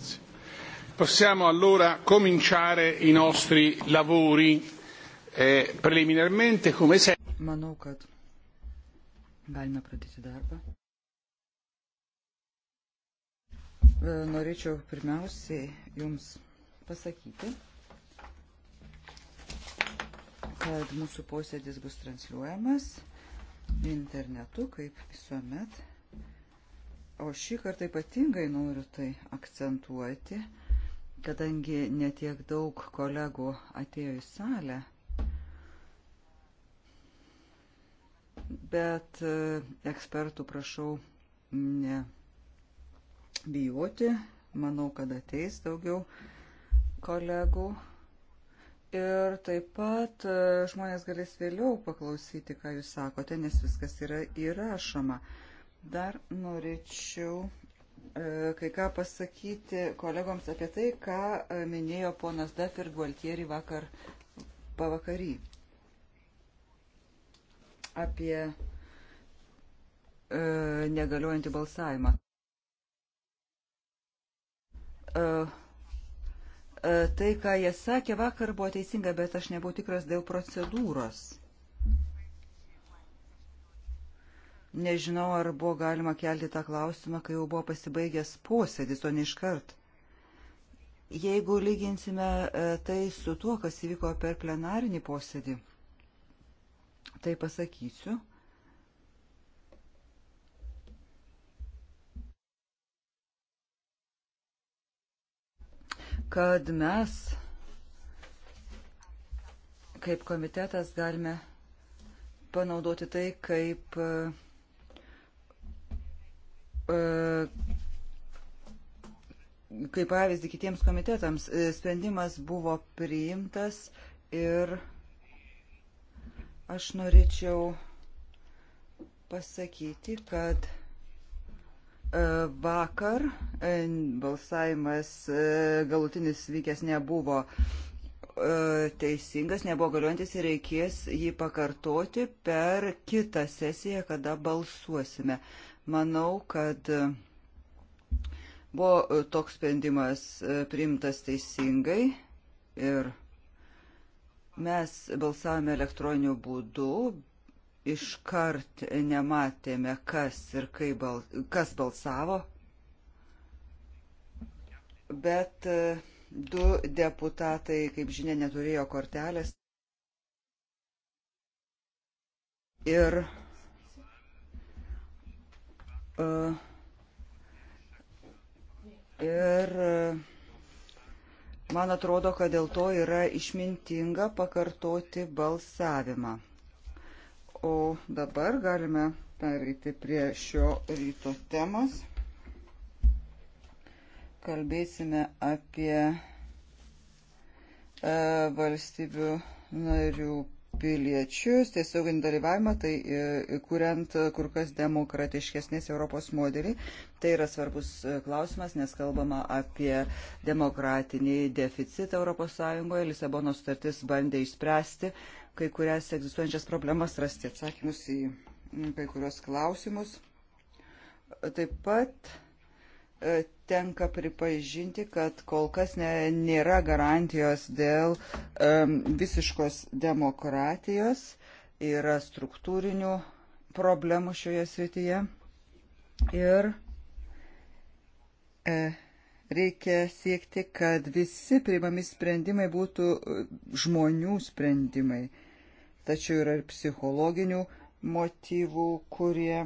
Grazie. Possiamo allora cominciare i nostri lavori eh, preliminarmente come sempre. Manau, kad galime pradėti darbą. E, norėčiau pirmiausiai Jums pasakyti, kad mūsų posėdis bus transliuojamas internetu, kaip visuomet. O šį kartą ypatingai noriu tai akcentuoti, kadangi netiek daug kolegų atėjo į salę. Bet e, ekspertų prašau nebijoti. Manau, kad ateis daugiau kolegų. Ir taip pat e, žmonės galės vėliau paklausyti, ką jūs sakote, nes viskas yra įrašoma. Yra Dar norėčiau e, kai ką pasakyti kolegoms apie tai, ką e, minėjo ponas Daf ir Gualtieri vakar pavakary. Apie e, negaliojantį balsavimą. E, e, tai, ką jie sakė vakar, buvo teisinga, bet aš nebuvau tikras dėl procedūros. Nežinau, ar buvo galima kelti tą klausimą, kai jau buvo pasibaigęs posėdis, o ne iškart. Jeigu lyginsime e, tai su tuo, kas įvyko per plenarinį posėdį, tai pasakysiu. kad mes kaip komitetas galime panaudoti tai kaip uh, kaip pavyzdį kitiems komitetams. E, sprendimas buvo priimtas ir aš norėčiau pasakyti, kad e, vakar e, balsavimas galutinis vykęs nebuvo teisingas, nebuvo galiuojantis ir reikės jį pakartoti per kitą sesiją, kada balsuosime. Manau, kad e, buvo e, toks sprendimas e, priimtas teisingai ir mes balsavome elektroniniu būdu, iškart nematėme, kas ir kaip bal, kas balsavo, bet du deputatai, kaip žinia, neturėjo kortelės. Ir E, ir e, man atrodo, kad dėl to yra išmintinga pakartoti balsavimą. O dabar galime pereiti prie šio ryto temos. Kalbėsime apie e, valstybių narių piliečius, tiesioginį dalyvavimą, tai e, kuriant kur kas demokratiškesnės Europos modelį. Tai yra svarbus e, klausimas, nes kalbama apie demokratinį deficitą ES. Lisabono sutartis bandė išspręsti kai kurias egzistuojančias problemas, rasti atsakymus į kai kurios klausimus. Taip pat e, tenka pripažinti, kad kol kas ne, nėra garantijos dėl um, visiškos demokratijos, yra struktūrinių problemų šioje srityje ir e, reikia siekti, kad visi priimami sprendimai būtų e, žmonių sprendimai. Tačiau yra ir psichologinių motyvų, kurie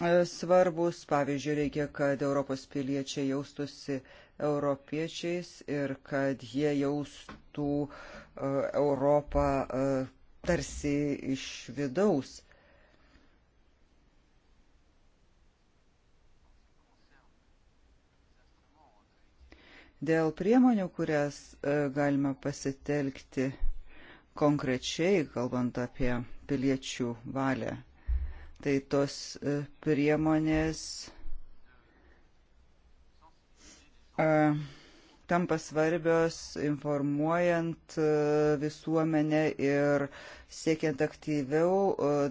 E, svarbus. Pavyzdžiui, reikia, kad Europos piliečiai jaustusi europiečiais ir kad jie jaustų e, Europą e, tarsi iš vidaus. Dėl priemonių, kurias galima pasitelkti konkrečiai, kalbant apie piliečių valią tai tos e, priemonės e, tampa svarbios informuojant e, visuomenę ir siekiant aktyviau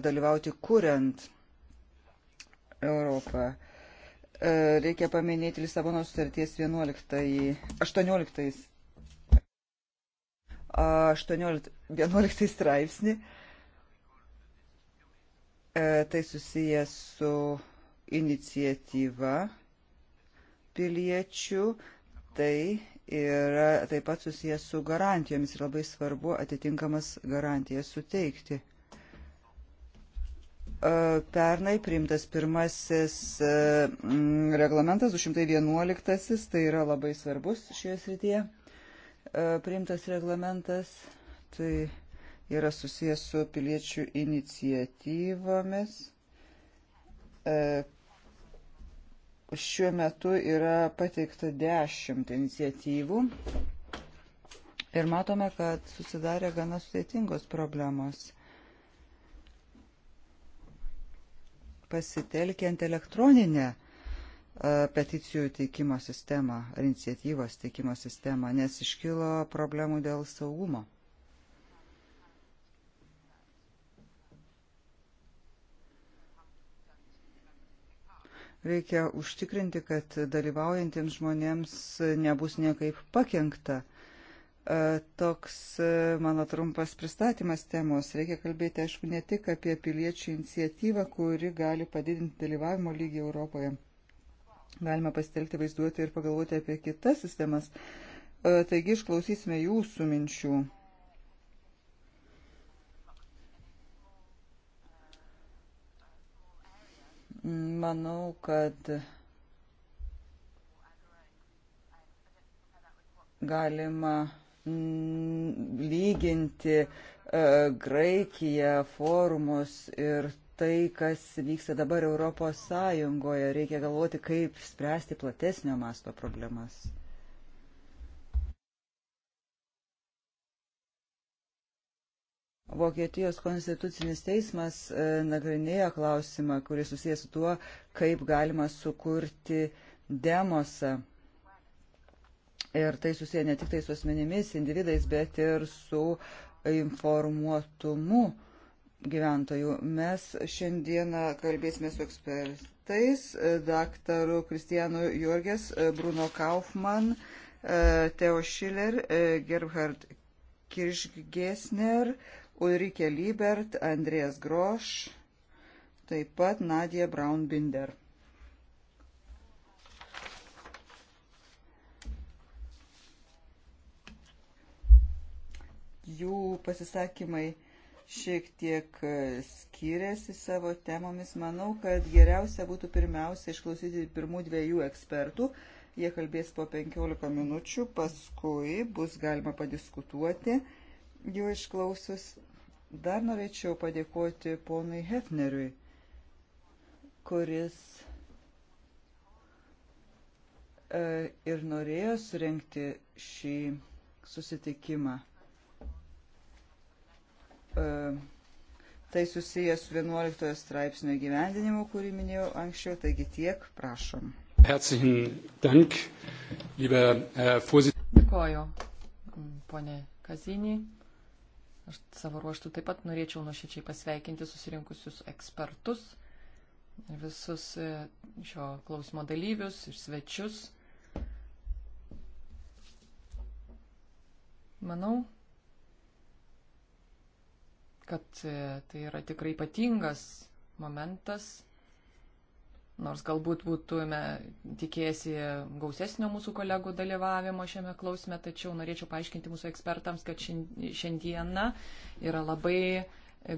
dalyvauti kuriant Europą. Reikia paminėti Lisabonos sutarties 11, 18, 18, 11 straipsnį. E, tai susijęs su iniciatyva piliečių, tai yra taip pat susijęs su garantijomis ir labai svarbu atitinkamas garantijas suteikti e, pernai priimtas pirmasis e, reglamentas 211, tai yra labai svarbus šioje srityje priimtas reglamentas, tai yra susijęs su piliečių inicijatyvomis. E, šiuo metu yra pateikta dešimt inicijatyvų ir matome, kad susidarė gana sudėtingos problemos. Pasitelkiant elektroninę e, peticijų teikimo sistemą ar iniciatyvos teikimo sistemą, nes iškilo problemų dėl saugumo. Reikia užtikrinti, kad dalyvaujantiems žmonėms nebus niekaip pakengta. E, toks e, mano trumpas pristatymas temos. Reikia kalbėti, aišku, ne tik apie piliečių iniciatyvą, kuri gali padidinti dalyvavimo lygį Europoje. Galima pasitelkti vaizduoti ir pagalvoti apie kitas sistemas. E, taigi išklausysime jūsų minčių. Manau, kad galima mm, lyginti e, Graikiją, forumus ir tai, kas vyksta dabar Europos Sąjungoje. Reikia galvoti, kaip spręsti platesnio masto problemas. Vokietijos konstitucinis teismas e, nagrinėjo klausimą, kuris susijęs su tuo, kaip galima sukurti demosą. Ir tai susiję ne tik tai su asmenimis, individais, bet ir su informuotumu gyventojų. Mes šiandieną kalbėsime su ekspertais, e, daktaru Kristijanu Jurgės, e, Bruno Kaufman, Teo Schiller, Gerhard Kiršgesner, Ulrike Liebert, Andrės Groš, taip pat Nadija Braunbinder. jų pasisakymai šiek tiek e, skiriasi savo temomis. Manau, kad geriausia būtų pirmiausia išklausyti pirmų dviejų ekspertų. Jie kalbės po 15 minučių, paskui bus galima padiskutuoti jų išklausus. Dar norėčiau padėkoti ponui Hefneriui, kuris e, ir norėjo surenkti šį susitikimą. E, tai susijęs su 11 straipsnio gyvendinimu, kurį minėjau anksčiau, taigi tiek, prašom. Dank, lieber, äh, Dėkoju, ponė Kazinį. Aš savo ruoštų taip pat norėčiau nuoširdžiai pasveikinti susirinkusius ekspertus ir visus e, šio klausimo dalyvius ir svečius. Manau, kad e, tai yra tikrai ypatingas momentas Nors galbūt būtume tikėjęsi gausesnio mūsų kolegų dalyvavimo šiame klausime, tačiau norėčiau paaiškinti mūsų ekspertams, kad šiandiena yra labai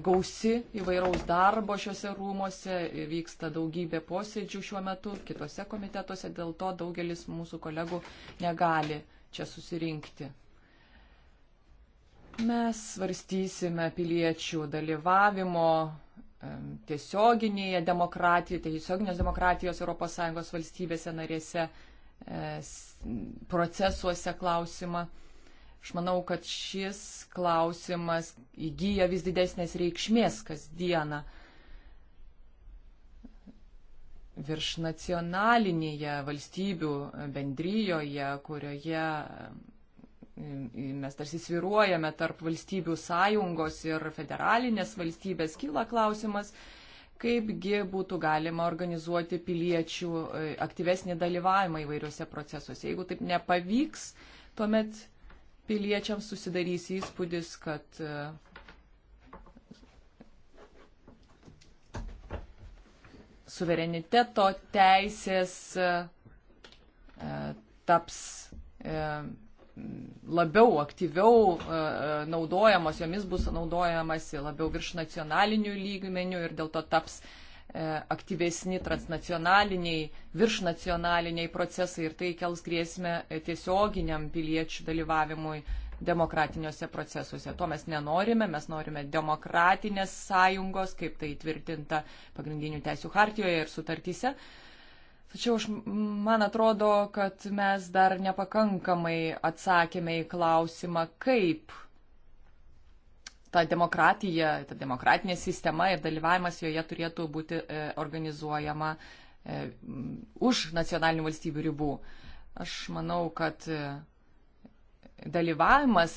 gausi įvairaus darbo šiuose rūmose, vyksta daugybė posėdžių šiuo metu kitose komitetuose, dėl to daugelis mūsų kolegų negali čia susirinkti. Mes svarstysime piliečių dalyvavimo tiesioginėje demokratijoje, tiesioginės demokratijos ES valstybėse narėse e, procesuose klausimą. Aš manau, kad šis klausimas įgyja vis didesnės reikšmės kasdieną virš nacionalinėje valstybių bendryjoje, kurioje mes tarsi sviruojame tarp valstybių sąjungos ir federalinės valstybės, kyla klausimas, kaipgi būtų galima organizuoti piliečių e, aktyvesnį dalyvavimą įvairiuose procesuose. Jeigu taip nepavyks, tuomet piliečiams susidarys įspūdis, kad e, suvereniteto teisės e, taps labiau, aktyviau e, e, naudojamos, jomis bus naudojamasi labiau virš nacionalinių lygmenių ir dėl to taps e, aktyvesni transnacionaliniai, viršnacionaliniai procesai ir tai kels grėsmę tiesioginiam piliečių dalyvavimui demokratiniuose procesuose. To mes nenorime, mes norime demokratinės sąjungos, kaip tai tvirtinta pagrindinių teisų hartijoje ir sutartyse. Uh, Tačiau aš, man atrodo, kad mes dar nepakankamai atsakėme į klausimą, kaip ta demokratija, ta demokratinė sistema ir dalyvavimas joje turėtų būti e, organizuojama e, už nacionalinių valstybių ribų. Aš manau, kad e, dalyvavimas,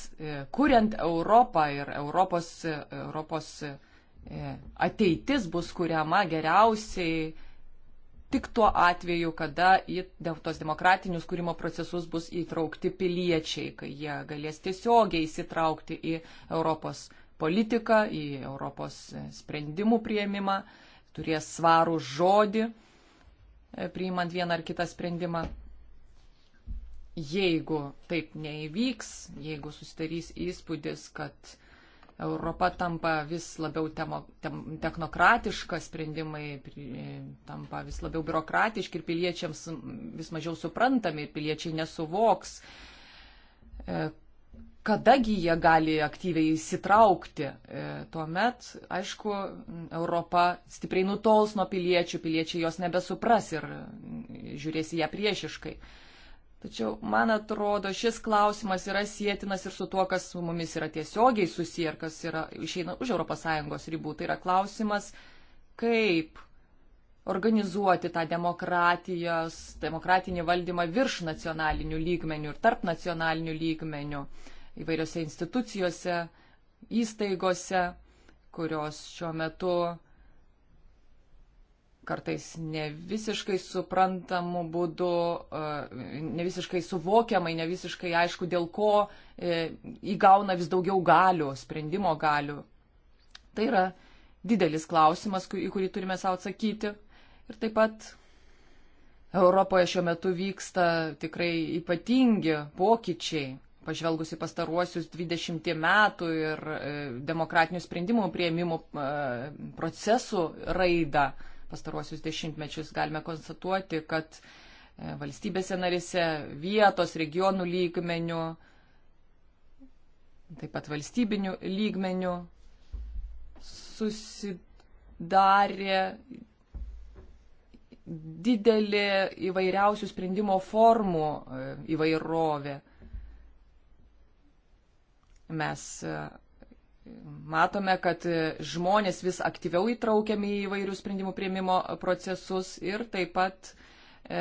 kuriant Europą ir Europos, Europos ateitis bus kuriama geriausiai tik tuo atveju, kada į tos demokratinius kūrimo procesus bus įtraukti piliečiai, kai jie galės tiesiogiai įsitraukti į Europos politiką, į Europos e, sprendimų prieimimą, turės svarų žodį e, priimant vieną ar kitą sprendimą. Jeigu taip neįvyks, jeigu susidarys įspūdis, kad Europa tampa vis labiau temo, tem, technokratiška, sprendimai tampa vis labiau biurokratiški ir piliečiams vis mažiau suprantami ir piliečiai nesuvoks, e, kadagi jie gali aktyviai įsitraukti. E, tuomet, aišku, Europa stipriai nutols nuo piliečių, piliečiai jos nebesupras ir žiūrės į ją priešiškai. Tačiau, man atrodo, šis klausimas yra sėtinas ir su tuo, kas su mumis yra tiesiogiai susiję ir kas yra, išeina už ES ribų. Tai yra klausimas, kaip organizuoti tą demokratijos, demokratinį valdymą virš nacionalinių lygmenių ir tarp nacionalinių lygmenių įvairiose institucijose, įstaigose, kurios šiuo metu kartais nevisiškai suprantamu būdu, e, nevisiškai suvokiamai, nevisiškai aišku, dėl ko e, įgauna vis daugiau galių, sprendimo galių. Tai yra didelis klausimas, į kurį turime savo atsakyti. Ir taip pat Europoje šiuo metu vyksta tikrai ypatingi pokyčiai. Pažvelgus į pastaruosius 20 metų ir e, demokratinių sprendimų prieimimų procesų raidą, pastaruosius dešimtmečius. Galime konstatuoti, kad e, valstybėse narise vietos, regionų lygmenių, taip pat valstybinių lygmenių susidarė didelė įvairiausių sprendimo formų e, įvairovė. Mes e, matome, kad žmonės vis aktyviau įtraukiami į vairius sprendimų prieimimo procesus ir taip pat e,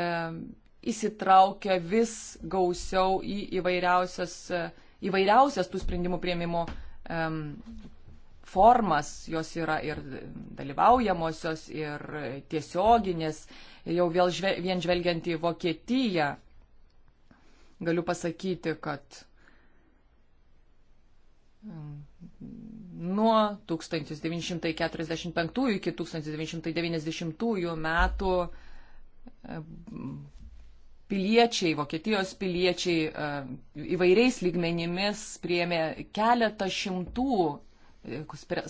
įsitraukia vis gausiau į įvairiausias, e, įvairiausias tų sprendimų prieimimo e, formas, jos yra ir dalyvaujamosios, ir tiesioginės, ir jau vėl žve, vien žvelgiant į Vokietiją, galiu pasakyti, kad Nuo 1945 iki 1990 metų e, piliečiai, Vokietijos piliečiai e, įvairiais lygmenimis priėmė keletą šimtų e,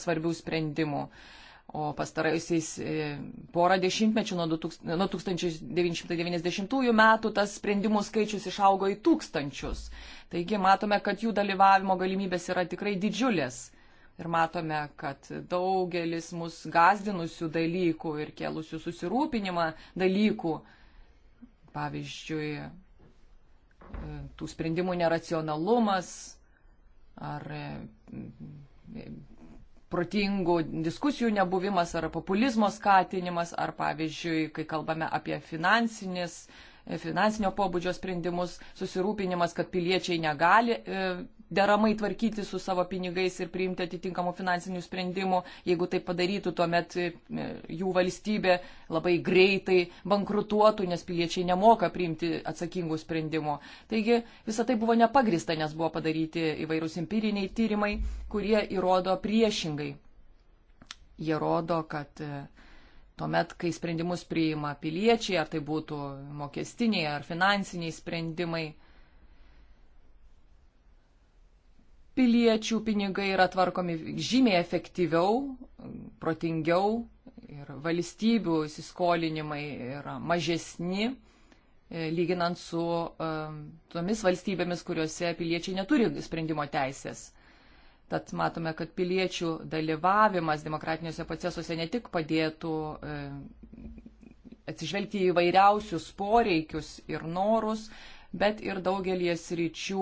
svarbių sprendimų. O pastaraisiais porą dešimtmečių nuo 1990 metų tas sprendimų skaičius išaugo į tūkstančius. Taigi matome, kad jų dalyvavimo galimybės yra tikrai didžiulės ir matome, kad daugelis mus gazdinusių dalykų ir kėlusių susirūpinimą dalykų, pavyzdžiui, tų sprendimų neracionalumas ar mm, protingų diskusijų nebuvimas ar populizmo skatinimas, ar pavyzdžiui, kai kalbame apie finansinės, finansinio pobūdžio sprendimus, susirūpinimas, kad piliečiai negali e, deramai tvarkyti su savo pinigais ir priimti atitinkamų finansinių sprendimų. Jeigu tai padarytų, tuomet e, jų valstybė labai greitai bankrutuotų, nes piliečiai nemoka priimti atsakingų sprendimų. Taigi visa tai buvo nepagrista, nes buvo padaryti įvairūs empiriniai tyrimai, kurie įrodo priešingai. Jie rodo, kad e, Tuomet, kai sprendimus priima piliečiai, ar tai būtų mokestiniai ar finansiniai sprendimai, piliečių pinigai yra tvarkomi žymiai efektyviau, protingiau ir valstybių įsiskolinimai yra mažesni e, lyginant su e, tomis valstybėmis, kuriuose piliečiai neturi sprendimo teisės. Tad matome, kad piliečių dalyvavimas demokratiniuose procesuose ne tik padėtų e, atsižvelgti į vairiausius poreikius ir norus, bet ir daugelį sričių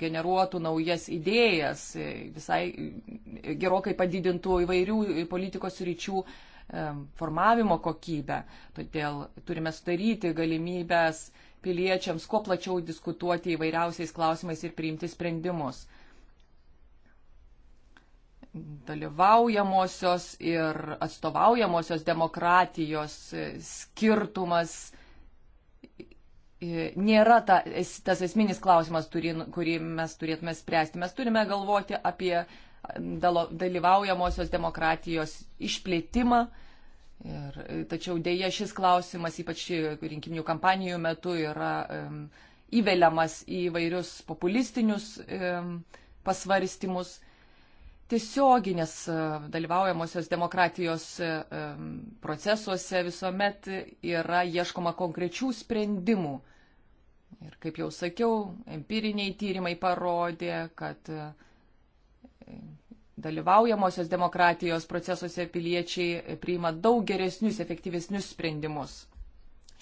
generuotų naujas idėjas, visai gerokai padidintų įvairių politikos sričių formavimo kokybę. Todėl turime sudaryti galimybės piliečiams kuo plačiau diskutuoti įvairiausiais klausimais ir priimti sprendimus. Dalyvaujamosios ir atstovaujamosios demokratijos skirtumas E, nėra ta, tas esminis klausimas, kurį mes turėtume spręsti. Mes turime galvoti apie dalyvaujamosios demokratijos išplėtimą. Ir, e, tačiau dėja šis klausimas, ypač rinkiminių kampanijų metu, yra um, įveliamas į vairius populistinius um, pasvarstymus. Tiesioginės e, dalyvaujamosios demokratijos procesuose visuomet yra ieškoma konkrečių sprendimų Ir kaip jau sakiau, empiriniai tyrimai parodė, kad e, dalyvaujamosios demokratijos procesuose piliečiai e, priima daug geresnius, efektyvesnius sprendimus.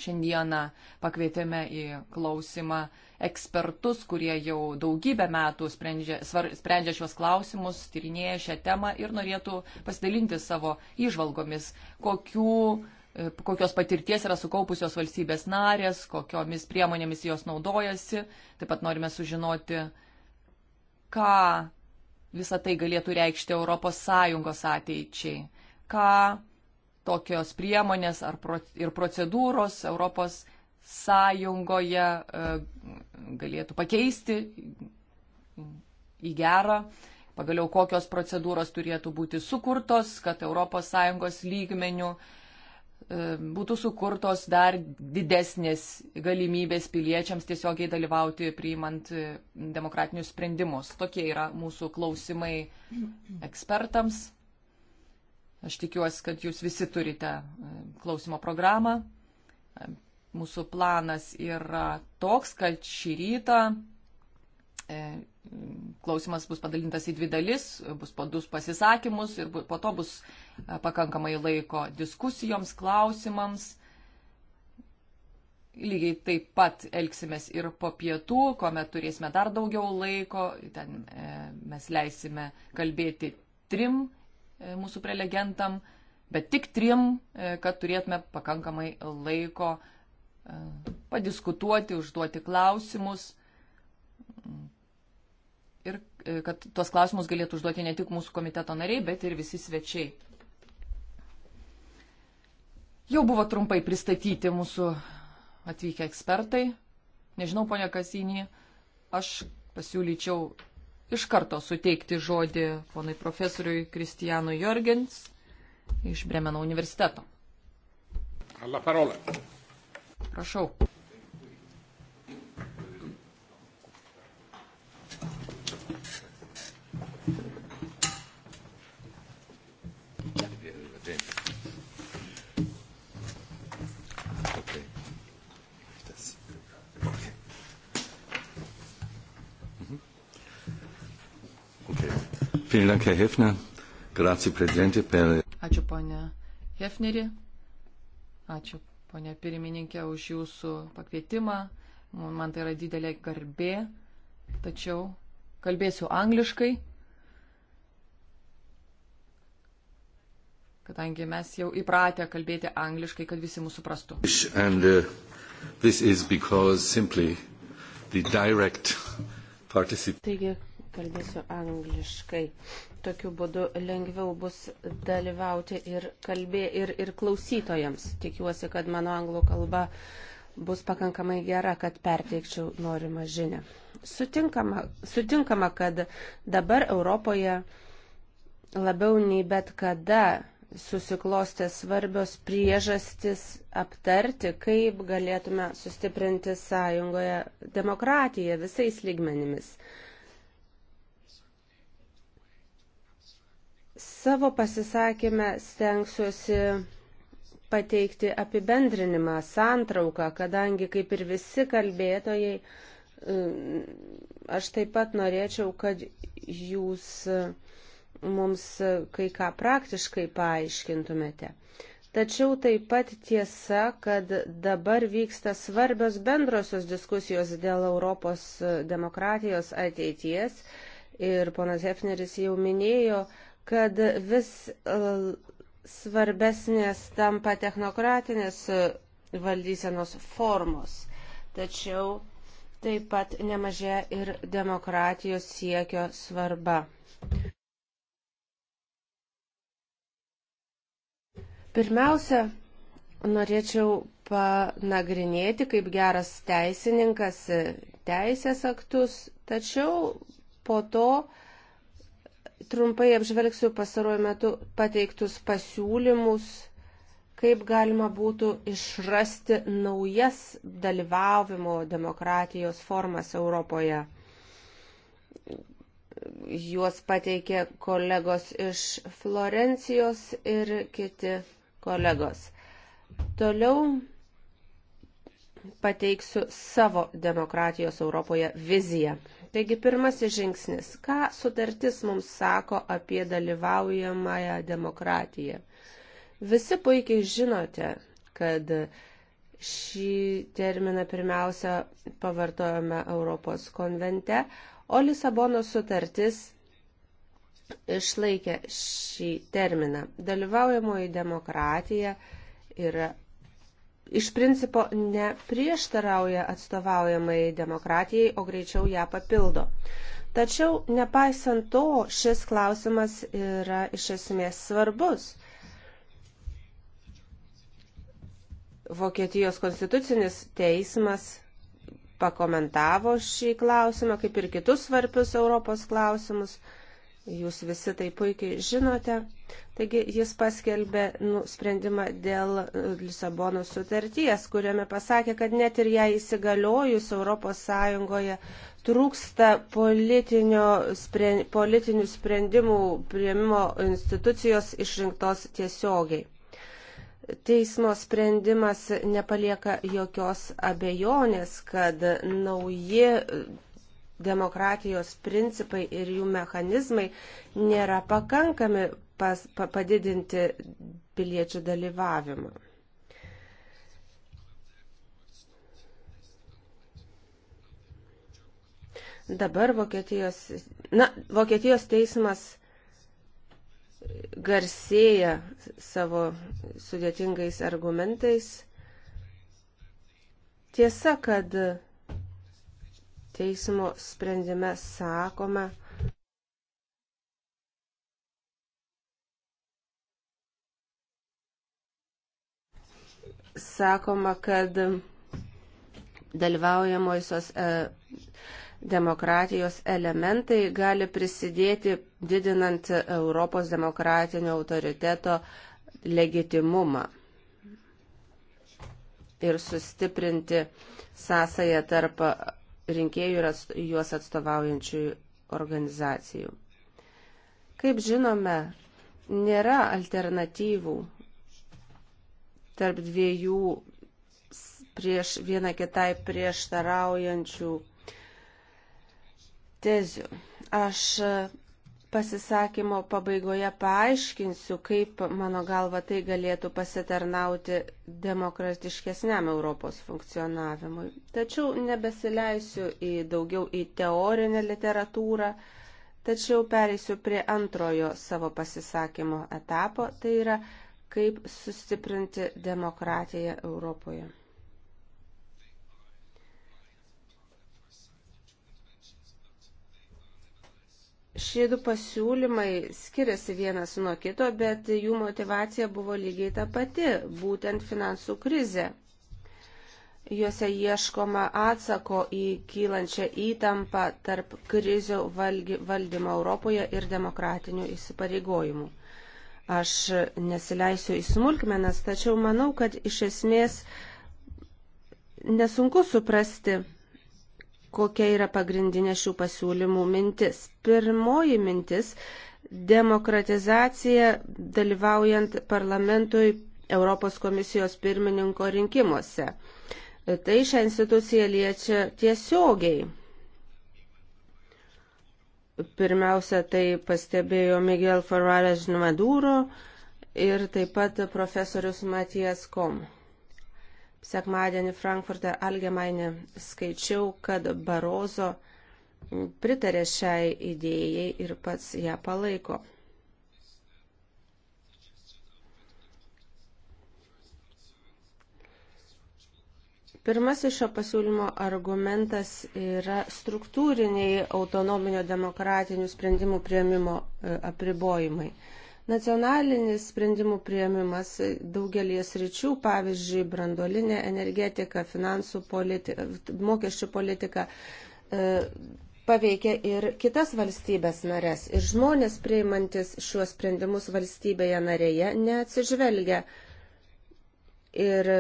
Šiandieną pakvietėme į klausimą ekspertus, kurie jau daugybę metų sprendžia, svar, sprendžia šios klausimus, tyrinėja šią temą ir norėtų pasidalinti savo įžvalgomis, kokių E, kokios patirties yra sukaupusios valstybės narės, kokiomis priemonėmis jos naudojasi. Taip pat norime sužinoti, ką visą tai galėtų reikšti ES ateičiai, ką tokios priemonės pro, ir procedūros ES sąjungoje e, galėtų pakeisti į gerą, pagaliau kokios procedūros turėtų būti sukurtos, kad ES lygmenių uh, E, būtų sukurtos dar didesnės galimybės piliečiams tiesiogiai dalyvauti priimant e, demokratinius sprendimus. Tokie yra mūsų klausimai ekspertams. Aš tikiuosi, kad jūs visi turite e, klausimo programą. Mūsų planas yra toks, kad šį rytą E, klausimas bus padalintas į dvi dalis, bus po du pasisakymus ir po to bus e, pakankamai laiko diskusijoms, klausimams. Lygiai taip pat elgsimės ir po pietų, kuomet turėsime dar daugiau laiko. Ten e, mes leisime kalbėti trim mūsų prelegentam, bet tik trim, kad turėtume pakankamai laiko padiskutuoti, užduoti klausimus, ir e, kad tuos klausimus galėtų užduoti ne tik mūsų komiteto nariai, bet ir visi svečiai. Jau buvo trumpai pristatyti mūsų atvykę ekspertai. Nežinau, ponia Kasinį, aš pasiūlyčiau iš karto suteikti žodį ponai profesoriui Kristijanui Jorgens iš Bremeno universiteto. Alla parola. Prašau. Ačiū ponė Hefneri, ačiū ponė pirmininkė už jūsų pakvietimą. Man tai yra didelė garbė, tačiau kalbėsiu angliškai, kadangi mes jau įpratę kalbėti angliškai, kad visi mūsų suprastų. And, uh, Taigi, kalbėsiu angliškai. Tokiu būdu lengviau bus dalyvauti ir, kalbė, ir, ir klausytojams. Tikiuosi, kad mano anglų kalba bus pakankamai gera, kad perteikčiau norimą žinę. Sutinkama, sutinkama, kad dabar Europoje labiau nei bet kada susiklostė svarbios priežastis aptarti, kaip galėtume sustiprinti sąjungoje demokratiją visais lygmenimis. Savo pasisakymę stengsiuosi pateikti apibendrinimą, santrauką, kadangi kaip ir visi kalbėtojai, aš taip pat norėčiau, kad jūs mums kai ką praktiškai paaiškintumėte. Tačiau taip pat tiesa, kad dabar vyksta svarbios bendrosios diskusijos dėl Europos demokratijos ateities ir ponas Hefneris jau minėjo, kad vis e, svarbesnės tampa technokratinės e, valdysenos formos, tačiau taip pat nemažėja ir demokratijos siekio svarba. Pirmiausia, norėčiau panagrinėti kaip geras teisininkas e, teisės aktus, tačiau po to uh, Trumpai apžvelgsiu pastaruoju metu pateiktus pasiūlymus, kaip galima būtų išrasti naujas dalyvavimo demokratijos formas Europoje. Juos pateikė kolegos iš Florencijos ir kiti kolegos. Toliau pateiksiu savo demokratijos Europoje viziją. Taigi pirmasis žingsnis. Ką sutartis mums sako apie dalyvaujamąją demokratiją? Visi puikiai žinote, kad šį terminą pirmiausia pavartojame Europos konvente, o Lisabono sutartis išlaikė šį terminą. Dalyvaujamoji demokratija yra iš principo neprieštarauja atstovaujamai demokratijai, o greičiau ją papildo. Tačiau, nepaisant to, šis klausimas yra iš esmės svarbus. Vokietijos konstitucinis teismas pakomentavo šį klausimą, kaip ir kitus svarbius Europos klausimus. Jūs visi tai puikiai žinote. Taigi jis paskelbė nu, sprendimą dėl e, Lisabono sutarties, kuriame pasakė, kad net ir ją įsigaliojus ES trūksta spre, politinių sprendimų prieimimo institucijos išrinktos tiesiogiai. Teismo sprendimas nepalieka jokios abejonės, kad nauji demokratijos principai ir jų mechanizmai nėra pakankami pas, pa, padidinti piliečių dalyvavimą. Dabar Vokietijos, na, Vokietijos teismas garsėja savo sudėtingais argumentais. Tiesa, kad teismo sprendime sakoma, sakoma, kad dalyvaujamosios e, demokratijos elementai gali prisidėti didinant Europos demokratinio autoriteto legitimumą ir sustiprinti sąsąją tarp rinkėjų ir atst, juos atstovaujančių organizacijų. Kaip žinome, nėra alternatyvų tarp dviejų prieš vieną kitai prieštaraujančių tezių. Aš pasisakymo pabaigoje paaiškinsiu, kaip mano galva tai galėtų pasitarnauti demokratiškesniam Europos funkcionavimui. Tačiau nebesileisiu į daugiau į teorinę literatūrą, tačiau pereisiu prie antrojo savo pasisakymo etapo, tai yra kaip sustiprinti demokratiją Europoje. Šie du pasiūlymai skiriasi vienas nuo kito, bet jų motivacija buvo lygiai ta pati - būtent finansų krizė. Juose ieškoma atsako į kylančią įtampą tarp krizių valdymo Europoje ir demokratinių įsipareigojimų. Aš nesileisiu į smulkmenas, tačiau manau, kad iš esmės nesunku suprasti kokia yra pagrindinė šių pasiūlymų mintis. Pirmoji mintis - demokratizacija dalyvaujant parlamentui Europos komisijos pirmininko rinkimuose. Tai šią instituciją liečia tiesiogiai. Pirmiausia, tai pastebėjo Miguel Ferrares Maduro ir taip pat profesorius Matijas Kom sekmadienį Frankfurte Algemainė skaičiau, kad Barozo pritarė šiai idėjai ir pats ją palaiko. Pirmasis šio pasiūlymo argumentas yra struktūriniai autonominio demokratinių sprendimų prieimimo e, apribojimai. Nacionalinis sprendimų prieimimas daugelį sričių, pavyzdžiui, brandolinė energetika, finansų politika, mokesčių politika, e, paveikia ir kitas valstybės narės. Ir žmonės prieimantis šiuos sprendimus valstybėje narėje neatsižvelgia ir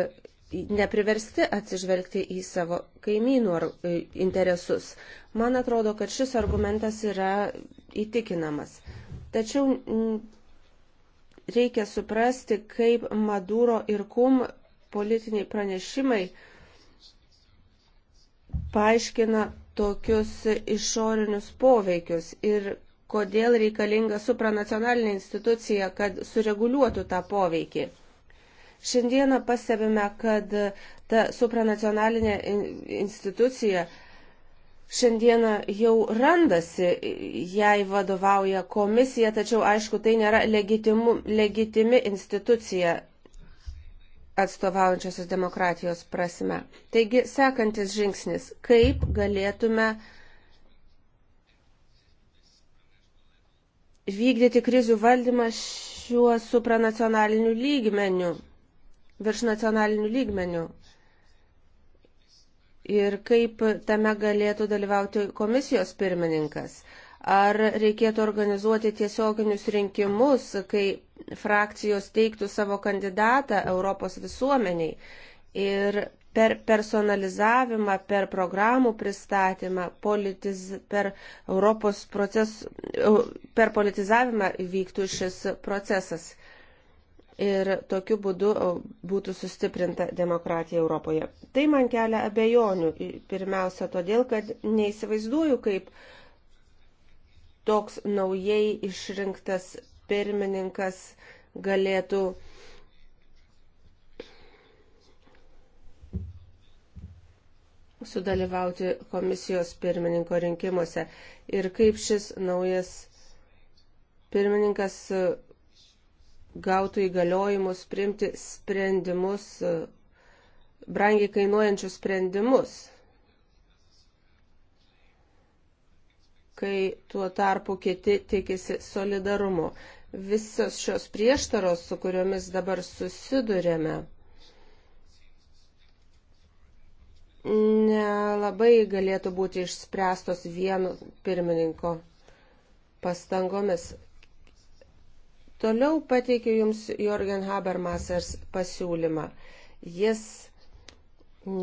nepriversti atsižvelgti į savo kaimynų e, interesus. Man atrodo, kad šis argumentas yra įtikinamas. Tačiau reikia suprasti, kaip Maduro ir Kum politiniai pranešimai paaiškina tokius išorinius poveikius ir kodėl reikalinga supranacionalinė institucija, kad sureguliuotų tą poveikį. Šiandieną pastebime, kad ta supranacionalinė institucija šiandieną jau randasi, jai vadovauja komisija, tačiau aišku, tai nėra legitimu, legitimi institucija atstovaujančiosios demokratijos prasme. Taigi, sekantis žingsnis, kaip galėtume vykdyti krizių valdymą šiuo supranacionaliniu lygmeniu, virš nacionaliniu lygmeniu, ir kaip tame galėtų dalyvauti komisijos pirmininkas. Ar reikėtų organizuoti tiesioginius rinkimus, kai frakcijos teiktų savo kandidatą Europos visuomeniai ir per personalizavimą, per programų pristatymą, politiz, per Europos proces, per politizavimą vyktų šis procesas ir tokiu būdu būtų sustiprinta demokratija Europoje. Tai man kelia abejonių. Pirmiausia, todėl, kad neįsivaizduoju, kaip toks naujai išrinktas pirmininkas galėtų sudalyvauti komisijos pirmininko rinkimuose ir kaip šis naujas pirmininkas gautų įgaliojimus primti sprendimus, e, brangiai kainuojančius sprendimus. kai tuo tarpu kiti tikisi solidarumo. Visas šios prieštaros, su kuriomis dabar susidurėme, nelabai galėtų būti išspręstos vieno pirmininko pastangomis. Toliau pateikiu Jums Jorgen Habermasers pasiūlymą. Jis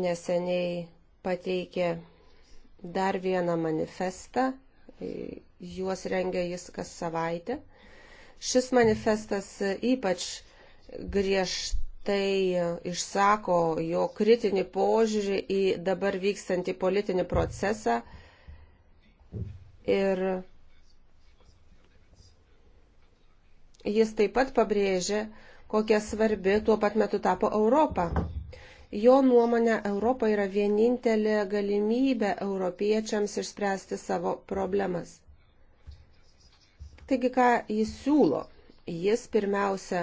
neseniai pateikė dar vieną manifestą, juos rengia jis kas savaitę. Šis manifestas ypač griežtai išsako jo kritinį požiūrį į dabar vykstantį politinį procesą ir Jis taip pat pabrėžė, kokia svarbi tuo pat metu tapo Europa. Jo nuomonė Europa yra vienintelė galimybė europiečiams išspręsti savo problemas. Taigi, ką jis siūlo? Jis pirmiausia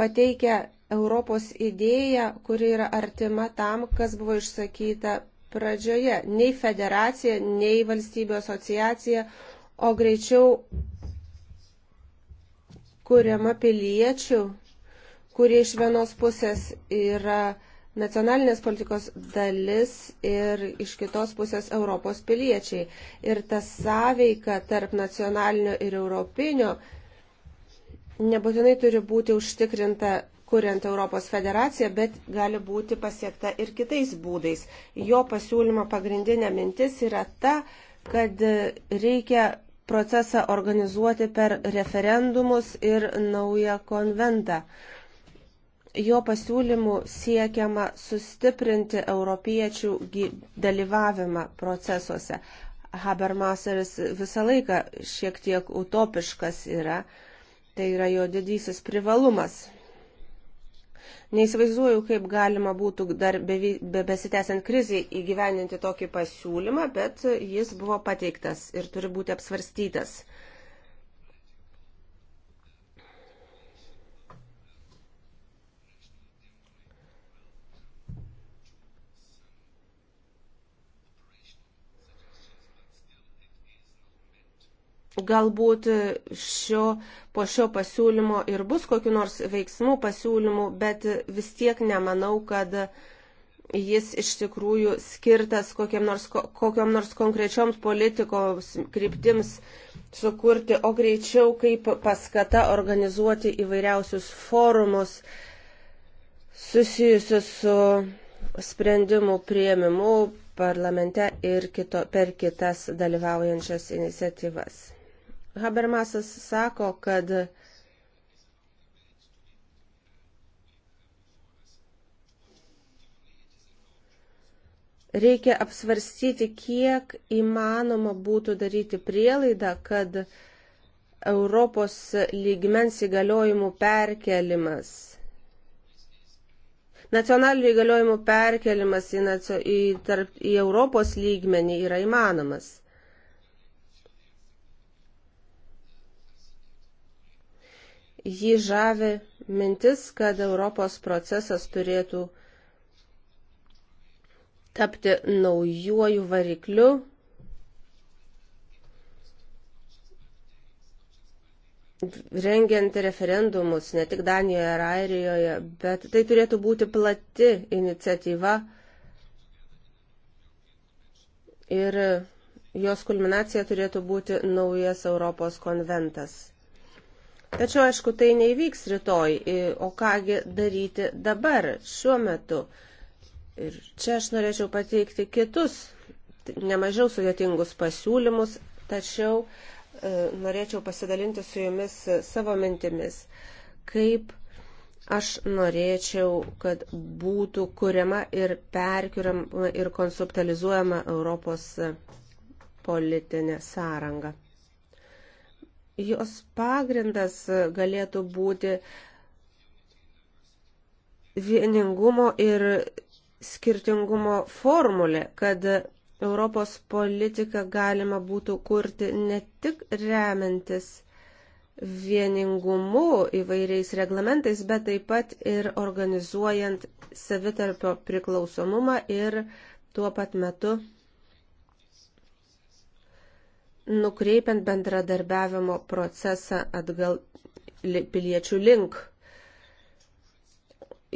pateikia Europos idėją, kuri yra artima tam, kas buvo išsakyta pradžioje. Nei federacija, nei valstybių asociacija o greičiau kuriama piliečių, kurie iš vienos pusės yra nacionalinės politikos dalis ir iš kitos pusės Europos piliečiai. Ir ta sąveika tarp nacionalinio ir europinio nebūtinai turi būti užtikrinta kuriant Europos federaciją, bet gali būti pasiekta ir kitais būdais. Jo pasiūlymo pagrindinė mintis yra ta, kad reikia procesą organizuoti per referendumus ir naują konventą. Jo pasiūlymų siekiama sustiprinti europiečių dalyvavimą procesuose. Habermaseris visą laiką šiek tiek utopiškas yra, tai yra jo didysis privalumas. Neįsivaizduoju, kaip galima būtų dar be, be, besitęsiant krizį įgyveninti tokį pasiūlymą, bet jis buvo pateiktas ir turi būti apsvarstytas. Galbūt šio, po šio pasiūlymo ir bus kokiu nors veiksmų pasiūlymų, bet vis tiek nemanau, kad jis iš tikrųjų skirtas kokiam nors, kokiam nors konkrečioms politikos kryptims sukurti, o greičiau kaip paskata organizuoti įvairiausius forumus susijusius su sprendimų prieimimu parlamente ir kito, per kitas dalyvaujančias iniciatyvas. Habermasas sako, kad reikia apsvarstyti, kiek įmanoma būtų daryti prielaidą, kad Europos lygmens įgaliojimų perkelimas, nacionalinių įgaliojimų perkelimas į, nacio, į, tarp, į Europos lygmenį yra įmanomas. jį žavi mintis, kad Europos procesas turėtų tapti naujuoju varikliu rengiant referendumus ne tik Danijoje ar Airijoje, bet tai turėtų būti plati iniciatyva ir jos kulminacija turėtų būti naujas Europos konventas. Tačiau, aišku, tai neįvyks rytoj, o kągi daryti dabar, šiuo metu. Ir čia aš norėčiau pateikti kitus, nemažiau sudėtingus pasiūlymus, tačiau e, norėčiau pasidalinti su jumis e, savo mintimis, kaip aš norėčiau, kad būtų kuriama ir perkiurama ir konsultalizuojama Europos politinė sąranga jos pagrindas galėtų būti vieningumo ir skirtingumo formulė, kad Europos politiką galima būtų kurti ne tik remiantis vieningumu įvairiais reglamentais, bet taip pat ir organizuojant savitarpio priklausomumą ir tuo pat metu nukreipiant bendradarbiavimo procesą atgal piliečių link.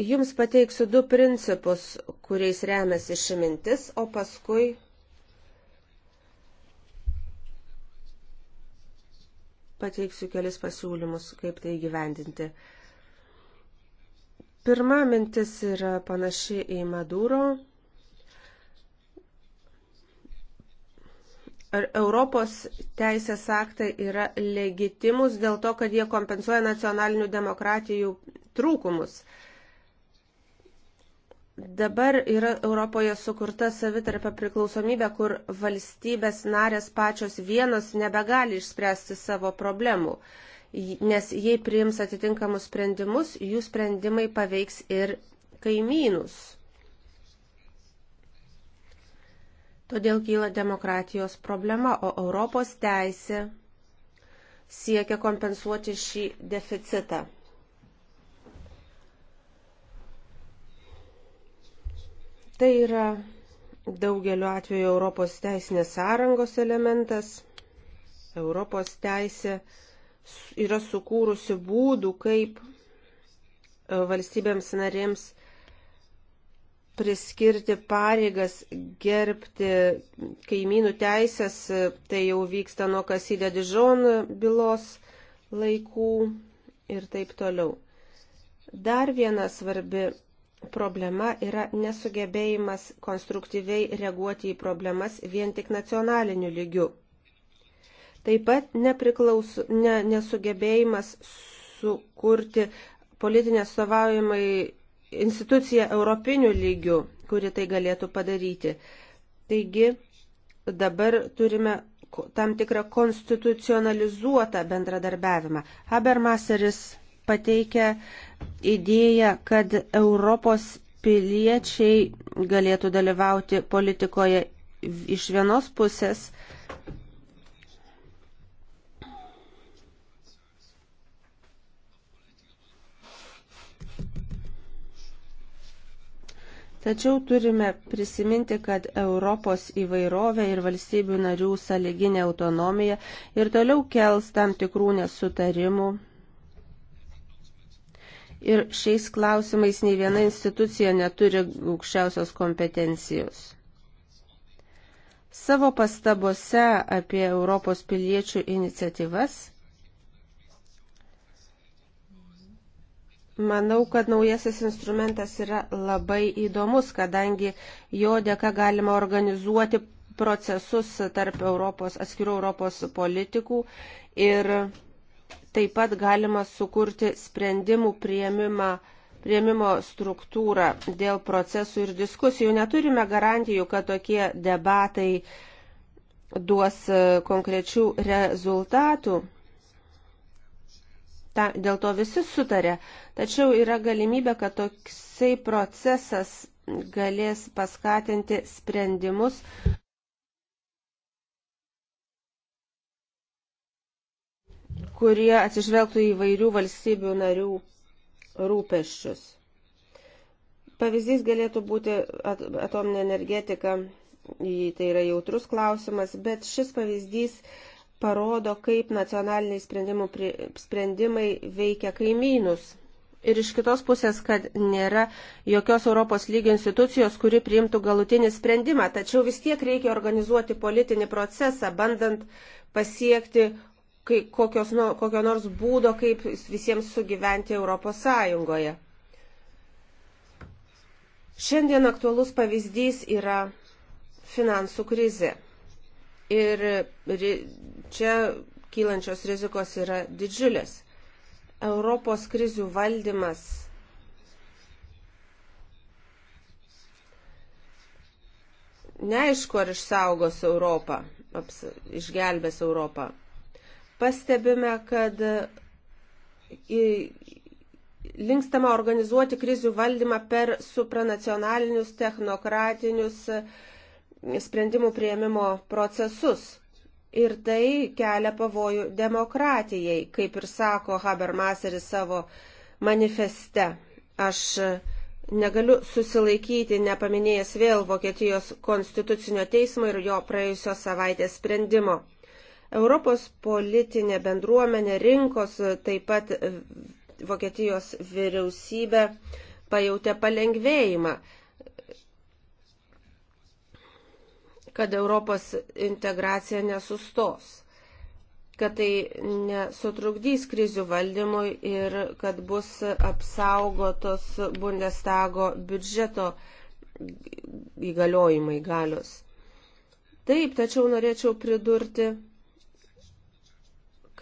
Jums pateiksiu du principus, kuriais remiasi ši mintis, o paskui pateiksiu kelis pasiūlymus, kaip tai gyvendinti. Pirma mintis yra panaši į Maduro ar Europos teisės aktai yra legitimus dėl to, kad jie kompensuoja nacionalinių demokratijų trūkumus. Dabar yra Europoje sukurta savitarpio priklausomybė, kur valstybės narės pačios vienos nebegali išspręsti savo problemų, nes jei priims atitinkamus sprendimus, jų sprendimai paveiks ir kaimynus. Todėl kyla demokratijos problema, o Europos teisė siekia kompensuoti šį deficitą. Tai yra daugeliu atveju Europos teisinės sąrangos elementas. Europos teisė yra sukūrusi būdų, kaip valstybėms narėms priskirti pareigas gerbti kaimynų teisės, tai jau vyksta nuo Kasidė Dižon bylos laikų ir taip toliau. Dar viena svarbi problema yra nesugebėjimas konstruktyviai reaguoti į problemas vien tik nacionaliniu lygiu. Taip pat ne, nesugebėjimas sukurti politinės savaujamai institucija europinių lygių, kuri tai galėtų padaryti. Taigi dabar turime tam tikrą konstitucionalizuotą bendradarbiavimą. Habermaseris pateikia idėją, kad Europos piliečiai galėtų dalyvauti politikoje iš vienos pusės Tačiau turime prisiminti, kad Europos įvairovė ir valstybių narių saliginė autonomija ir toliau kels tam tikrų nesutarimų. Ir šiais klausimais nei viena institucija neturi aukščiausios kompetencijos. Savo pastabose apie Europos piliečių iniciatyvas Manau, kad naujasis instrumentas yra labai įdomus, kadangi jo dėka galima organizuoti procesus tarp Europos, atskirų Europos politikų ir taip pat galima sukurti sprendimų prieimimą prieimimo struktūrą dėl procesų ir diskusijų. Neturime garantijų, kad tokie debatai duos konkrečių rezultatų, Ta, dėl to visi sutarė. Tačiau yra galimybė, kad toksai procesas galės paskatinti sprendimus. kurie atsižvelgtų į vairių valstybių narių rūpeščius. Pavyzdys galėtų būti atominė energetika, tai yra jautrus klausimas, bet šis pavyzdys uh, parodo, kaip nacionaliniai pri, sprendimai veikia kaimynus. Ir iš kitos pusės, kad nėra jokios Europos lygio institucijos, kuri priimtų galutinį sprendimą. Tačiau vis tiek reikia organizuoti politinį procesą, bandant pasiekti kai, kokios, nu, kokio nors būdo, kaip visiems sugyventi Europos Sąjungoje. Šiandien aktualus pavyzdys yra finansų krizė. Ir čia kylančios rizikos yra didžiulės. Europos krizių valdymas neaišku, ar išsaugos Europą, aps, išgelbės Europą. Pastebime, kad į, linkstama organizuoti krizių valdymą per supranacionalinius, technokratinius uh, sprendimų prieimimo procesus. Ir tai kelia pavojų demokratijai, kaip ir sako Habermaseris savo manifeste. Aš negaliu susilaikyti, nepaminėjęs vėl Vokietijos konstitucinio teismo ir jo praėjusios savaitės sprendimo. Europos politinė bendruomenė rinkos taip pat Vokietijos vyriausybė pajautė palengvėjimą. kad Europos integracija nesustos, kad tai nesutrukdys krizių valdymui ir kad bus apsaugotos Bundestago biudžeto įgaliojimai galios. Taip, tačiau norėčiau pridurti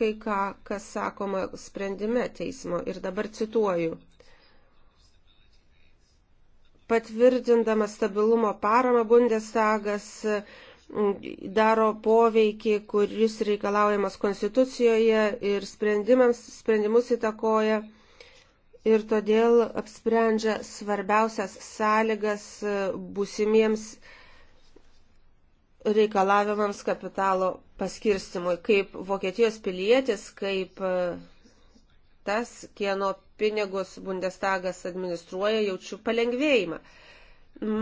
kai ką, kas sakoma sprendime teismo. Ir dabar cituoju patvirtindamas stabilumo paramą Bundestagas daro poveikį, kuris reikalaujamas konstitucijoje ir sprendimus įtakoja ir todėl apsprendžia svarbiausias sąlygas e, būsimiems reikalavimams kapitalo paskirstimui. Kaip Vokietijos pilietis, kaip e, tas, kieno pinigus Bundestagas administruoja, jaučiu palengvėjimą.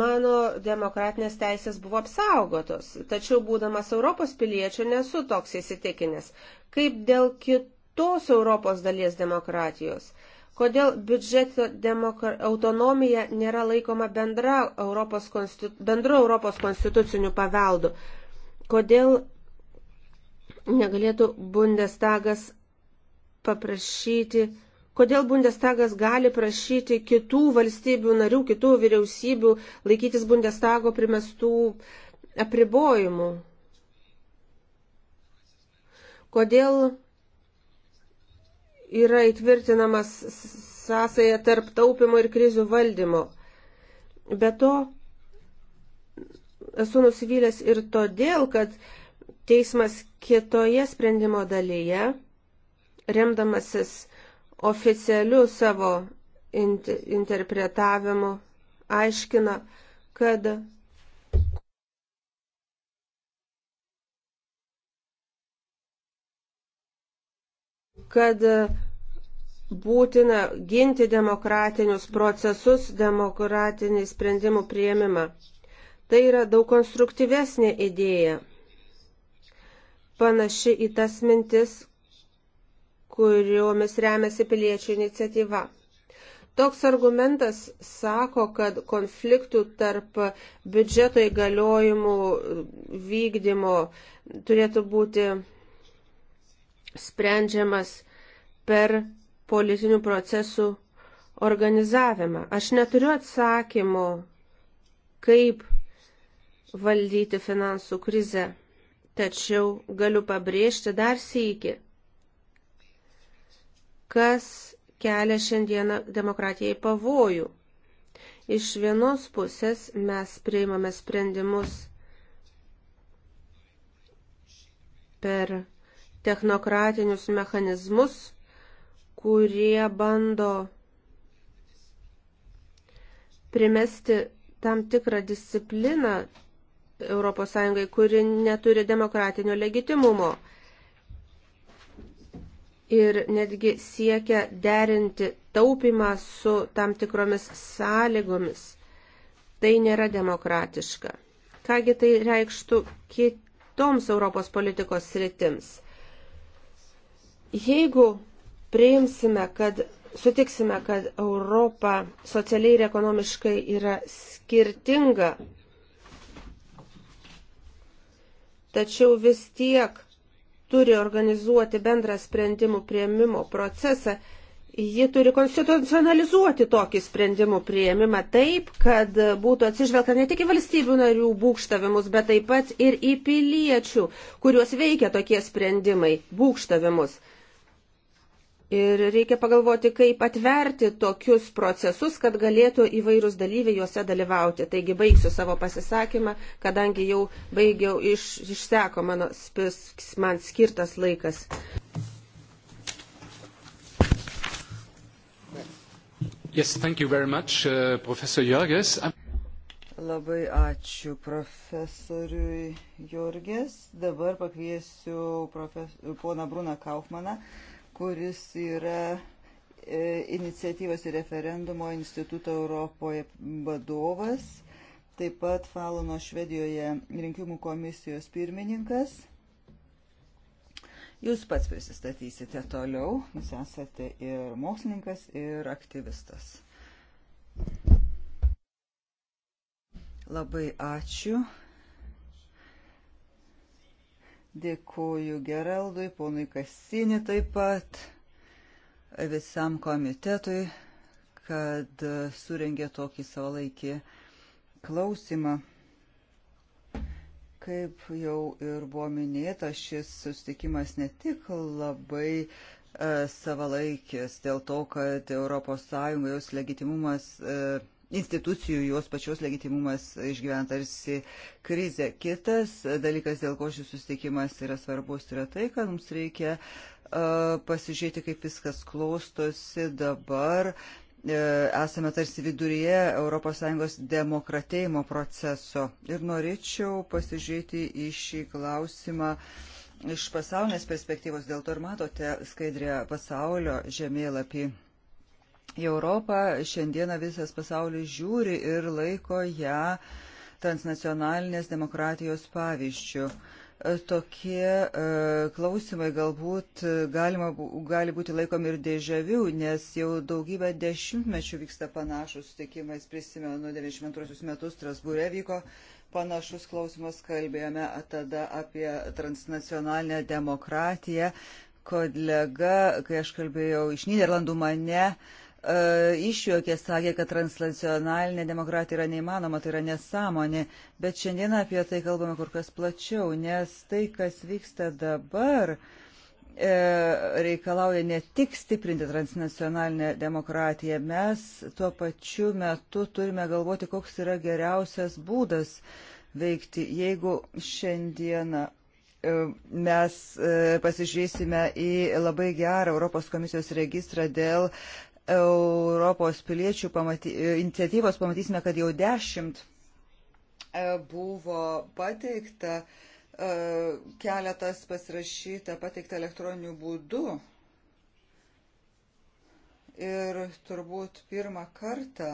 Mano demokratinės teisės buvo apsaugotos, tačiau būdamas Europos piliečiu nesu toks įsitikinęs, kaip dėl kitos Europos dalies demokratijos. Kodėl biudžeto demokra... autonomija nėra laikoma bendra Europos konstitu... bendru Europos konstituciniu paveldu? Kodėl negalėtų Bundestagas paprašyti Kodėl Bundestagas gali prašyti kitų valstybių narių, kitų vyriausybių laikytis Bundestago primestų apribojimų? Kodėl yra įtvirtinamas sąsaja tarp taupimo ir krizių valdymo? Be to, esu nusivylęs ir todėl, kad teismas kitoje sprendimo dalyje, remdamasis oficialiu savo interpretavimu aiškina, kad kad būtina ginti demokratinius procesus, demokratinį sprendimų prieimimą. Tai yra daug konstruktyvesnė idėja. Panaši į tas mintis, kuriomis remiasi piliečių iniciatyva. Toks argumentas sako, kad konfliktų tarp biudžeto įgaliojimų vykdymo turėtų būti sprendžiamas per politinių procesų organizavimą. Aš neturiu atsakymo, kaip valdyti finansų krizę, tačiau galiu pabrėžti dar sįki, kas kelia šiandieną demokratijai pavojų. Iš vienos pusės mes priimame sprendimus per technokratinius mechanizmus, kurie bando primesti tam tikrą discipliną ES, kuri neturi demokratinio legitimumo ir netgi siekia derinti taupimą su tam tikromis sąlygomis. Tai nėra demokratiška. Kągi tai reikštų kitoms Europos politikos sritims? Jeigu priimsime, kad sutiksime, kad Europa socialiai ir ekonomiškai yra skirtinga, tačiau vis tiek turi organizuoti bendrą sprendimų prieimimo procesą, ji turi konstitucionalizuoti tokį sprendimų prieimimą taip, kad būtų atsižvelgta ne tik į valstybių narių būkštavimus, bet taip pat ir į piliečių, kuriuos veikia tokie sprendimai, būkštavimus. Ir reikia pagalvoti, kaip atverti tokius procesus, kad galėtų įvairūs dalyviai juose dalyvauti. Taigi baigsiu savo pasisakymą, kadangi jau baigiau iš, išseko mano, spis, man skirtas laikas. Yes, thank you very much, uh, Professor Jörges. Labai ačiū profesoriui Jurgis. Dabar pakviesiu profes... poną Bruną Kaufmaną. Uh, kuris yra e, iniciatyvos ir referendumo instituto Europoje vadovas, taip pat Falono Švedijoje rinkimų komisijos pirmininkas. Jūs pats prisistatysite toliau, jūs esate ir mokslininkas, ir aktyvistas. Labai ačiū Dėkuoju Geraldui, ponui Kasinį taip pat, visam komitetui, kad surengė tokį savalaikį klausimą. Kaip jau ir buvo minėta, šis sustikimas ne tik labai e, savalaikis dėl to, kad ES jos legitimumas e, institucijų jos pačios legitimumas išgyvent tarsi krizę. Kitas dalykas, dėl ko šis susitikimas yra svarbus, yra tai, kad mums reikia uh, pasižiūrėti, kaip viskas klostosi dabar. Uh, esame tarsi viduryje ES demokratėjimo proceso. Ir norėčiau pasižiūrėti į šį klausimą iš pasaulinės perspektyvos. Dėl to ir matote skaidrę pasaulio žemėlapį į Europą šiandieną visas pasaulis žiūri ir laiko ją transnacionalinės demokratijos pavyzdžių. E, tokie e, klausimai galbūt galima, gali būti laikomi ir dėžavių, nes jau daugybę dešimtmečių vyksta panašus sutikimai. Prisimenu, 92 metus Strasbūre vyko panašus klausimas, kalbėjome tada apie transnacionalinę demokratiją. Kolega, kai aš kalbėjau iš Niderlandų, mane uh, E, išjuokė, sakė, kad transnacionalinė demokratija yra neįmanoma, tai yra nesąmonė, bet šiandien apie tai kalbame kur kas plačiau, nes tai, kas vyksta dabar, e, reikalauja ne tik stiprinti transnacionalinę demokratiją, mes tuo pačiu metu turime galvoti, koks yra geriausias būdas veikti, jeigu šiandieną e, mes e, pasižiūrėsime į labai gerą Europos komisijos registrą dėl Europos piliečių pamaty, iniciatyvos pamatysime, kad jau dešimt e, buvo pateikta, e, keletas pasirašyta, pateikta elektroniniu būdu. Ir turbūt pirmą kartą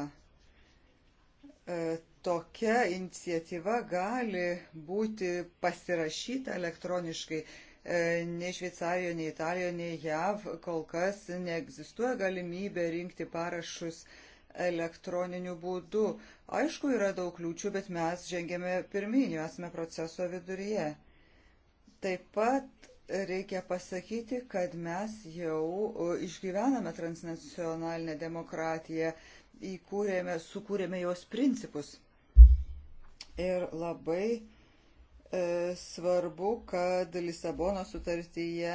e, tokia iniciatyva gali būti pasirašyta elektroniškai E, nei Šveicarijoje, nei Italijoje, nei JAV kol kas neegzistuoja galimybė rinkti parašus elektroniniu būdu. Aišku, yra daug kliūčių, bet mes žengėme pirminį, esame proceso viduryje. Taip pat reikia pasakyti, kad mes jau išgyvename transnacionalinę demokratiją, įkūrėme, sukūrėme jos principus. Ir labai uh, E, svarbu, kad Lisabono sutartyje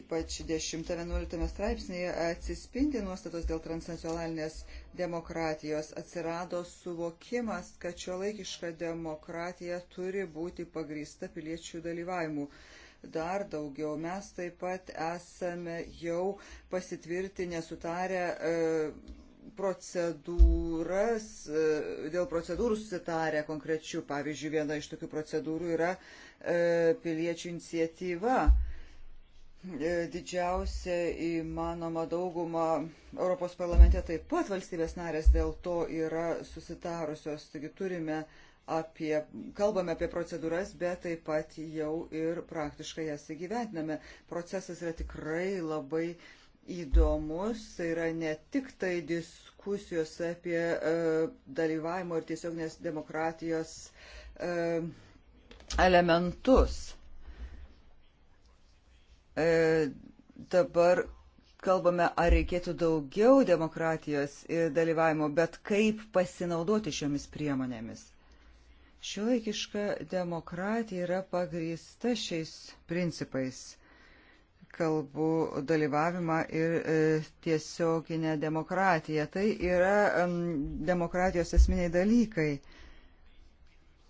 ypač 10-11 straipsnėje atsispindi nuostatos dėl transnacionalinės demokratijos. Atsirado suvokimas, kad šio laikiška demokratija turi būti pagrįsta piliečių dalyvavimu. Dar daugiau mes taip pat esame jau pasitvirtinę sutarę. E, procedūras, e, dėl procedūrų susitarę konkrečių. Pavyzdžiui, viena iš tokių procedūrų yra e, piliečių iniciatyva. E, didžiausia įmanoma dauguma Europos parlamente taip pat valstybės narės dėl to yra susitarusios. Taigi turime apie, kalbame apie procedūras, bet taip pat jau ir praktiškai jas įgyventiname. Procesas yra tikrai labai uh, įdomus, tai yra ne tik tai diskusijos apie e, dalyvavimo ir tiesioginės demokratijos e, elementus. E, dabar kalbame, ar reikėtų daugiau demokratijos ir dalyvavimo, bet kaip pasinaudoti šiomis priemonėmis. Šiuolaikiška demokratija yra pagrįsta šiais principais kalbų dalyvavimą ir e, tiesioginę demokratiją. Tai yra demokratijos esminiai dalykai.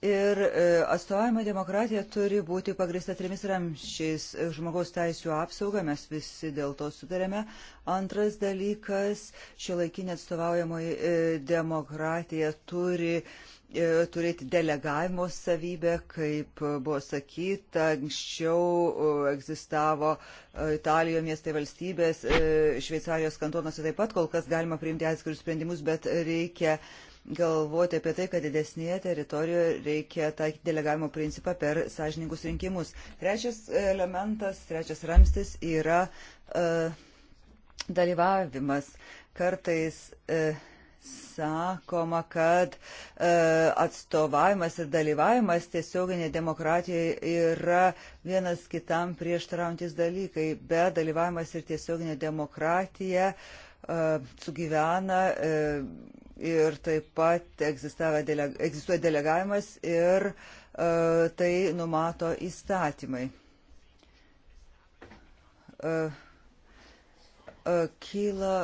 Ir e, atstovavimo demokratija turi būti pagrįsta trimis ramščiais. Žmogaus teisų apsauga, mes visi dėl to sutarėme. Antras dalykas, šio laikinė atstovaujamoji e, demokratija turi uh, E, turėti delegavimo savybę, kaip buvo sakyta, anksčiau e, egzistavo e, Italijoje miestai valstybės, Šveicarijos kantonuose taip pat kol kas galima priimti atskirius sprendimus, bet reikia galvoti apie tai, kad didesnėje teritorijoje reikia taikyti delegavimo principą per sąžininkus rinkimus. Trečias elementas, trečias ramstis yra uh, dalyvavimas. Kartais uh, sakoma, kad e, atstovavimas ir dalyvavimas tiesioginė demokratija yra vienas kitam prieštaraujantis dalykai, bet dalyvavimas ir tiesioginė demokratija e, sugyvena e, ir taip pat delega, egzistuoja delegavimas ir e, tai numato įstatymai. E, e, kyla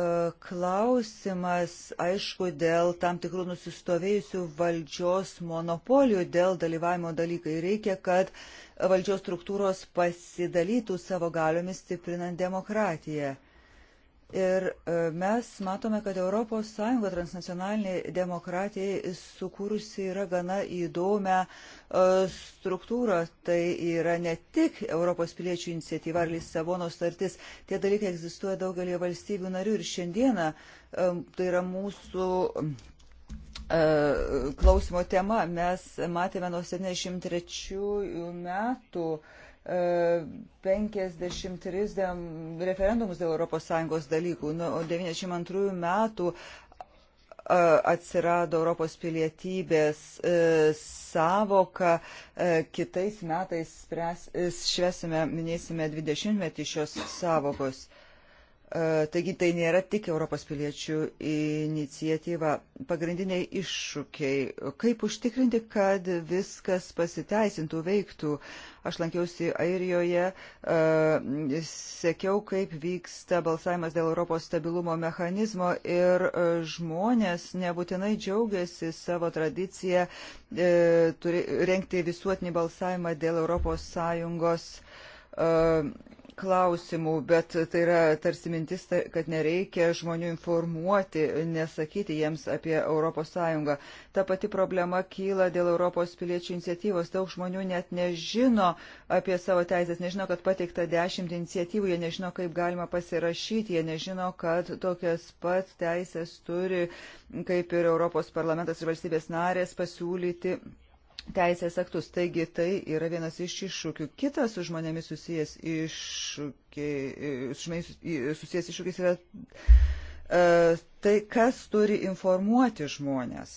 E, klausimas, aišku, dėl tam tikrų nusistovėjusių valdžios monopolijų, dėl dalyvavimo dalykai. Reikia, kad valdžios struktūros pasidalytų savo galiomis stiprinant demokratiją. Ir e, mes matome, kad ES transnacionaliniai demokratijai sukūrusi yra gana įdomią e, struktūrą. Tai yra ne tik Europos piliečių iniciatyva ar Lisabono startis. Tie dalykai egzistuoja daugelį valstybių narių ir šiandieną e, tai yra mūsų klausimo tema. Mes matėme nuo 73 metų 53 e, referendumus dėl ES dalykų. Nuo 92 metų e, atsirado Europos pilietybės e, savoka. Kitais metais švesime, minėsime 20 metį šios savokos. E, taigi tai nėra tik Europos piliečių iniciatyva. Pagrindiniai iššūkiai. Kaip užtikrinti, kad viskas pasiteisintų, veiktų. Aš lankiausi Airijoje, e, sekiau, kaip vyksta balsavimas dėl Europos stabilumo mechanizmo ir e, žmonės nebūtinai džiaugiasi savo tradiciją turi, renkti visuotinį balsavimą dėl Europos Sąjungos klausimų, bet tai yra tarsi mintis, tai, kad nereikia žmonių informuoti, nesakyti jiems apie ES. Ta pati problema kyla dėl Europos piliečių iniciatyvos. Daug žmonių net nežino apie savo teisės, nežino, kad pateikta dešimt iniciatyvų, jie nežino, kaip galima pasirašyti, jie nežino, kad tokias pat teisės turi, kaip ir Europos parlamentas ir valstybės narės, pasiūlyti teisės aktus. Taigi tai yra vienas iš iššūkių. Kitas su žmonėmis susijęs iššūkis, e, e, susijęs iššūkis yra e, tai, kas turi informuoti žmonės.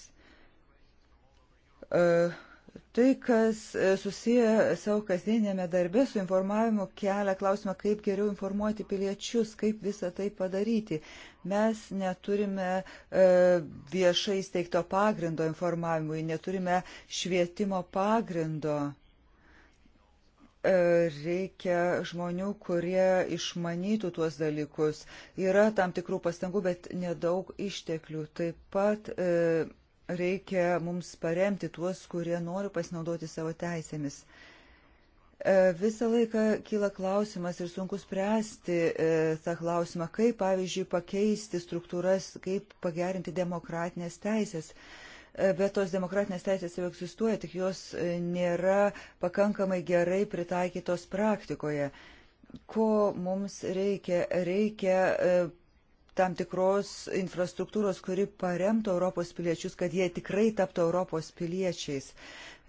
E, tai, kas e, susiję savo kasdienėme darbe su informavimu, kelia klausimą, kaip geriau informuoti piliečius, kaip visą tai padaryti. Mes neturime e, viešai steigto pagrindo informavimui, neturime švietimo pagrindo. E, reikia žmonių, kurie išmanytų tuos dalykus. Yra tam tikrų pastangų, bet nedaug išteklių. Taip pat e, reikia mums paremti tuos, kurie nori pasinaudoti savo teisėmis. E, visą laiką kyla klausimas ir sunku spręsti e, tą klausimą, kaip, pavyzdžiui, pakeisti struktūras, kaip pagerinti demokratinės teisės. E, bet tos demokratinės teisės jau egzistuoja, tik jos nėra pakankamai gerai pritaikytos praktikoje. Ko mums reikia? Reikia tam tikros infrastruktūros, kuri paremtų Europos piliečius, kad jie tikrai taptų Europos piliečiais.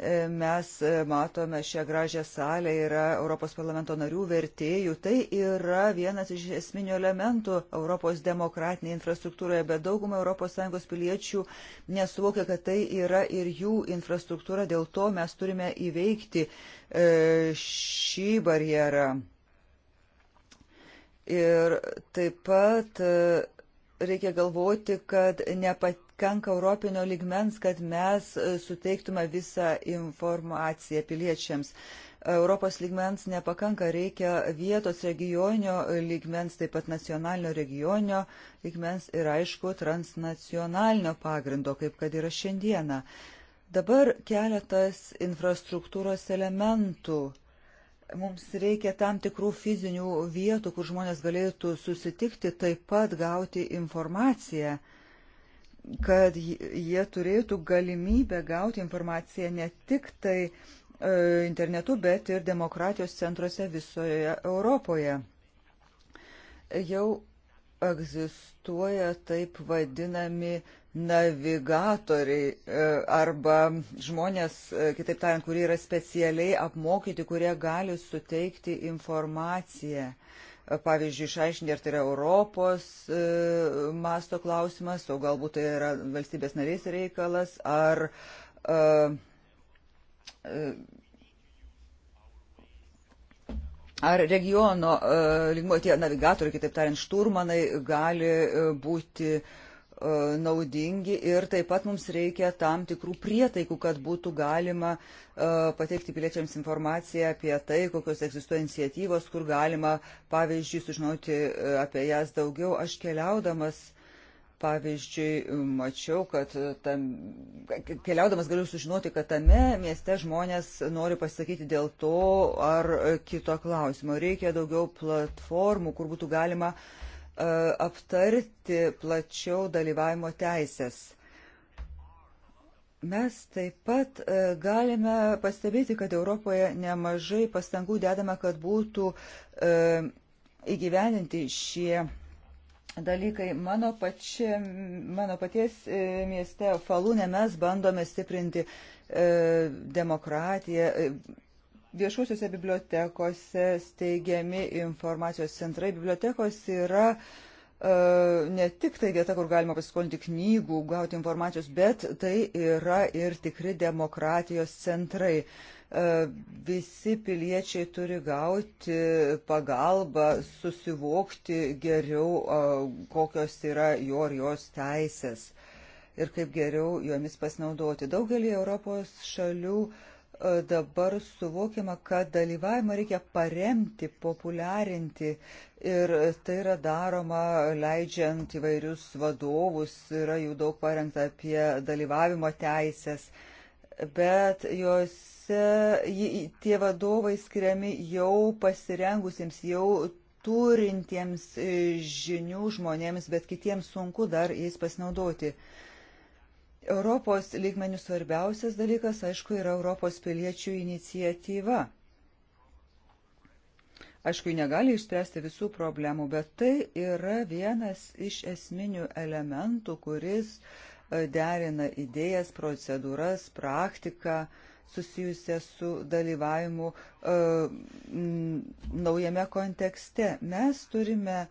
E, mes e, matome šią gražią salę, yra Europos parlamento narių vertėjų. Tai yra vienas iš esminių elementų Europos demokratinėje infrastruktūroje, bet dauguma ES piliečių nesuvokia, kad tai yra ir jų infrastruktūra. Dėl to mes turime įveikti e, šį barjerą. Ir taip pat e, reikia galvoti, kad nepakanka Europinio ligmens, kad mes e, suteiktume visą informaciją piliečiams. Europos ligmens nepakanka, reikia vietos regioninio ligmens, taip pat nacionalinio regioninio ligmens ir aišku transnacionalinio pagrindo, kaip kad yra šiandieną. Dabar keletas infrastruktūros elementų Mums reikia tam tikrų fizinių vietų, kur žmonės galėtų susitikti, taip pat gauti informaciją, kad jie turėtų galimybę gauti informaciją ne tik tai e, internetu, bet ir demokratijos centruose visoje Europoje. Jau egzistuoja taip vadinami navigatoriai e, arba žmonės, e, kitaip tariant, kurie yra specialiai apmokyti, kurie gali suteikti informaciją. E, pavyzdžiui, išaiškinti, ar tai yra Europos masto klausimas, o galbūt tai yra valstybės narės reikalas, ar Ar regiono e, lygmo tie navigatoriai, kitaip tariant, šturmanai gali e, būti e, naudingi ir taip pat mums reikia tam tikrų prietaikų, kad būtų galima pateikti piliečiams informaciją apie tai, kokios egzistuoja iniciatyvos, kur galima, pavyzdžiui, sužinoti apie jas daugiau. Aš keliaudamas Pavyzdžiui, mačiau, kad tam, keliaudamas galiu sužinoti, kad tame mieste žmonės nori pasakyti dėl to ar kito klausimo. Reikia daugiau platformų, kur būtų galima uh, aptarti plačiau dalyvavimo teisės. Mes taip pat e, galime pastebėti, kad Europoje nemažai pastangų dedama, kad būtų e, įgyveninti šie dalykai. Mano, pačia, mano paties e, mieste Falūne mes bandome stiprinti e, demokratiją. E, viešuosiuose bibliotekose steigiami informacijos centrai. Bibliotekos yra e, ne tik tai vieta, kur galima pasiskolinti knygų, gauti informacijos, bet tai yra ir tikri demokratijos centrai. E, visi piliečiai turi gauti pagalbą, susivokti geriau, e, kokios yra jo ir jos teisės ir kaip geriau jomis pasinaudoti. Daugelį Europos šalių e, dabar suvokiama, kad dalyvavimą reikia paremti, populiarinti ir tai yra daroma leidžiant įvairius vadovus, yra jų daug parengta apie dalyvavimo teisės, bet jos juose tie vadovai skiriami jau pasirengusiems, jau turintiems e, žinių žmonėms, bet kitiems sunku dar jais pasinaudoti. Europos lygmenių svarbiausias dalykas, aišku, yra Europos piliečių inicijatyva. Aišku, negali išspręsti visų problemų, bet tai yra vienas iš esminių elementų, kuris e, derina idėjas, procedūras, praktiką, uh, susijusią su dalyvavimu e, naujame kontekste. Mes turime uh,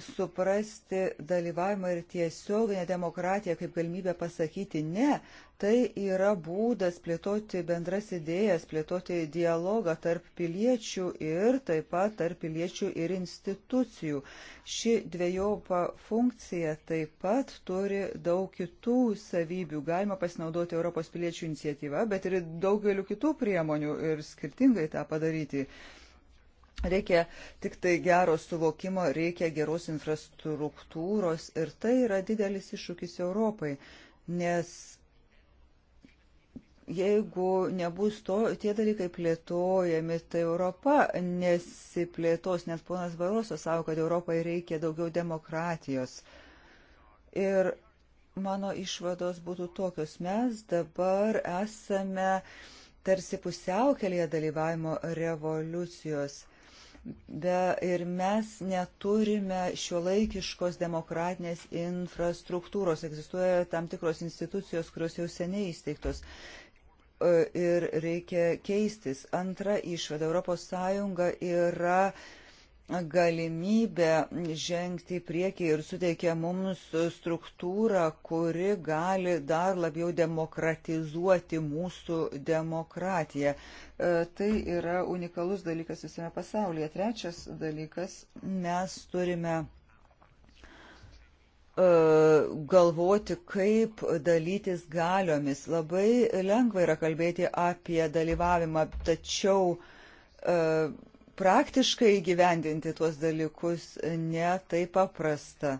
suprasti dalyvavimą ir tiesioginę demokratiją kaip galimybę pasakyti ne. Tai yra būdas plėtoti bendras idėjas, plėtoti dialogą tarp piliečių ir taip pat tarp piliečių ir institucijų. Ši dviejopa funkcija taip pat turi daug kitų savybių. Galima pasinaudoti Europos piliečių iniciatyvą, bet ir daugeliu kitų priemonių ir skirtingai tą padaryti. Uh, Reikia tik tai gero suvokimo, reikia geros infrastruktūros ir tai yra didelis iššūkis Europai, nes jeigu nebus to, tie dalykai plėtojami, tai Europa nesiplėtos, nes ponas Barosas savo, kad Europai reikia daugiau demokratijos. Ir mano išvados būtų tokios, mes dabar esame tarsi pusiaukelėje dalyvavimo revoliucijos. Be, ir mes neturime šiuolaikiškos demokratinės infrastruktūros. Egzistuoja tam tikros institucijos, kurios jau seniai įsteigtos e, ir reikia keistis. Antra išvada - ES yra galimybę žengti į priekį ir suteikia mums struktūrą, kuri gali dar labiau demokratizuoti mūsų demokratiją. E, tai yra unikalus dalykas visame pasaulyje. Trečias dalykas, mes turime e, galvoti, kaip dalytis galiomis. Labai lengva yra kalbėti apie dalyvavimą, tačiau uh, praktiškai įgyvendinti tuos dalykus netai paprasta.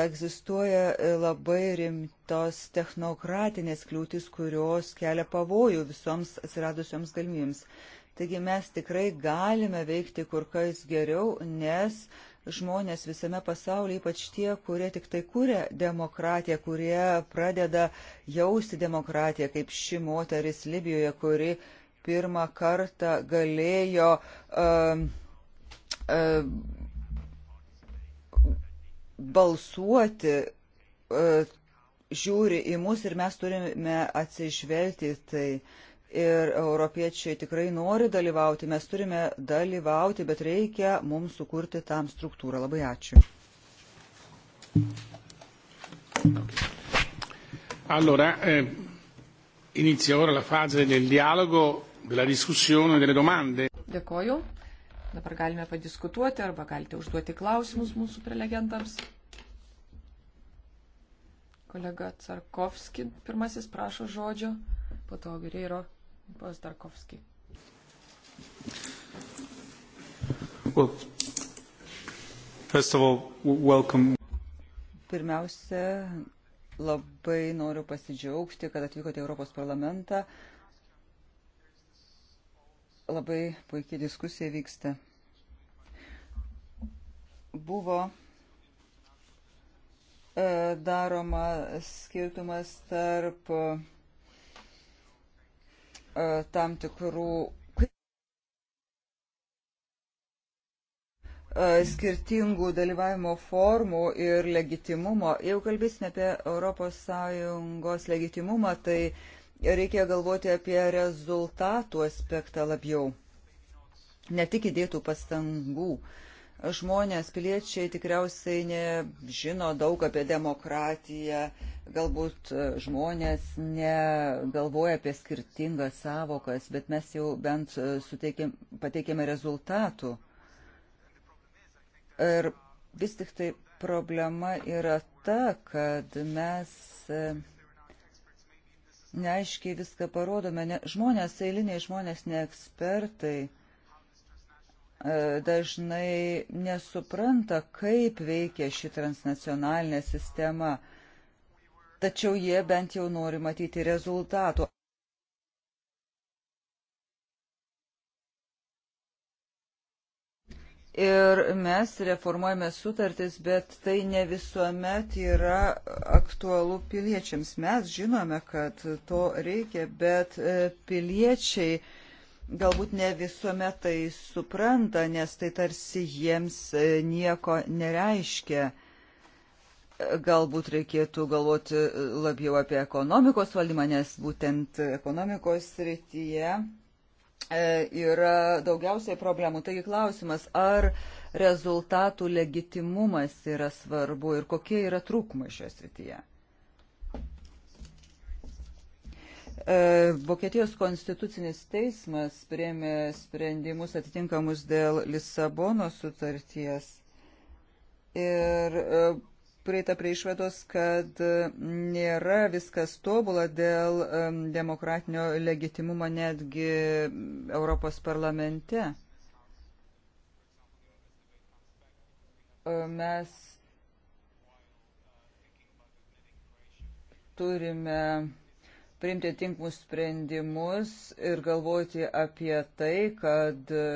Egzistuoja labai rimtos technokratinės kliūtis, kurios kelia pavojų visoms atsiradusioms galimybėms. Taigi mes tikrai galime veikti kur kas geriau, nes žmonės visame pasaulyje, ypač tie, kurie tik tai kūrė demokratiją, kurie pradeda jausti demokratiją, kaip ši moteris Libijoje, kuri uh, pirmą kartą galėjo uh, uh, balsuoti, uh, žiūri į mus ir mes turime atsižvelgti tai. Ir europiečiai tikrai nori dalyvauti, mes turime dalyvauti, bet reikia mums sukurti tam struktūrą. Labai ačiū. Allora, eh, inizia ora la fase del dialogo della discussione, delle domande. Dėkoju. Dabar galime padiskutuoti arba galite užduoti klausimus mūsų prelegentams. Kolega Tsarkovski pirmasis prašo žodžio, po to Gerėjo pas Tarkovski. Well, first of all, welcome. Pirmiausia, labai noriu pasidžiaugti, kad atvykote į Europos parlamentą. Uh, Labai puikiai diskusija vyksta. Buvo e, daroma skirtumas tarp e, tam tikrų e, skirtingų dalyvavimo formų ir legitimumo. Jeigu kalbėsime apie ES legitimumą, tai reikia galvoti apie rezultatų aspektą labiau, ne tik įdėtų pastangų. Žmonės, piliečiai tikriausiai nežino daug apie demokratiją, galbūt žmonės negalvoja apie skirtingas savokas, bet mes jau bent suteikėm, pateikėme rezultatų. Ir vis tik tai problema yra ta, kad mes neaiškiai viską parodome. Ne, žmonės, eiliniai žmonės, ne ekspertai e, dažnai nesupranta, kaip veikia ši transnacionalinė sistema, tačiau jie bent jau nori matyti rezultatų. ir mes reformuojame sutartis, bet tai ne visuomet yra aktualu piliečiams. Mes žinome, kad to reikia, bet e, piliečiai galbūt ne visuomet tai supranta, nes tai tarsi jiems e, nieko nereiškia. Galbūt reikėtų galvoti e, labiau apie ekonomikos valdymą, nes būtent ekonomikos srityje E, yra daugiausiai problemų. Taigi klausimas, ar rezultatų legitimumas yra svarbu ir kokie yra trūkumai šioje srityje. E, Vokietijos konstitucinis teismas priemė sprendimus atitinkamus dėl Lisabono sutarties ir e, prieita prie išvados, kad mm, nėra viskas tobula dėl mm, demokratinio legitimumo netgi mm, Europos parlamente. E, mes turime priimti tinkamus sprendimus ir galvoti apie tai, kad e,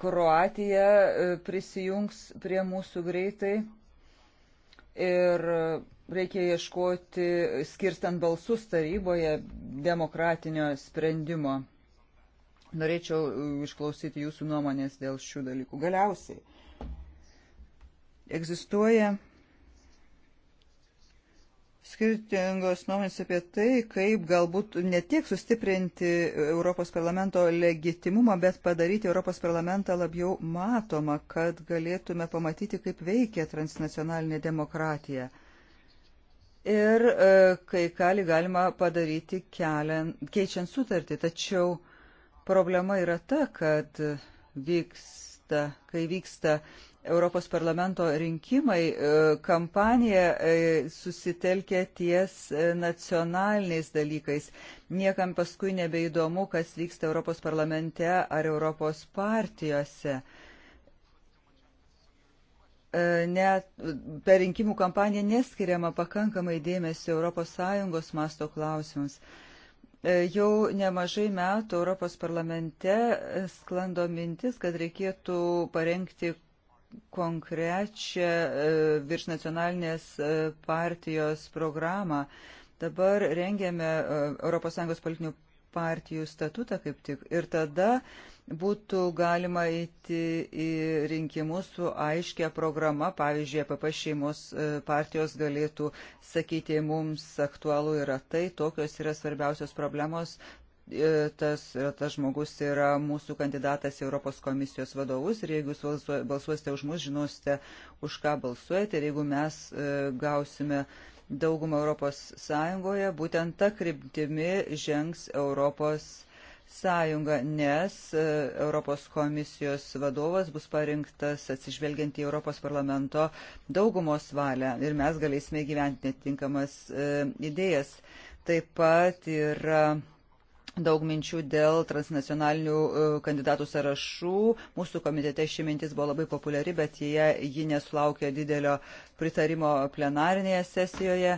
Kroatija e, prisijungs prie mūsų greitai ir reikia ieškoti, skirstant balsus taryboje, demokratinio sprendimo. Norėčiau uh, išklausyti jūsų nuomonės dėl šių dalykų. Galiausiai egzistuoja skirtingos nuomonės apie tai, kaip galbūt ne tiek sustiprinti Europos parlamento legitimumą, bet padaryti Europos parlamentą labiau matomą, kad galėtume pamatyti, kaip veikia transnacionalinė demokratija. Ir e, kai kali galima padaryti keliant, keičiant sutartį. Tačiau problema yra ta, kad vyksta, kai vyksta Europos parlamento rinkimai e, kampanija e, susitelkė ties e, nacionaliniais dalykais. Niekam paskui nebeįdomu, kas vyksta Europos parlamente ar Europos partijose. Net per rinkimų kampaniją neskiriama pakankamai dėmesio ES masto klausimams. Jau nemažai metų Europos parlamente sklando mintis, kad reikėtų parengti konkrečią e, virš nacionalinės e, partijos programą. Dabar rengiame ES politinių partijų statutą kaip tik. Ir tada būtų galima eiti į rinkimus su aiškia programa. Pavyzdžiui, PP šeimos e, partijos galėtų sakyti, mums aktualu yra tai, tokios yra svarbiausios problemos, E, tas, e, tas žmogus yra mūsų kandidatas į Europos komisijos vadovus ir jeigu jūs balsuosite už mus, žinosite, už ką balsuojate ir jeigu mes e, gausime daugumą Europos Sąjungoje, būtent ta kryptimi žengs Europos sąjunga, nes Europos komisijos vadovas bus parinktas atsižvelgiant į Europos parlamento daugumos valią ir mes galėsime gyventi netinkamas idėjas. Taip pat yra daug minčių dėl transnacionalinių e, kandidatų sąrašų. Mūsų komitete ši mintis buvo labai populiari, bet jie, ji nesulaukė didelio pritarimo plenarinėje sesijoje.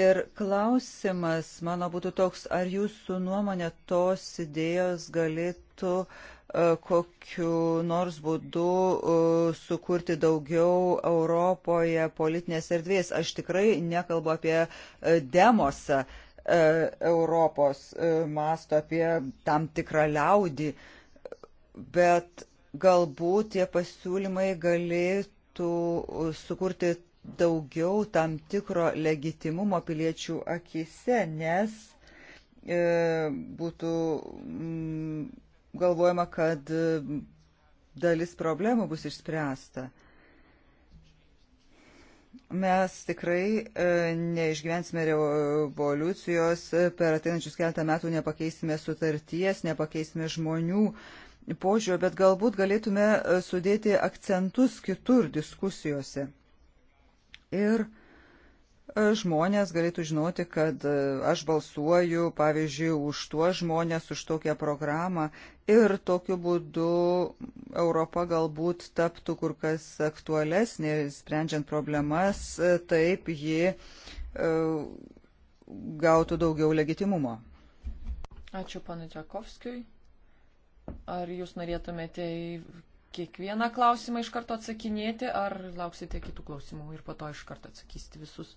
Ir klausimas mano būtų toks, ar jūsų nuomonė tos idėjos galėtų e, kokiu nors būdu e, sukurti daugiau Europoje politinės erdvės. Aš tikrai nekalbu apie demosą, E, Europos e, masto, apie tam tikrą liaudį, bet galbūt tie pasiūlymai galėtų sukurti daugiau tam tikro legitimumo piliečių akise, nes e, būtų mm, galvojama, kad dalis problemų bus išspręsta. E, mes tikrai e, neišgyvensime revoliucijos, e, per ateinančius keletą metų nepakeisime sutarties, nepakeisime žmonių požiūrio, bet galbūt galėtume e, sudėti akcentus kitur diskusijose. Ir uh, žmonės galėtų žinoti, kad e, aš balsuoju, pavyzdžiui, už tuos žmonės, už tokią programą ir tokiu būdu Europa galbūt taptų kur kas aktualesnė, sprendžiant problemas, e, taip ji e, gautų daugiau legitimumo. Ačiū panu Čiakovskijui. Ar jūs norėtumėte į kiekvieną klausimą iš karto atsakinėti, ar lauksite kitų klausimų ir po to iš karto atsakysite visus?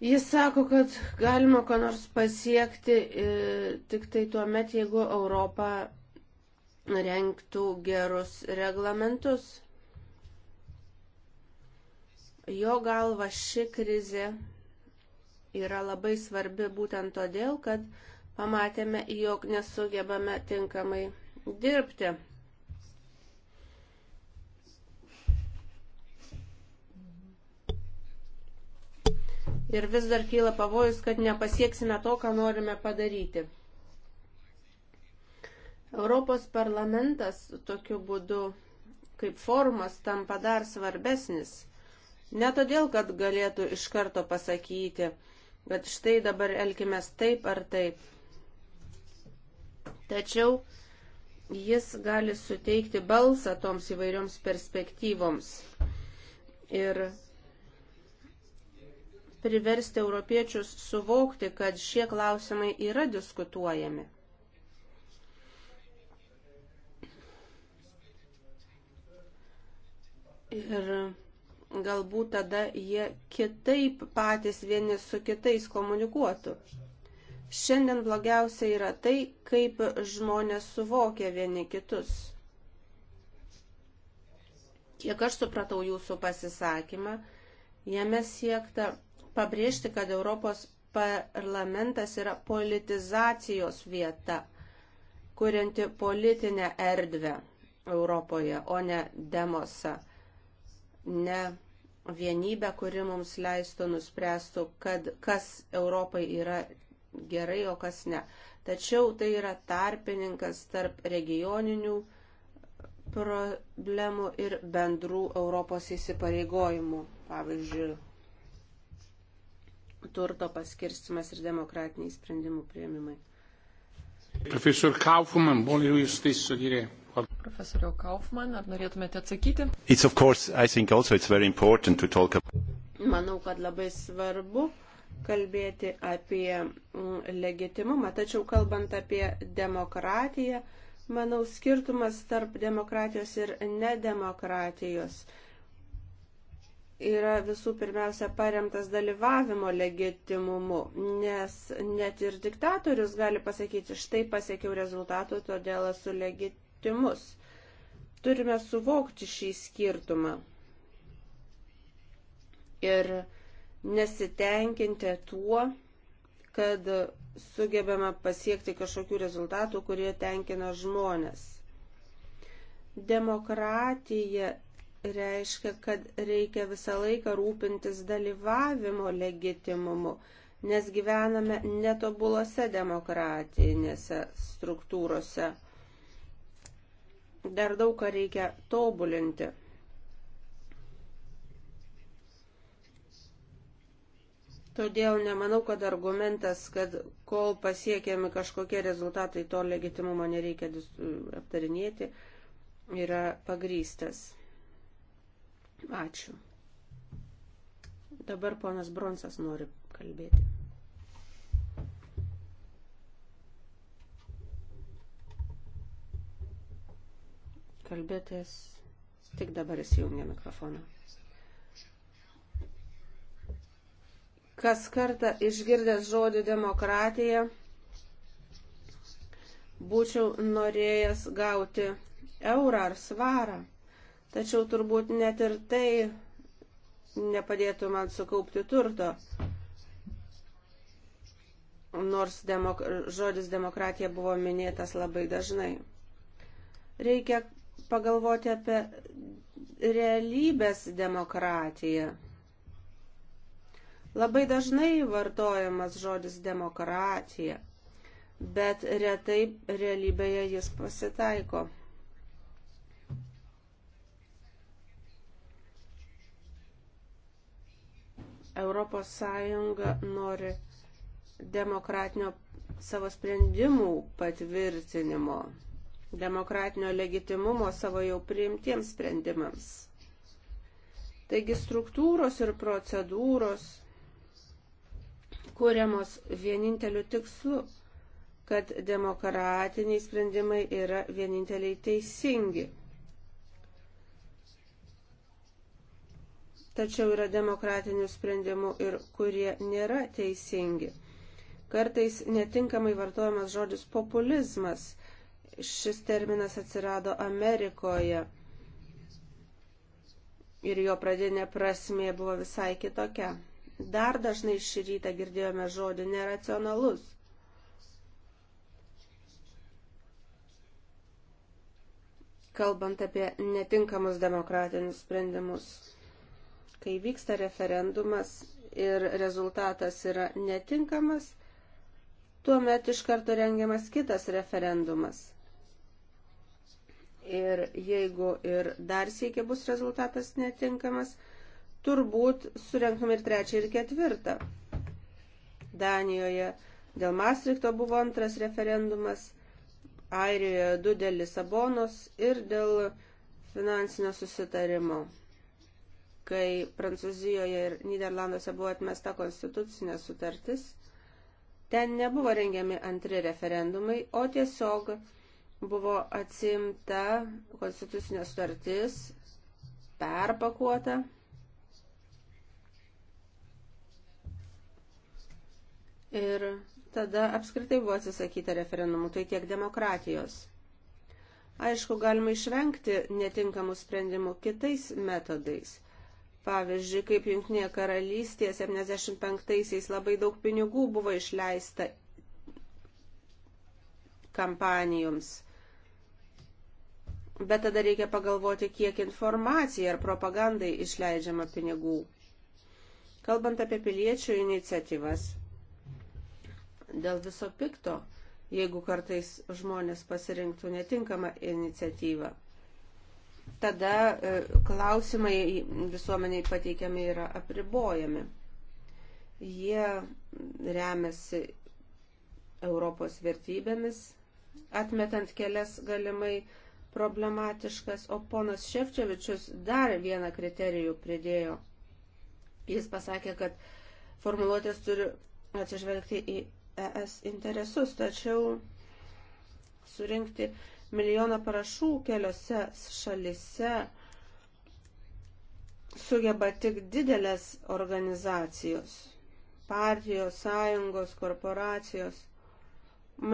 Jis sako, kad galima ko nors pasiekti e, tik tai tuo met, jeigu Europa renktų gerus reglamentus. Jo galva ši krizė yra labai svarbi būtent todėl, kad pamatėme, jog nesugebame tinkamai dirbti. ir vis dar kyla pavojus, kad nepasieksime to, ką norime padaryti. Europos parlamentas tokiu būdu kaip forumas tampa dar svarbesnis. Ne todėl, kad galėtų iš karto pasakyti, kad štai dabar elkime taip ar taip. Tačiau jis gali suteikti balsą toms įvairioms perspektyvoms. Ir priversti europiečius suvokti, kad šie klausimai yra diskutuojami. Ir galbūt tada jie kitaip patys vieni su kitais komunikuotų. Šiandien blogiausia yra tai, kaip žmonės suvokia vieni kitus. Kiek aš supratau jūsų pasisakymą, jame siekta pabrėžti, kad Europos parlamentas yra politizacijos vieta, kurianti politinę erdvę Europoje, o ne demosą, ne vienybę, kuri mums leistų nuspręstų, kad kas Europai yra gerai, o kas ne. Tačiau tai yra tarpininkas tarp regioninių problemų ir bendrų Europos įsipareigojimų, pavyzdžiui, turto paskirstimas ir demokratiniai sprendimų prieimimai. Profesor Kaufman, volevo io stesso dire. Profesoriau Kaufman, ar norėtumėte atsakyti? It's of course, I think also it's very important to talk about. Manau, kad labai svarbu kalbėti apie mm, legitimumą, tačiau kalbant apie demokratiją, manau, skirtumas tarp demokratijos ir nedemokratijos yra visų pirmiausia paremtas dalyvavimo legitimumu, nes net ir diktatorius gali pasakyti, štai pasiekiau rezultatų, todėl esu legitimus. Turime suvokti šį skirtumą ir nesitenkinti tuo, kad sugebame pasiekti kažkokių rezultatų, kurie tenkina žmonės. Demokratija reiškia, kad reikia visą laiką rūpintis dalyvavimo legitimumu, nes gyvename netobulose demokratinėse struktūrose. Dar daug ką reikia tobulinti. Todėl nemanau, kad argumentas, kad kol pasiekiami kažkokie rezultatai, to legitimumo nereikia aptarinėti, yra pagrystas. Ačiū. Dabar ponas Bronsas nori kalbėti. Kalbėtės tik dabar įsijungia mikrofoną. Kas kartą išgirdęs žodį demokratija, būčiau norėjęs gauti eurą ar svarą. Tačiau turbūt net ir tai nepadėtų man sukaupti turto. Nors demok žodis demokratija buvo minėtas labai dažnai. Reikia pagalvoti apie realybės demokratiją. Labai dažnai vartojamas žodis demokratija, bet retai realybėje jis pasitaiko. Europos Sąjunga nori demokratinio savo sprendimų patvirtinimo, demokratinio legitimumo savo jau priimtiems sprendimams. Taigi struktūros ir procedūros kuriamos vieninteliu tikslu, kad demokratiniai sprendimai yra vieninteliai teisingi. tačiau yra demokratinių sprendimų ir kurie nėra teisingi. Kartais netinkamai vartojamas žodis populizmas. Šis terminas atsirado Amerikoje ir jo pradinė prasmė buvo visai kitokia. Dar dažnai šį rytą girdėjome žodį neracionalus. Kalbant apie netinkamus demokratinius sprendimus. Kai vyksta referendumas ir rezultatas yra netinkamas, tuomet iš karto rengiamas kitas referendumas. Ir jeigu ir dar siekia bus rezultatas netinkamas, turbūt surenkam ir trečią, ir ketvirtą. Danijoje dėl Mastrikto buvo antras referendumas, Airijoje du dėl Lisabonos ir dėl finansinio susitarimo kai Prancūzijoje ir Niderlanduose buvo atmesta konstitucinė sutartis, ten nebuvo rengiami antri referendumai, o tiesiog buvo atsimta konstitucinė sutartis, perpakuota. Ir tada apskritai buvo atsisakyta referendumų, tai tiek demokratijos. Aišku, galima išvengti netinkamų sprendimų kitais metodais – Pavyzdžiui, kaip Junktinėje karalystėje 75-aisiais labai daug pinigų buvo išleista kampanijoms. Bet tada reikia pagalvoti, kiek informacijai ar propagandai išleidžiama pinigų. Kalbant apie piliečių iniciatyvas, dėl viso pikto, jeigu kartais žmonės pasirinktų netinkamą iniciatyvą tada e, klausimai visuomeniai pateikiami yra apribojami. Jie remiasi Europos vertybėmis, atmetant kelias galimai problematiškas, o ponas Ševčiovičius dar vieną kriterijų pridėjo. Jis pasakė, kad formuluotės turi atsižvelgti į ES interesus, tačiau surinkti milijoną parašų keliose šalise sugeba tik didelės organizacijos, partijos, sąjungos, korporacijos.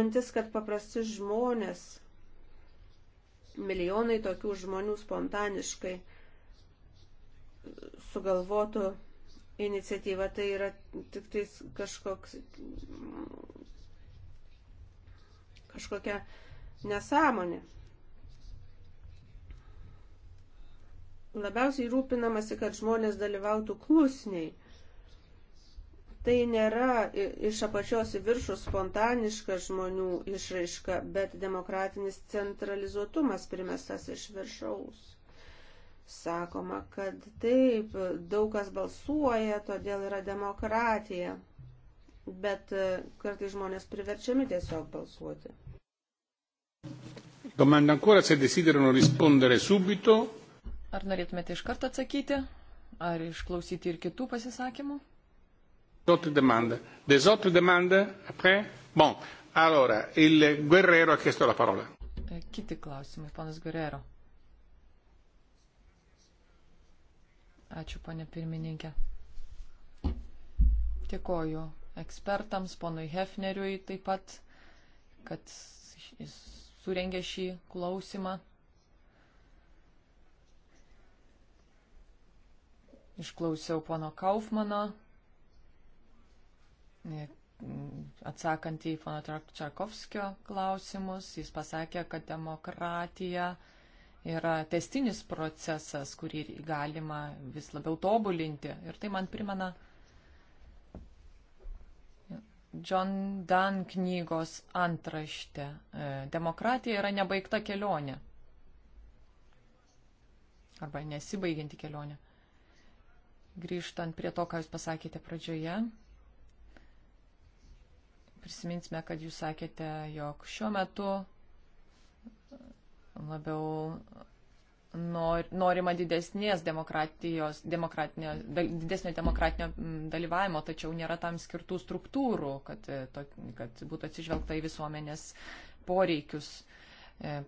Mintis, kad paprasti žmonės, milijonai tokių žmonių spontaniškai sugalvotų iniciatyva tai yra tik tais kažkoks kažkokia nesąmonė. Labiausiai rūpinamasi, kad žmonės dalyvautų klusniai. Tai nėra iš apačios į viršų spontaniška žmonių išraiška, bet demokratinis centralizuotumas primestas iš viršaus. Sakoma, kad taip, daug kas balsuoja, todėl yra demokratija, bet e, kartai žmonės priverčiami tiesiog balsuoti. Domanda ancora se desiderano rispondere subito. Ar norėtumėte iš karto atsakyti, ar išklausyti ir kitų pasisakymų? D'autres domande. Des autres domande après? Bon, allora, il Guerrero ha chiesto la parola. E, kiti klausimai, panas Guerrero. Ačiū, ponė pirmininkė. Dėkoju ekspertams, ponui Hefneriui taip pat, kad jis surengė šį klausimą. Išklausiau pono Kaufmano, e, atsakant į pono Čarkovskio klausimus, jis pasakė, kad demokratija yra testinis procesas, kurį galima vis labiau tobulinti. Ir tai man primena John Dan knygos antraštė. E, demokratija yra nebaigta kelionė. Arba nesibaigianti kelionė. Grįžtant prie to, ką Jūs pasakėte pradžioje, prisiminsime, kad Jūs sakėte, jog šiuo metu labiau nor, norima didesnės demokratijos, demokratinio, dal, didesnio demokratinio dalyvavimo, tačiau nėra tam skirtų struktūrų, kad, e, to, kad būtų atsižvelgta į visuomenės poreikius. E,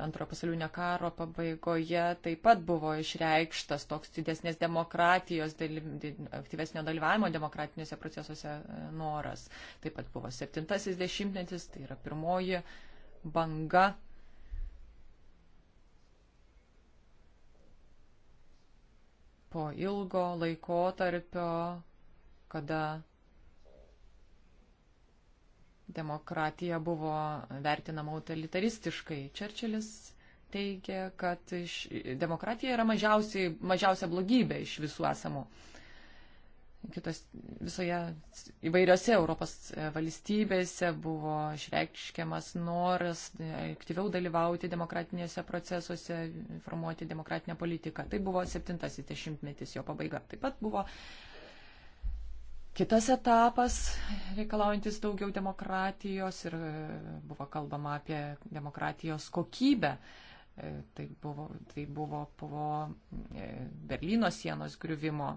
antrojo pasaulinio karo pabaigoje taip pat buvo išreikštas toks didesnės demokratijos, daly, aktyvesnio dalyvavimo demokratiniuose procesuose e, noras. Taip pat buvo septintasis dešimtmetis, tai yra pirmoji banga po ilgo laikotarpio, kada demokratija buvo vertinama autoritaristiškai. Čerčilis teigia, kad iš, demokratija yra mažiausia blogybė iš visų esamų kitos, visoje įvairiose Europos e, valstybėse buvo išreikškiamas noras e, aktyviau dalyvauti demokratinėse procesuose, formuoti demokratinę politiką. Tai buvo septintasis dešimtmetis jo pabaiga. Taip pat buvo kitas etapas reikalaujantis daugiau demokratijos ir e, buvo kalbama apie demokratijos kokybę. Tai buvo, tai buvo po Berlyno sienos griuvimo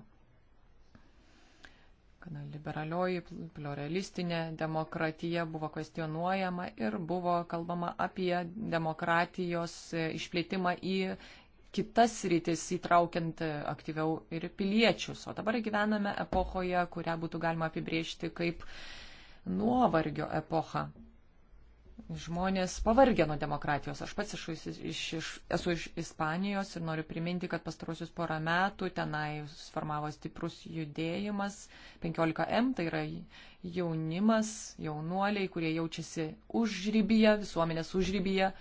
gana liberalioji, pluralistinė demokratija buvo kvestionuojama ir buvo kalbama apie demokratijos e, išplėtimą į kitas rytis, įtraukiant e, aktyviau ir piliečius. O dabar gyvename epochoje, kurią būtų galima apibriežti kaip nuovargio epocha. Žmonės pavargė nuo demokratijos. Aš pats iš, iš, iš, esu iš Ispanijos ir noriu priminti, kad pastarosius porą metų tenai susiformavo stiprus judėjimas 15M, tai yra jaunimas, jaunuoliai, kurie jaučiasi užrybyje, visuomenės užrybyje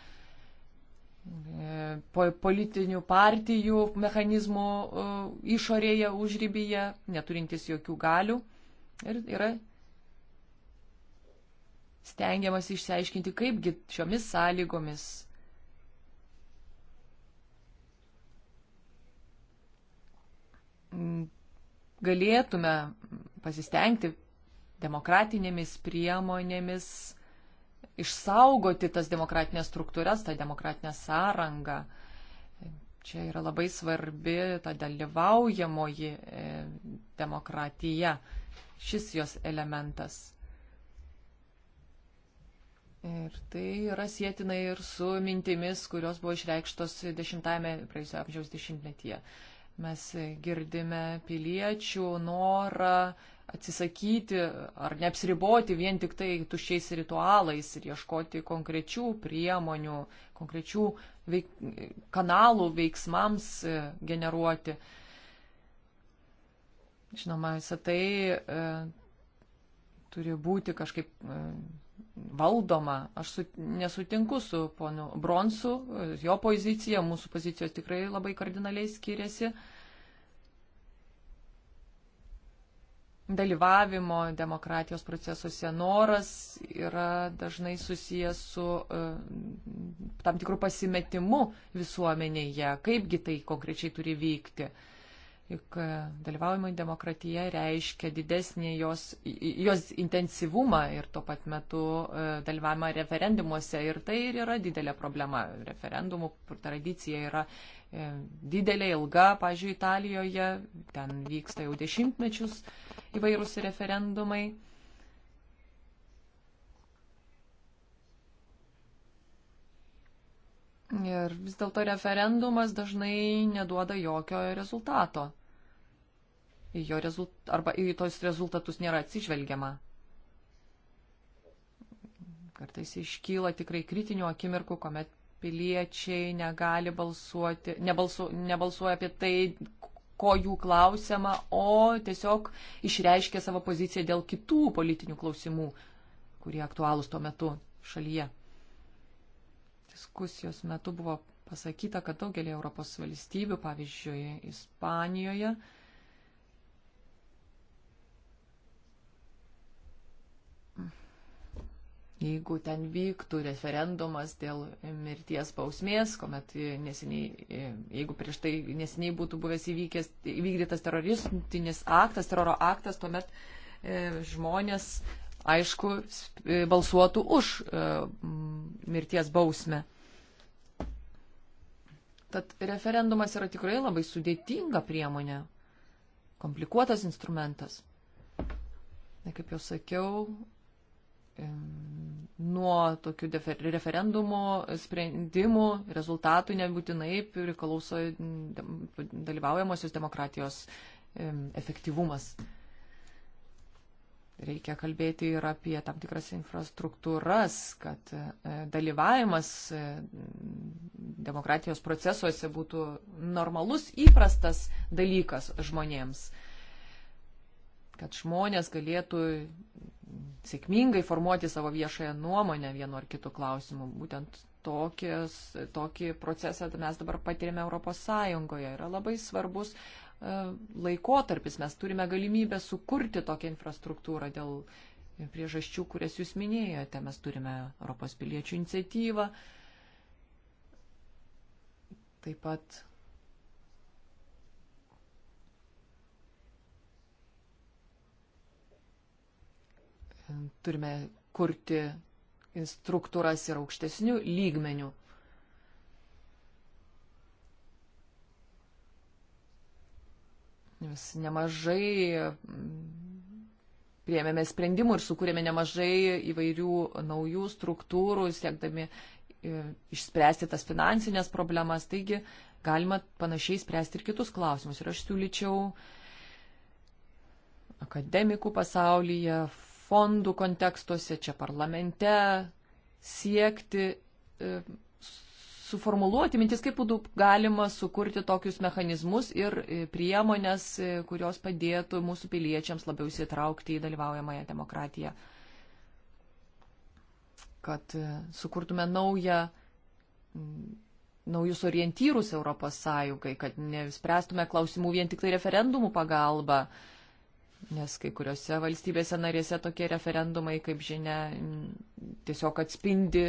politinių partijų mechanizmų uh, išorėje, užrybyje, neturintys jokių galių. Ir yra stengiamas išsiaiškinti, kaipgi šiomis sąlygomis mm, galėtume pasistengti demokratinėmis priemonėmis išsaugoti tas demokratinės struktūras, tą demokratinę sąrangą. Čia yra labai svarbi ta dalyvaujamoji e, demokratija, šis jos elementas. Ir tai yra sėtina ir su mintimis, kurios buvo išreikštos dešimtame praėjusio amžiaus dešimtmetyje. Mes girdime piliečių norą atsisakyti ar neapsiriboti vien tik tai tuščiais ritualais ir ieškoti konkrečių priemonių, konkrečių veik, kanalų veiksmams generuoti. Žinoma, visą tai e, turi būti kažkaip. E, valdoma. Aš su, nesutinku su ponu Bronsu, jo pozicija, mūsų pozicijos tikrai labai kardinaliai skiriasi. Dalyvavimo demokratijos procesuose noras yra dažnai susijęs su uh, tam tikrų pasimetimu visuomenėje, kaipgi tai konkrečiai turi vykti. Uh, Juk e, dalyvaujama demokratija reiškia didesnį jos, jos intensyvumą ir tuo pat metu e, dalyvavimą referendumuose. Ir tai ir yra didelė problema. Referendumų tradicija yra e, didelė, ilga, pažiūrėjau, Italijoje. Ten vyksta jau dešimtmečius įvairūs referendumai. Ir vis dėlto referendumas dažnai neduoda jokio rezultato į jo rezult, arba į tos rezultatus nėra atsižvelgiama. Kartais iškyla tikrai kritinių akimirkų, kuomet piliečiai negali balsuoti, nebalsu, nebalsuoja apie tai, ko jų klausiama, o tiesiog išreiškia savo poziciją dėl kitų politinių klausimų, kurie aktualūs tuo metu šalyje. Diskusijos metu buvo pasakyta, kad daugelį Europos valstybių, pavyzdžiui, Ispanijoje, jeigu ten vyktų referendumas dėl mirties bausmės, kuomet neseniai, e, jeigu prieš tai neseniai būtų buvęs įvykęs, įvykdytas teroristinis aktas, teroro aktas, tuomet e, žmonės, aišku, e, balsuotų už e, mirties bausmę. Tad referendumas yra tikrai labai sudėtinga priemonė, komplikuotas instrumentas. Na, kaip jau sakiau, nuo tokių referendumų, sprendimų, rezultatų nebūtinai priklauso dalyvaujamosios demokratijos efektyvumas. Reikia kalbėti ir apie tam tikras infrastruktūras, kad e, dalyvavimas e, demokratijos procesuose būtų normalus, įprastas dalykas žmonėms. Kad žmonės galėtų sėkmingai formuoti savo viešąją nuomonę vienu ar kitu klausimu. Būtent tokios, tokį procesą mes dabar patirėme Europos Sąjungoje. Yra labai svarbus e, laikotarpis. Mes turime galimybę sukurti tokią infrastruktūrą dėl priežasčių, kurias jūs minėjote. Mes turime Europos piliečių iniciatyvą. Taip pat turime kurti struktūras ir aukštesnių lygmenių. Vis nemažai mm, priemėme sprendimų ir sukūrėme nemažai įvairių naujų struktūrų, siekdami e, išspręsti tas finansinės problemas. Taigi galima panašiai spręsti ir kitus klausimus. Ir aš siūlyčiau akademikų pasaulyje, fondų kontekstuose, čia parlamente, siekti e, suformuluoti mintis, kaip būtų galima sukurti tokius mechanizmus ir e, priemonės, e, kurios padėtų mūsų piliečiams labiau įsitraukti į dalyvaujamąją demokratiją. Kad sukurtume naują, naujus orientyrus Europos Sąjungai, kad nespręstume klausimų vien tik tai referendumų pagalba, Nes kai kuriuose valstybėse narėse tokie referendumai, kaip žinia, tiesiog atspindi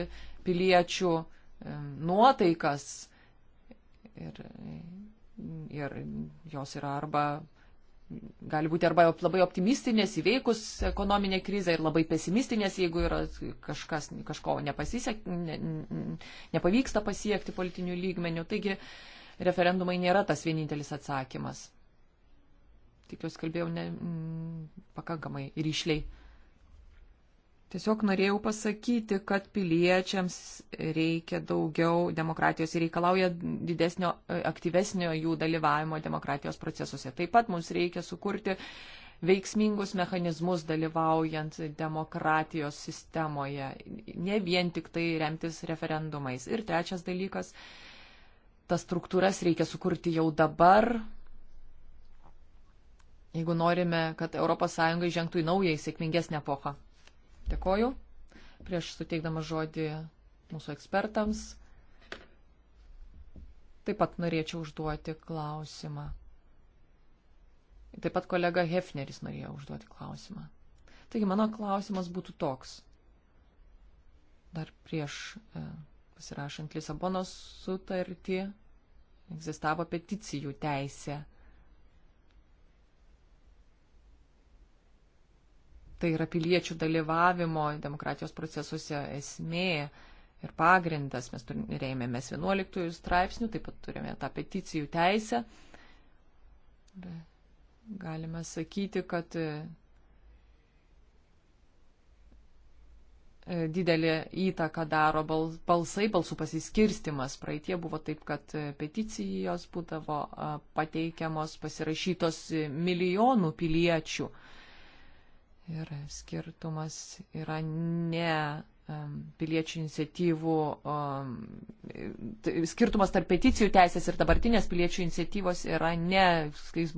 piliečių nuotaikas ir, ir jos yra arba, gali būti arba labai optimistinės įveikus ekonominė krizė ir labai pesimistinės, jeigu yra kažkas, kažko nepasisek, ne, nepavyksta pasiekti politinių lygmenių. Taigi referendumai nėra tas vienintelis atsakymas tikiuosi kalbėjau ne, m, mm, pakankamai ryšliai. Tiesiog norėjau pasakyti, kad piliečiams reikia daugiau demokratijos ir reikalauja didesnio, e, aktyvesnio jų dalyvavimo demokratijos procesuose. Taip pat mums reikia sukurti veiksmingus mechanizmus dalyvaujant demokratijos sistemoje, ne vien tik tai remtis referendumais. Ir trečias dalykas, tas struktūras reikia sukurti jau dabar, jeigu norime, kad ES žengtų į naują, į sėkmingesnę epochą. Dėkoju. Prieš suteikdama žodį mūsų ekspertams, taip pat norėčiau užduoti klausimą. Taip pat kolega Hefneris norėjo užduoti klausimą. Taigi mano klausimas būtų toks. Dar prieš e, pasirašant Lisabonos sutartį egzistavo peticijų teisė Tai yra piliečių dalyvavimo demokratijos procesuose esmė ir pagrindas. Mes turim, rėmėmės 11 straipsnių, taip pat turime tą peticijų teisę. Galime sakyti, kad e, didelį įtaką daro balsai, balsų pasiskirstimas. Praeitie buvo taip, kad e, peticijos būdavo pateikiamos, pasirašytos e, milijonų piliečių. Ir skirtumas yra ne piliečių iniciatyvų, tai skirtumas tarp peticijų teisės ir dabartinės piliečių iniciatyvos yra ne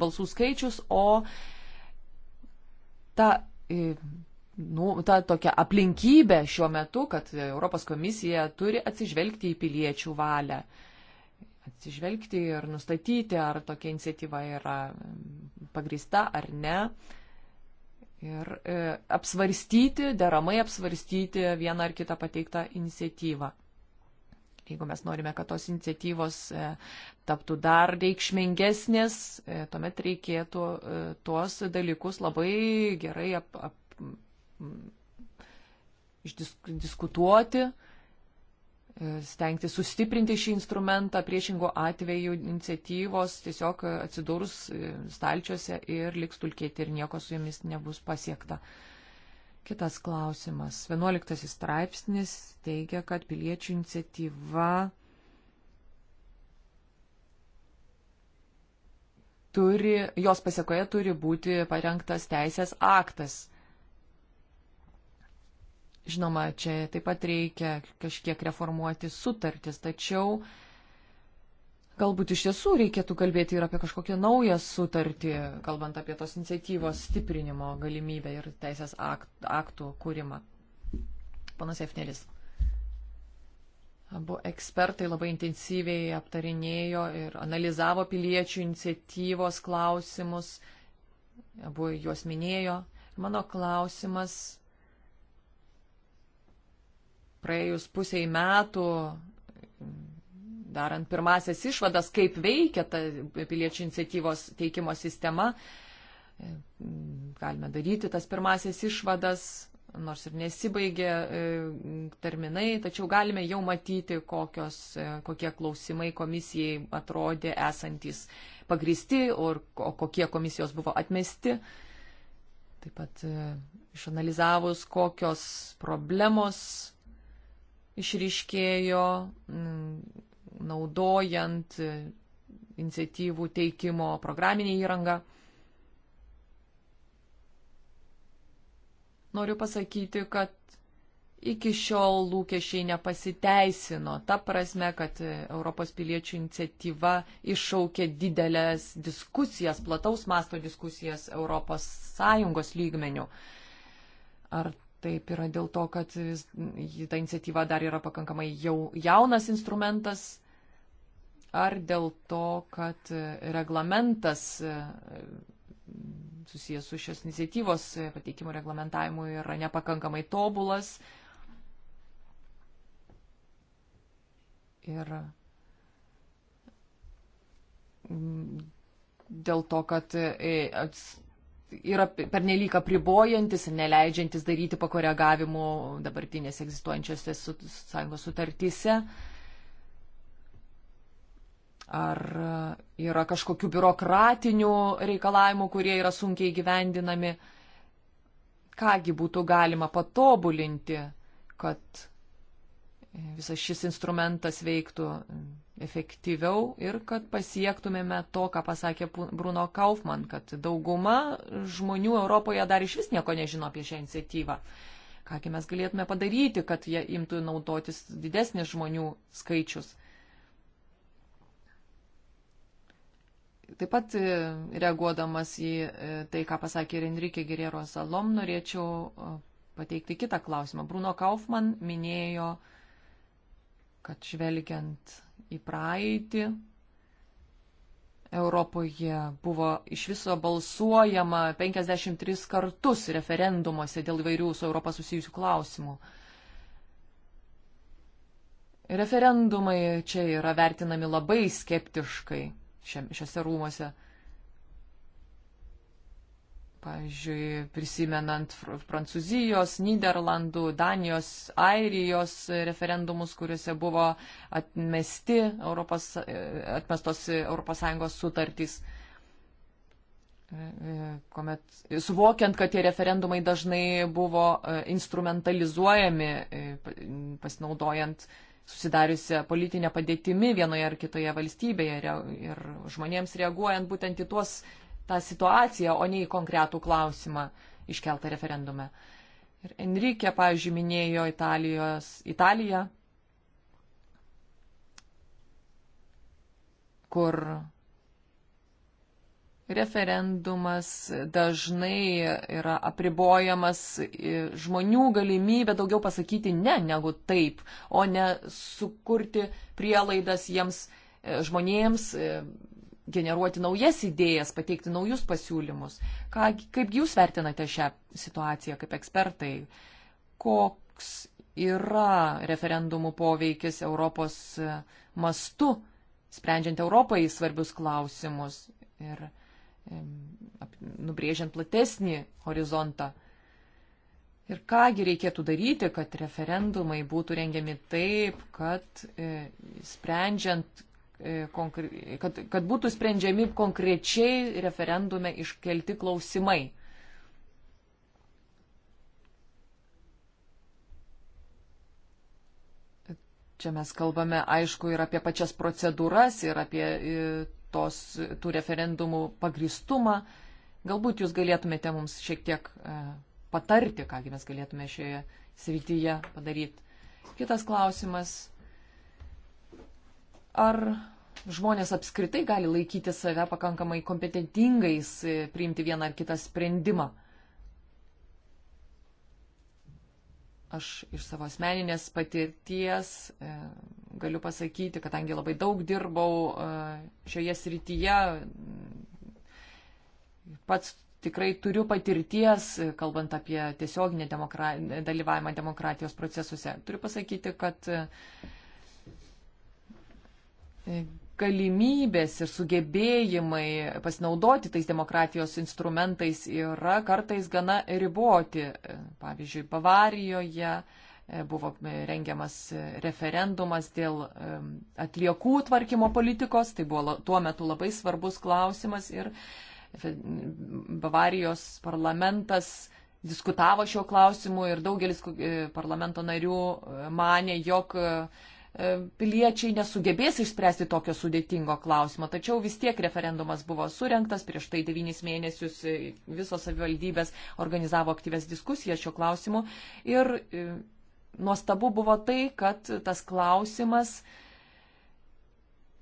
balsų skaičius, o ta, nu, ta tokia aplinkybė šiuo metu, kad Europos komisija turi atsižvelgti į piliečių valią atsižvelgti ir nustatyti, ar tokia iniciatyva yra pagrįsta ar ne ir e, apsvarstyti, deramai apsvarstyti vieną ar kitą pateiktą iniciatyvą. Jeigu mes norime, kad tos iniciatyvos e, taptų dar reikšmingesnės, e, tuomet reikėtų e, tuos dalykus labai gerai ap, ap, išdiskutuoti. Išdisk, stengti sustiprinti šį instrumentą, priešingų atveju iniciatyvos tiesiog atsidūrus e, stalčiuose ir liks tulkėti ir nieko su jomis nebus pasiekta. Kitas klausimas. 11 straipsnis teigia, kad piliečių iniciatyva turi, jos pasiekoje turi būti parengtas teisės aktas. Žinoma, čia taip pat reikia kažkiek reformuoti sutartis, tačiau galbūt iš tiesų reikėtų kalbėti ir apie kažkokią naują sutartį, kalbant apie tos iniciatyvos stiprinimo galimybę ir teisės aktų kūrimą. Panas Efneris. Abu ekspertai labai intensyviai aptarinėjo ir analizavo piliečių iniciatyvos klausimus, abu juos minėjo. Mano klausimas praėjus pusiai metų, darant pirmasias išvadas, kaip veikia ta piliečių iniciatyvos teikimo sistema, galime daryti tas pirmasias išvadas, nors ir nesibaigė e, terminai, tačiau galime jau matyti, kokios, e, kokie klausimai komisijai atrodė esantis pagristi, o kokie komisijos buvo atmesti. Taip pat e, išanalizavus, kokios problemos išryškėjo mm, naudojant iniciatyvų teikimo programinį įrangą. Noriu pasakyti, kad iki šiol lūkesčiai nepasiteisino. Ta prasme, kad Europos piliečių iniciatyva iššaukė didelės diskusijas, plataus masto diskusijas Europos Sąjungos lygmenių. Ar Taip yra dėl to, kad vis, ta iniciatyva dar yra pakankamai jau, jaunas instrumentas, ar dėl to, kad e, reglamentas e, susijęs su šios iniciatyvos e, pateikimo reglamentavimu yra nepakankamai tobulas. Ir dėl to, kad yra pernelyg apribojantis ir neleidžiantis daryti pakoregavimų dabartinės egzistuojančiose sąjungos sutartyse. Ar yra kažkokių biurokratinių reikalavimų, kurie yra sunkiai gyvendinami? Kągi būtų galima patobulinti, kad visas šis instrumentas veiktų efektyviau ir kad pasiektumėme to, ką pasakė Bruno Kaufman, kad dauguma žmonių Europoje dar iš vis nieko nežino apie šią iniciatyvą. Kągi mes galėtume padaryti, kad jie imtų naudotis didesnis žmonių skaičius. Taip pat e, reaguodamas į e, tai, ką pasakė ir Enrique Gerero Salom, norėčiau e, pateikti kitą klausimą. Bruno Kaufman minėjo uh, kad žvelgiant į praeitį, Europoje buvo iš viso balsuojama 53 kartus referendumuose dėl įvairių su Europą susijusių klausimų. Referendumai čia yra vertinami labai skeptiškai šiuose rūmose. Pavyzdžiui, prisimenant Prancūzijos, Niderlandų, Danijos, Airijos referendumus, kuriuose buvo atmesti Europos, atmestos ES sutartys. E, e, Komet, suvokiant, kad tie referendumai dažnai buvo e, instrumentalizuojami, pasinaudojant susidariusią politinę padėtimi vienoje ar kitoje valstybėje ir žmonėms reaguojant būtent į tuos tą situaciją, o ne į konkretų klausimą iškeltą referendume. Ir Enrique, pavyzdžiui, minėjo Italijos, Italiją, kur referendumas dažnai yra apribojamas žmonių galimybė daugiau pasakyti ne negu taip, o ne sukurti prielaidas jiems e, žmonėms e, generuoti naujas idėjas, pateikti naujus pasiūlymus. Ką, kaip jūs vertinate šią situaciją kaip ekspertai? Koks yra referendumų poveikis Europos mastu, sprendžiant Europai svarbius klausimus ir nubrėžiant platesnį horizontą? Ir kągi reikėtų daryti, kad referendumai būtų rengiami taip, kad e, sprendžiant E, kad, kad būtų sprendžiami konkrečiai referendume iškelti klausimai. Čia mes kalbame, aišku, ir apie pačias procedūras, ir apie e, tos, tų referendumų pagristumą. Galbūt jūs galėtumėte mums šiek tiek e, patarti, kągi mes galėtume šioje srityje padaryti. Kitas klausimas ar žmonės apskritai gali laikyti save pakankamai kompetentingais e, priimti vieną ar kitą sprendimą. Aš iš savo asmeninės patirties e, galiu pasakyti, kadangi labai daug dirbau e, šioje srityje, pats tikrai turiu patirties, e, kalbant apie tiesioginį demokra dalyvavimą demokratijos procesuose. Turiu pasakyti, kad e, E, galimybės ir sugebėjimai pasinaudoti tais demokratijos instrumentais yra kartais gana riboti. E, pavyzdžiui, Bavarijoje e, buvo rengiamas referendumas dėl atliekų tvarkymo politikos, tai buvo tuo metu labai svarbus klausimas ir Bavarijos parlamentas diskutavo šiuo klausimu ir daugelis parlamento narių mane, jog E, piliečiai nesugebės išspręsti tokio sudėtingo klausimo. Tačiau vis tiek referendumas buvo surinktas, prieš tai devynis mėnesius e, visos savivaldybės organizavo aktyves diskusijas šio klausimu. Ir e, nuostabu buvo tai, kad tas klausimas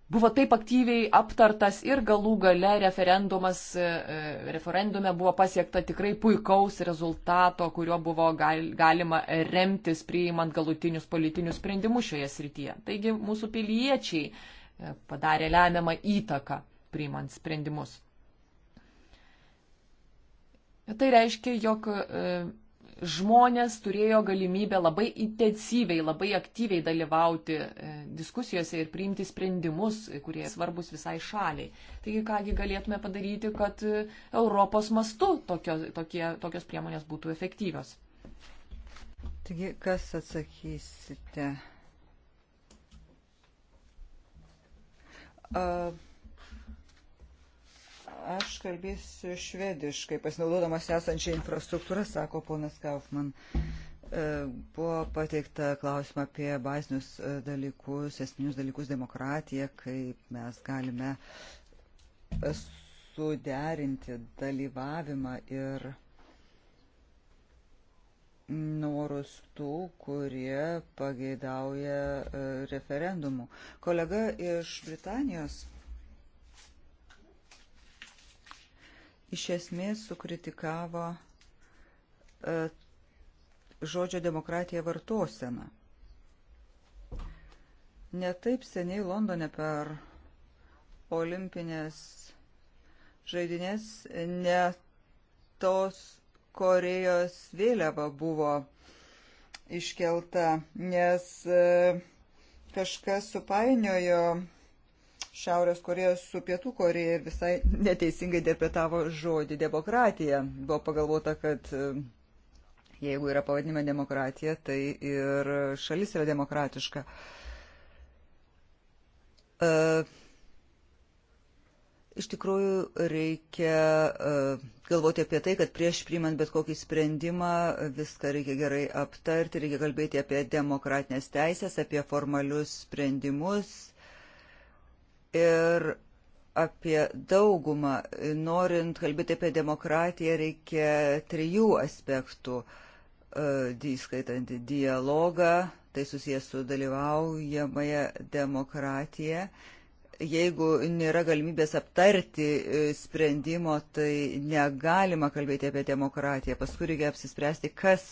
buvo taip aktyviai aptartas ir galų gale referendumas, e, e, referendume buvo pasiekta tikrai puikaus rezultato, kuriuo buvo gal, galima remtis priimant galutinius politinius sprendimus šioje srityje. Taigi mūsų piliečiai e, padarė lemiamą įtaką priimant sprendimus. Tai reiškia, jog žmonės turėjo galimybę labai intensyviai, labai aktyviai dalyvauti e, diskusijose ir priimti sprendimus, kurie svarbus visai šaliai. Taigi, kągi galėtume padaryti, kad e, Europos mastu tokio, tokie, tokios priemonės būtų efektyvios. Taigi, kas atsakysite? Uh Aš kalbėsiu švediškai, pasinaudodamas esančią infrastruktūrą, sako ponas Kaufman. E, buvo pateikta klausimą apie bazinius e, dalykus, esminius dalykus demokratiją, kaip mes galime suderinti dalyvavimą ir norus tų, kurie pageidauja e, referendumų. Kolega iš Britanijos iš esmės sukritikavo e, žodžio demokratija vartosena. Netaip seniai Londone per olimpinės žaidinės netos Korejos vėliava buvo iškelta, nes e, kažkas supainiojo Šiaurės Koreja su Pietų Koreja ir visai neteisingai interpretavo žodį demokratija. Buvo pagalvota, kad e, jeigu yra pavadinime demokratija, tai ir šalis yra demokratiška. E, iš tikrųjų reikia e, galvoti apie tai, kad prieš priimant bet kokį sprendimą viską reikia gerai aptarti, reikia kalbėti apie demokratinės teisės, apie formalius sprendimus ir apie daugumą. Norint kalbėti apie demokratiją, reikia trijų aspektų, įskaitant e, dialogą, tai susijęs su dalyvaujamąją demokratiją. Jeigu nėra galimybės aptarti e, sprendimo, tai negalima kalbėti apie demokratiją. Paskui reikia apsispręsti, kas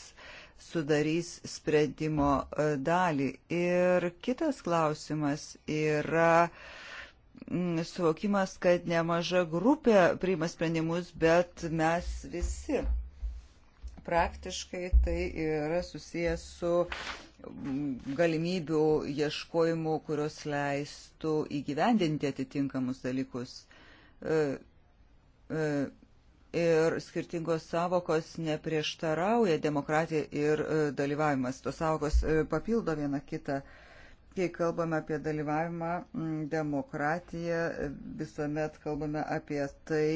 sudarys sprendimo e, dalį. Ir kitas klausimas yra uh, Mm, suvokimas, kad nemaža grupė priima sprendimus, bet mes visi. Praktiškai tai yra susijęs su mm, galimybių ieškojimu, kurios leistų įgyvendinti atitinkamus dalykus. E, e, ir skirtingos savokos neprieštarauja demokratija ir e, dalyvavimas. Tos savokos papildo vieną kitą. Kai kalbame apie dalyvavimą, demokratiją, visuomet kalbame apie tai,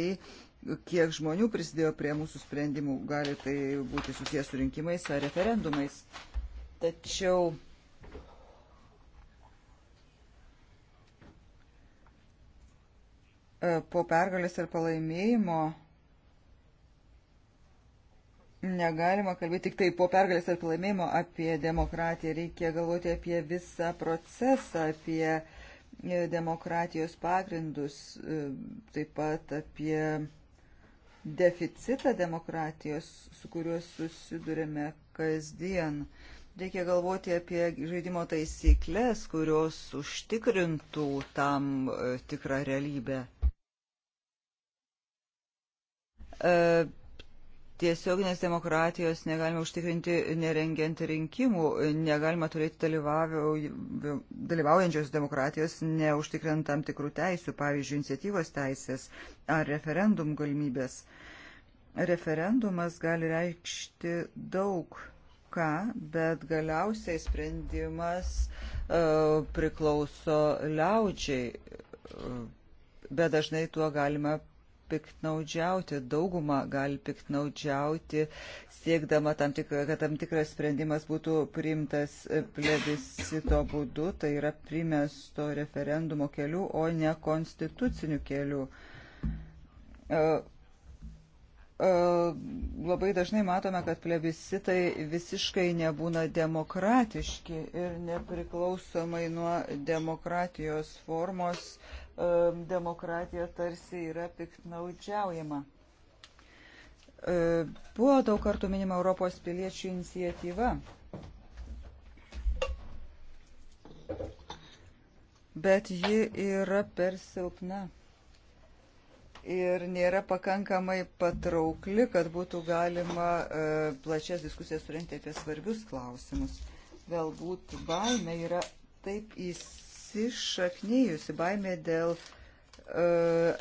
kiek žmonių prisidėjo prie mūsų sprendimų, gali tai būti susijęs su rinkimais ar referendumais. Tačiau e, po pergalės ir palaimėjimo negalima kalbėti tik tai po pergalės ar pralaimėjimo apie demokratiją. Reikia galvoti apie visą procesą, apie e, demokratijos pagrindus, e, taip pat apie deficitą demokratijos, su kuriuo susidurėme kasdien. Reikia galvoti apie žaidimo taisyklės, kurios užtikrintų tam e, tikrą realybę. E, Tiesioginės demokratijos negalima užtikrinti nerengiant rinkimų, negalima turėti dalyvaujančios demokratijos, neužtikrinant tam tikrų teisių, pavyzdžiui, iniciatyvos teisės ar referendum galimybės. Referendumas gali reikšti daug ką, bet galiausiai sprendimas uh, priklauso liaudžiai. Uh, bet dažnai tuo galima piktnaudžiauti, dauguma gali piktnaudžiauti, siekdama, tam tikra, kad tam tikras sprendimas būtų priimtas plebiscito būdu, tai yra primesto referendumo keliu, o ne konstituciniu keliu. E, e, labai dažnai matome, kad plebiscitai visiškai nebūna demokratiški ir nepriklausomai nuo demokratijos formos demokratija tarsi yra piktnaudžiaujama. Buvo daug kartų minima Europos piliečių inicijatyva. Bet ji yra per silpna ir nėra pakankamai patraukli, kad būtų galima plačias diskusijas surinkti apie svarbius klausimus. Galbūt baime yra taip įsitikti įsišaknyjusi baimė dėl e,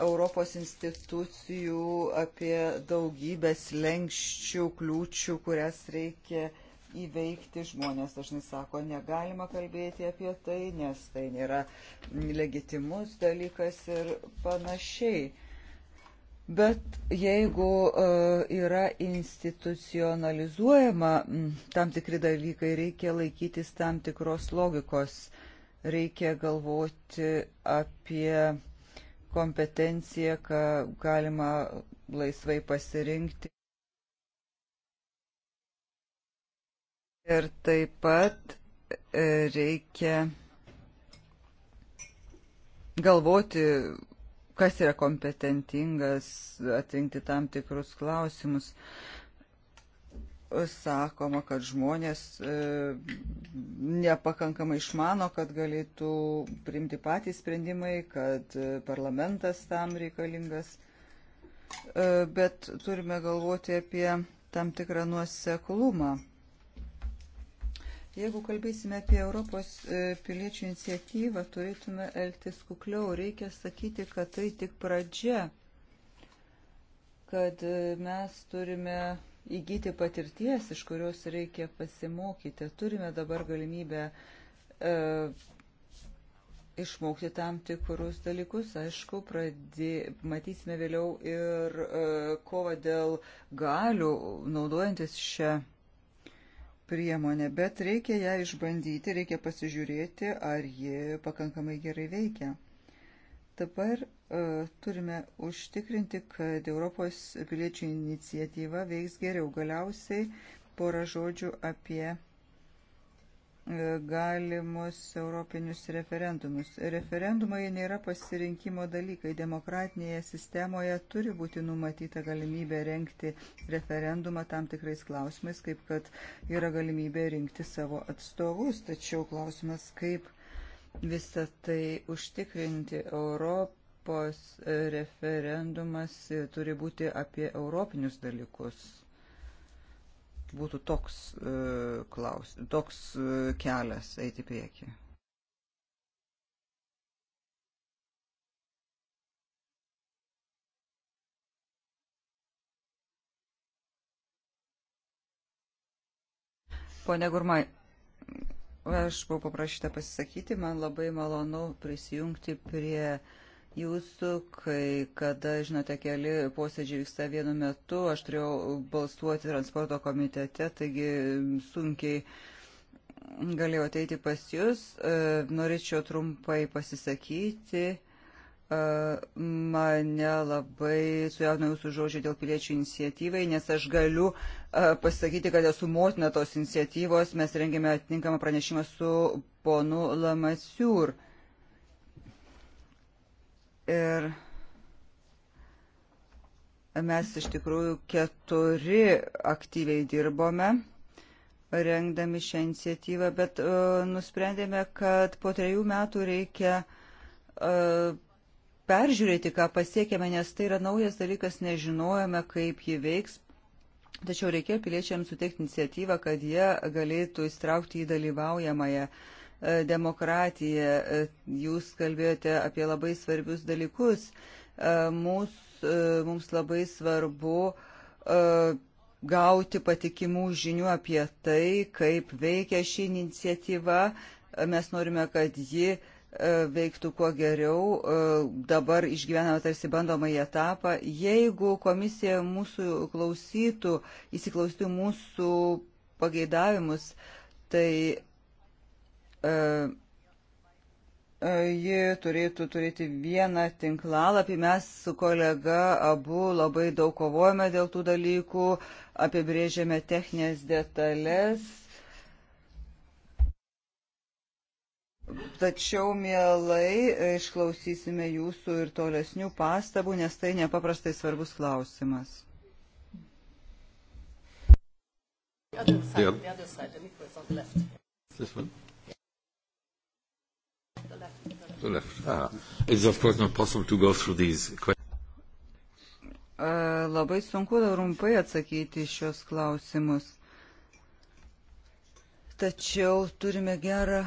Europos institucijų apie daugybės lenkščių, kliūčių, kurias reikia įveikti. Žmonės dažnai sako, negalima kalbėti apie tai, nes tai nėra legitimus dalykas ir panašiai. Bet jeigu uh, yra institucionalizuojama tam tikri dalykai, reikia laikytis tam tikros logikos. Uh, reikia galvoti apie kompetenciją, ką galima laisvai pasirinkti. Ir taip pat e, reikia galvoti, kas yra kompetentingas atrinkti tam tikrus klausimus sakoma, kad žmonės e, nepakankamai išmano, kad galėtų priimti patys sprendimai, kad e, parlamentas tam reikalingas. E, bet turime galvoti apie tam tikrą nuoseklumą. Jeigu kalbėsime apie Europos piliečių iniciatyvą, turėtume elgtis kukliau. Reikia sakyti, kad tai tik pradžia, kad mes turime įgyti patirties, iš kurios reikia pasimokyti. Turime dabar galimybę e, išmokti tam tikrus dalykus. Aišku, pradė, matysime vėliau ir e, kovą dėl galių naudojantis šią priemonę, bet reikia ją išbandyti, reikia pasižiūrėti, ar ji pakankamai gerai veikia. Dabar E, turime užtikrinti, kad Europos piliečių iniciatyva veiks geriau. Galiausiai porą žodžių apie e, galimus europinius referendumus. Referendumai nėra pasirinkimo dalykai. Demokratinėje sistemoje turi būti numatyta galimybė renkti referendumą tam tikrais klausimais, kaip kad yra galimybė rinkti savo atstovus. Tačiau klausimas, kaip visą tai užtikrinti Europą Europos referendumas turi būti apie europinius dalykus. Būtų toks, e, klaus, toks e, kelias eiti prieki. Pone Gurmai, aš buvau paprašyta pasisakyti, man labai malonu prisijungti prie uh, jūsų, kai kada, žinote, keli posėdžiai vyksta vienu metu, aš turėjau balsuoti transporto komitete, taigi sunkiai galėjau ateiti pas jūs. E, norėčiau trumpai pasisakyti. E, mane labai sujaudino jūsų žodžiai dėl piliečių iniciatyvai, nes aš galiu e, pasakyti, kad esu motina tos iniciatyvos. Mes rengėme atitinkamą pranešimą su ponu Lamasiūr. Uh, Ir mes iš tikrųjų keturi aktyviai dirbome rengdami šią iniciatyvą, bet uh, nusprendėme, kad po trejų metų reikia uh, peržiūrėti, ką pasiekėme, nes tai yra naujas dalykas, nežinojame, kaip ji veiks. Tačiau reikėjo piliečiams suteikti iniciatyvą, kad jie galėtų įstraukti į dalyvaujamąją uh, demokratiją. Jūs kalbėjote apie labai svarbius dalykus. E, mūs, e, mums labai svarbu e, gauti patikimų žinių apie tai, kaip veikia ši iniciatyva. Mes norime, kad ji veiktų kuo geriau. Dabar išgyvename tarsi bandomąjį etapą. Jeigu komisija mūsų klausytų, įsiklausytų mūsų pageidavimus, tai E, e, ji turėtų turėti vieną tinklalapį. Mes su kolega abu labai daug kovojame dėl tų dalykų, apibrėžėme techninės detalės. Tačiau mielai išklausysime jūsų ir tolesnių pastabų, nes tai nepaprastai svarbus klausimas. The other side, yeah. the other side, the micro is on the left. This one the left. The left. Ah. It's of course not possible to go through these questions. Labai sunku rumpai atsakyti šios klausimus. Tačiau turime gerą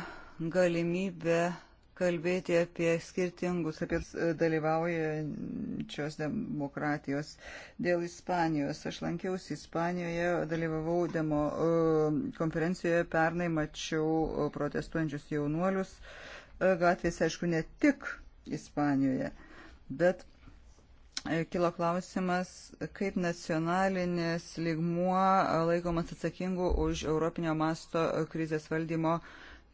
galimybę kalbėti apie skirtingus, apie dalyvaujančios demokratijos. Dėl Ispanijos. Aš lankiausi Ispanijoje, dalyvavau demo konferencijoje pernai, mačiau protestuojančius jaunuolius. Uh, E, gatvėse, aišku, ne tik Ispanijoje, bet e, kilo klausimas, kaip nacionalinis lygmuo laikomas atsakingų už Europinio masto krizės valdymo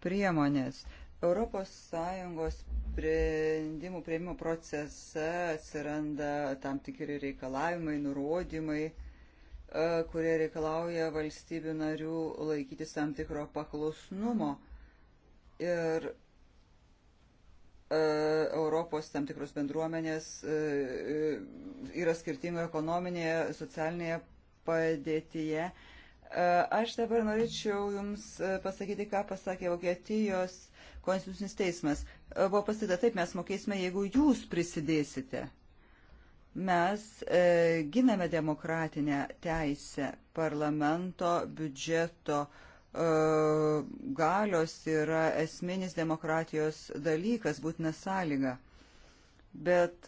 priemonės. ES sprendimų prieimimo procese atsiranda tam tikri reikalavimai, nurodymai, e, kurie reikalauja valstybių narių laikytis tam tikro paklusnumo. Ir E, Europos tam tikros bendruomenės e, e, yra skirtingo ekonominėje, socialinėje padėtyje. Aš dabar norėčiau Jums pasakyti, ką pasakė Vokietijos konstitucinis teismas. Buvo pasakyta, taip mes mokėsime, jeigu Jūs prisidėsite. Mes e, giname demokratinę teisę parlamento biudžeto e, E, galios yra esminis demokratijos dalykas, būtina sąlyga. Bet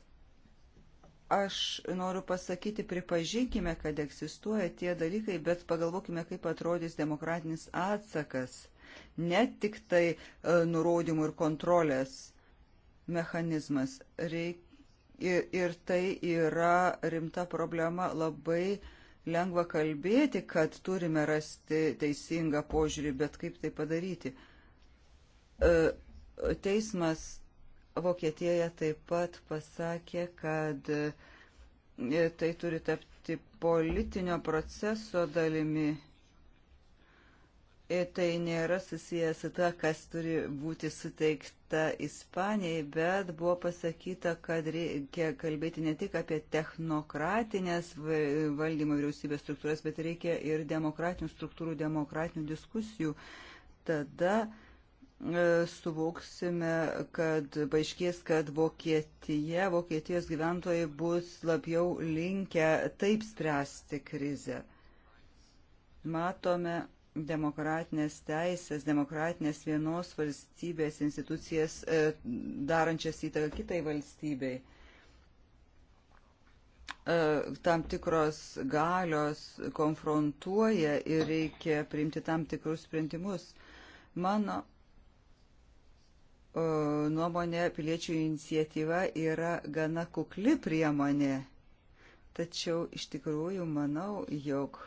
aš noriu pasakyti, pripažinkime, kad egzistuoja tie dalykai, bet pagalvokime, kaip atrodys demokratinis atsakas. Ne tik tai e, nurodymų ir kontrolės mechanizmas. Reik... Ir, ir tai yra rimta problema labai e, lengva kalbėti, kad turime rasti teisingą požiūrį, bet kaip tai padaryti. E, teismas Vokietijoje taip pat pasakė, kad e, tai turi tapti politinio proceso dalimi E tai nėra susijęs su to, kas turi būti suteikta Ispanijai, bet buvo pasakyta, kad reikia kalbėti ne tik apie technokratinės valdymo vyriausybės struktūras, bet reikia ir demokratinių struktūrų, demokratinių diskusijų. Tada e, suvoksime, kad paaiškės, kad Vokietija, Vokietijos gyventojai bus labiau linkę taip spręsti krizę. Matome, demokratinės teisės, demokratinės vienos valstybės institucijas e, darančias įtaką kitai valstybei. E, tam tikros galios konfrontuoja ir reikia priimti tam tikrus sprendimus. Mano e, nuomonė piliečių iniciatyva yra gana kukli priemonė, tačiau iš tikrųjų manau, jog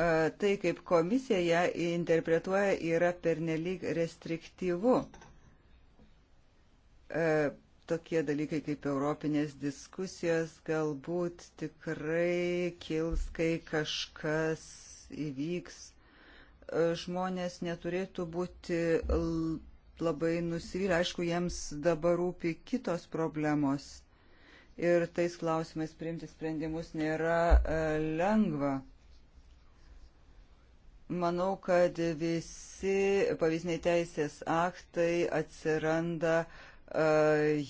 E, tai, kaip komisija ją interpretuoja, yra pernelyg restriktyvu. E, tokie dalykai kaip europinės diskusijos galbūt tikrai kils, kai kažkas įvyks. E, žmonės neturėtų būti labai nusivylę. Aišku, jiems dabar rūpi kitos problemos. Ir tais klausimais priimti sprendimus nėra lengva. Manau, kad visi pavyzdiniai teisės aktai atsiranda e,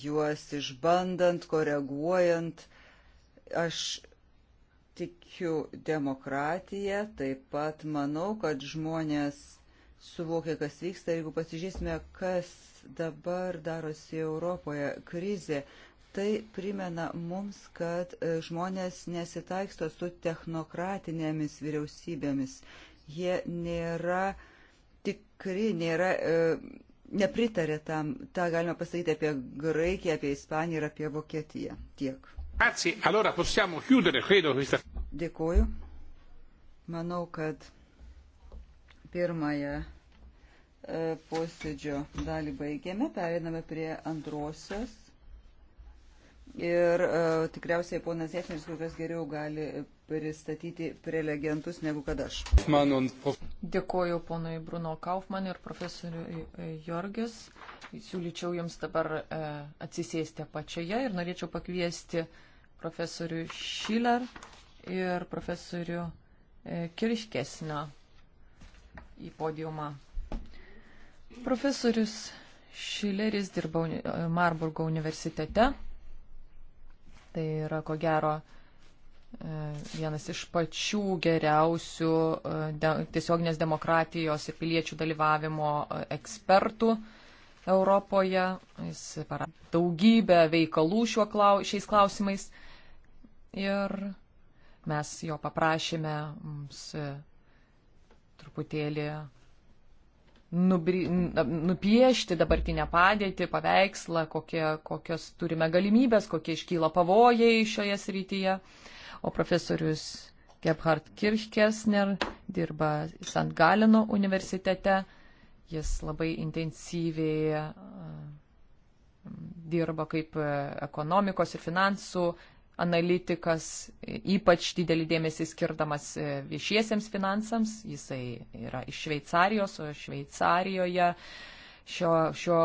juos išbandant, koreguojant. Aš tikiu demokratiją, taip pat manau, kad žmonės suvokia, kas vyksta. Jeigu pasižiūrėsime, kas dabar darosi Europoje, krizė, tai primena mums, kad žmonės nesitaiksto su technokratinėmis vyriausybėmis jie nėra tikri, nėra, e, nepritarė tam. Ta galima pasakyti apie Graikiją, apie Ispaniją ir apie Vokietiją. Tiek. Dėkuoju. Manau, kad pirmąją e, posėdžio dalį baigėme, pereiname prie antrosios. Ir uh, tikriausiai ponas Jėsneris kur kas geriau gali pristatyti prelegentus negu kad aš. Dėkoju ponui Bruno Kaufman ir profesoriui e, Jorgis. Siūlyčiau jums dabar e, atsisėsti apačioje ir norėčiau pakviesti profesorių Šiler ir profesorių e, Kirškesnio į podiumą. Profesorius Šileris dirba Marburgo universitete. Tai yra ko gero vienas iš pačių geriausių e, de, tiesioginės demokratijos ir piliečių dalyvavimo e, ekspertų Europoje. Jis para daugybę veikalų klau, šiais klausimais. Ir mes jo paprašėme mums e, truputėlį nubri, nupiešti dabartinę padėtį, paveikslą, kokie, kokios turime galimybės, kokie iškyla pavojai šioje srityje. Uh, o profesorius Gebhard Kirchkesner dirba Sant Galino universitete. Jis labai intensyviai e, dirba kaip e, ekonomikos ir finansų analitikas, e, ypač didelį dėmesį skirdamas viešiesiems finansams. Jisai yra iš Šveicarijos, o Šveicarijoje šio, šio,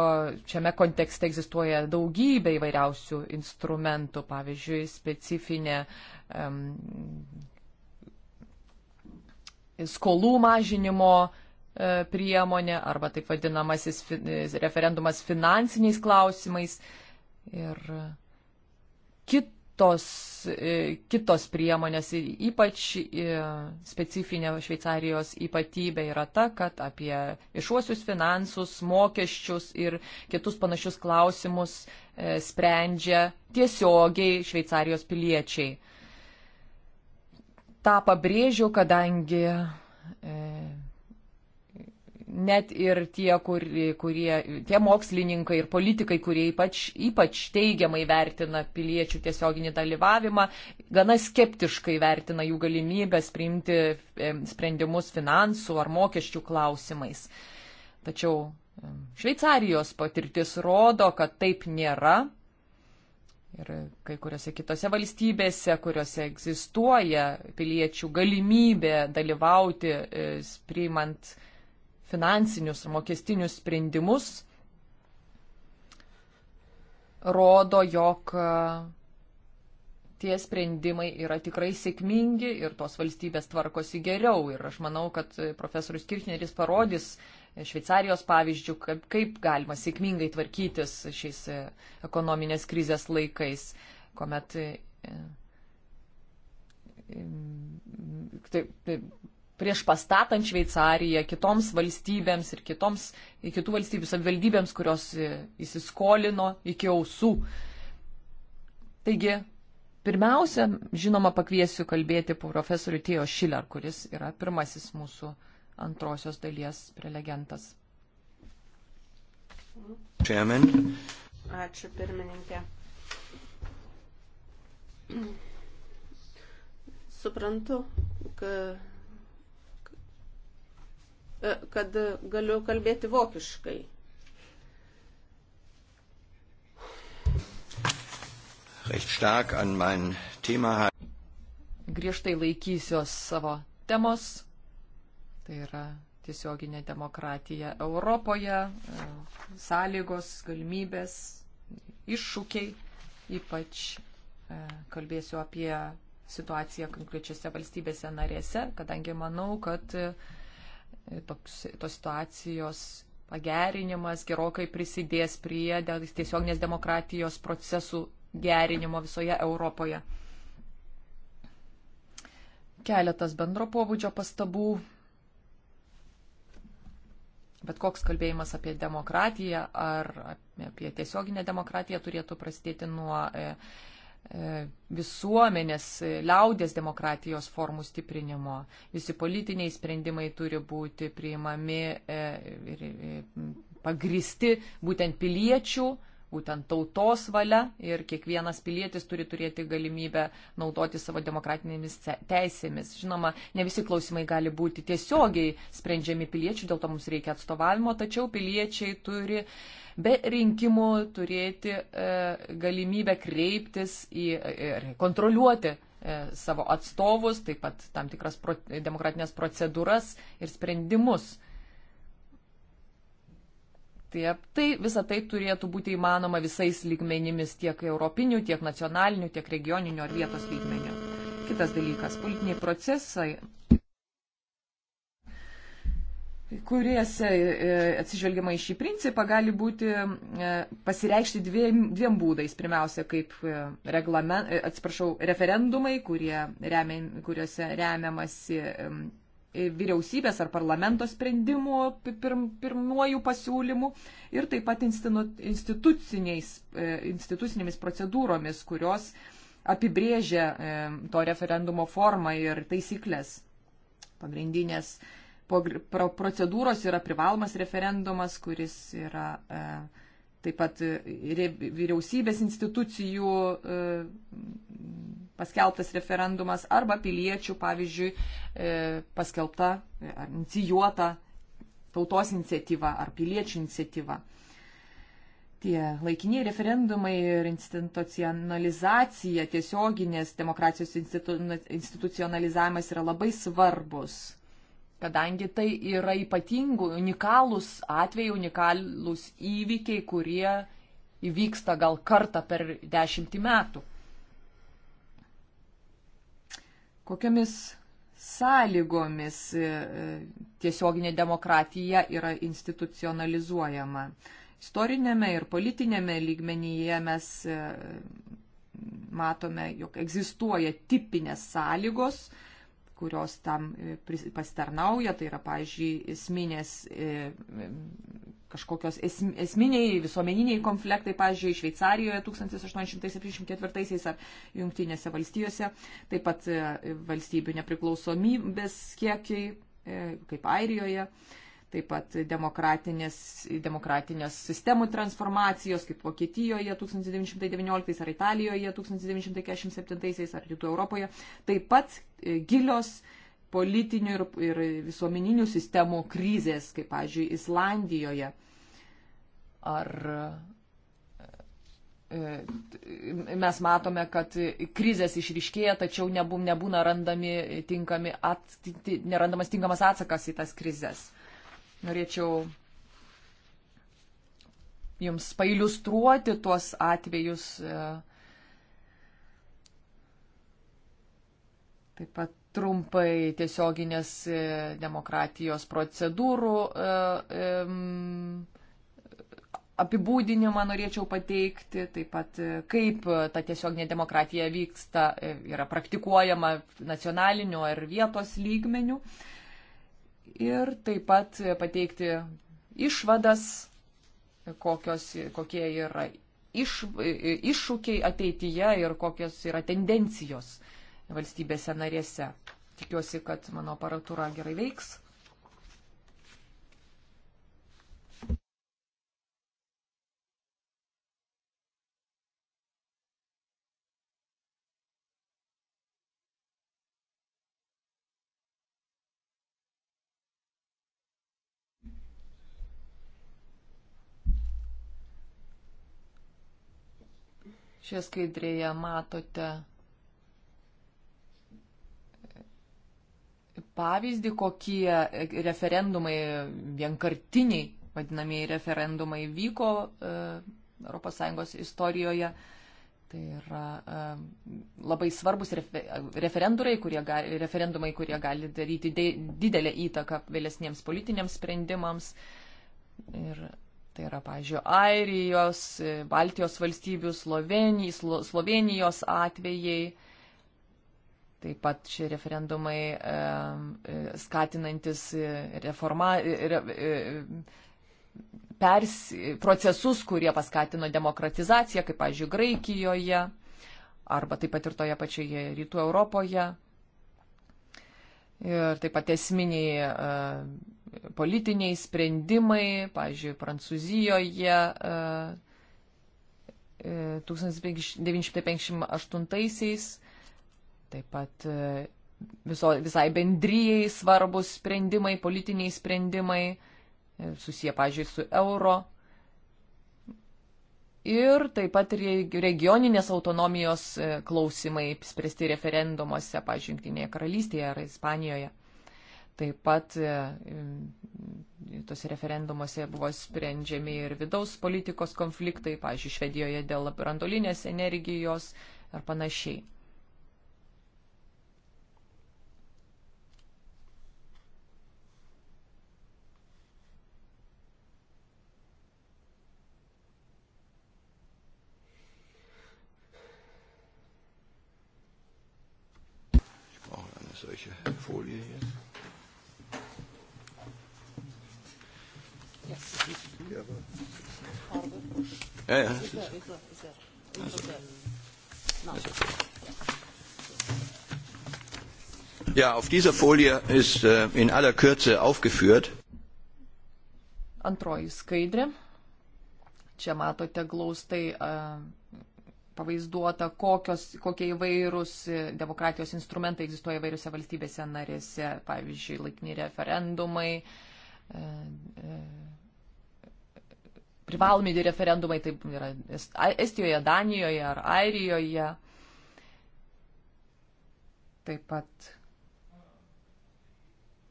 šiame kontekste egzistuoja daugybė įvairiausių instrumentų, pavyzdžiui, specifinė uh, skolų mažinimo e, priemonė arba taip vadinamasis e, referendumas finansiniais klausimais ir kitos, e, kitos priemonės. Ir ypač specifinė Šveicarijos ypatybė yra ta, kad apie viešuosius finansus, mokesčius ir kitus panašius klausimus sprendžia tiesiogiai Šveicarijos piliečiai tą pabrėžiu, kadangi e, net ir tie, kur, kurie, tie mokslininkai ir politikai, kurie ypač, ypač teigiamai vertina piliečių tiesioginį dalyvavimą, gana skeptiškai vertina jų galimybės priimti e, sprendimus finansų ar mokesčių klausimais. Tačiau e, Šveicarijos patirtis rodo, kad taip nėra ir kai kuriuose kitose valstybėse, kuriuose egzistuoja piliečių galimybė dalyvauti, e, priimant finansinius ir mokestinius sprendimus, rodo, jog e, tie sprendimai yra tikrai sėkmingi ir tos valstybės tvarkosi geriau. Ir aš manau, kad e, profesorius Kirchneris parodys, Šveicarijos pavyzdžių, kaip, kaip galima sėkmingai tvarkytis šiais e, ekonominės krizės laikais, kuomet e, e, taip, prieš pastatant Šveicariją kitoms valstybėms ir kitoms, kitų valstybių savivaldybėms, kurios įsiskolino iki ausų. Taigi, pirmiausia, žinoma, pakviesiu kalbėti profesorių Tėjo Šiler, kuris yra pirmasis mūsų uh, antrosios dalies prelegentas. Chairman. Ačiū pirmininkė. Suprantu, kad, kad galiu kalbėti vokiškai. Recht stark an mein Thema. Griežtai laikysiuos savo temos Tai yra tiesioginė demokratija Europoje, e, sąlygos, galimybės, iššūkiai, ypač e, kalbėsiu apie situaciją konkrečiose valstybėse narėse, kadangi manau, kad e, toks, tos situacijos pagerinimas gerokai prisidės prie tiesioginės demokratijos procesų gerinimo visoje Europoje. Keletas bendro pobūdžio pastabų Bet koks kalbėjimas apie demokratiją ar apie tiesioginę demokratiją turėtų prasidėti nuo e, e, visuomenės, liaudės demokratijos formų stiprinimo. Visi politiniai sprendimai turi būti priimami e, ir pagristi būtent piliečių būtent tautos valia ir kiekvienas pilietis turi turėti galimybę naudoti savo demokratinėmis teisėmis. Žinoma, ne visi klausimai gali būti tiesiogiai sprendžiami piliečių, dėl to mums reikia atstovavimo, tačiau piliečiai turi be rinkimų turėti e, galimybę kreiptis į e, ir e, kontroliuoti savo atstovus, taip pat tam tikras pro, demokratinės procedūras ir sprendimus Tai, tai visą tai turėtų būti įmanoma visais lygmenimis, tiek europinių, tiek nacionalinių, tiek regioninių ar vietos lygmenių. Kitas dalykas - politiniai procesai kuriuose e, atsižvelgiama į šį principą, gali būti e, pasireikšti dviem, dviem būdais. Pirmiausia, kaip e, reglamen, atsiprašau, referendumai, kurie remia, kuriuose remiamasi vyriausybės ar parlamento sprendimų, pirm, pirmuoju pasiūlymu ir taip pat e, institucinėmis procedūromis, kurios apibrėžia e, to referendumo formą ir taisyklės. Pagrindinės procedūros yra privalomas referendumas, kuris yra e, taip pat vyriausybės institucijų paskelbtas referendumas arba piliečių, pavyzdžiui, e, paskelbta e, ar inicijuota tautos iniciatyva ar piliečių iniciatyva. Tie laikiniai referendumai ir institucionalizacija, tiesioginės demokratijos institu, institucionalizavimas yra labai svarbus, kadangi tai yra ypatingų, unikalūs atvejai, unikalūs įvykiai, kurie įvyksta gal kartą per dešimtį metų. kokiamis sąlygomis e, tiesioginė demokratija yra institucionalizuojama. Istorinėme ir politinėme lygmenyje mes e, matome, jog egzistuoja tipinės sąlygos, kurios tam e, pasitarnauja, tai yra, pažiūrėjau, esminės kažkokios esminiai visuomeniniai konfliktai, pavyzdžiui, Šveicarijoje 1874 ar Junktinėse valstijose, taip pat e, valstybių nepriklausomybės kiekiai, e, kaip Airijoje, taip pat demokratinės, demokratinės sistemų transformacijos, kaip Vokietijoje 1919 ar Italijoje 1947 ar Rytų Europoje, taip pat e, gilios politinių ir, ir visuomeninių sistemų krizės, kaip, pavyzdžiui, Islandijoje. Ar e, mes matome, kad krizės išriškėja, tačiau nebū, nebūna randami tinkami, at, nerandamas tinkamas atsakas į tas krizės. Norėčiau Jums pailustruoti tuos atvejus. E, taip pat trumpai tiesioginės e, demokratijos procedūrų e, apibūdinimą norėčiau pateikti, taip pat e, kaip ta tiesioginė demokratija vyksta, yra praktikuojama nacionaliniu ar vietos lygmeniu. Ir taip pat pateikti išvadas, kokios, kokie yra iš, iššūkiai ateityje ir kokios yra tendencijos valstybėse narėse. Tikiuosi, kad mano aparatūra gerai veiks. Šioje skaidrėje matote pavyzdį, kokie e, referendumai, vienkartiniai vadinamieji referendumai vyko ES istorijoje. Tai yra e, labai svarbus referendumai, kurie gali, referendumai, kurie gali daryti didelę įtaką vėlesniems politiniams sprendimams. Ir Tai yra, pažiūrėjau, Airijos, e, Baltijos valstybių, Slovenijos, Slovenijos atvejai. Taip pat šie referendumai e, skatinantis e, reforma, e, pers, procesus, kurie paskatino demokratizaciją, kaip, pavyzdžiui, Graikijoje arba taip pat ir toje pačioje rytų Europoje. Ir taip pat esminiai politiniai sprendimai, pavyzdžiui, Prancūzijoje 1958 Taip pat e, viso, visai bendryjai svarbus sprendimai, politiniai sprendimai, e, susiję, pažiūrėjau, su euro. Ir taip pat regioninės autonomijos e, klausimai spręsti referendumuose, pažiūrėjau, Junktinėje karalystėje ar Ispanijoje. Taip pat tose referendumuose buvo sprendžiami ir vidaus politikos konfliktai, pažiūrėjau, Švedijoje dėl brandolinės energijos ar panašiai. Ja, ja. Ja, auf dieser Folie ist äh, in aller Kürze aufgeführt. Antroji skaidrė. Čia matote glaustai uh, pavaizduota, kokios, kokie įvairūs e, demokratijos instrumentai egzistuoja įvairiose valstybėse narėse, pavyzdžiui, laikiniai referendumai, uh, uh, privalomi referendumai, taip yra Estijoje, Danijoje ar Airijoje. Taip pat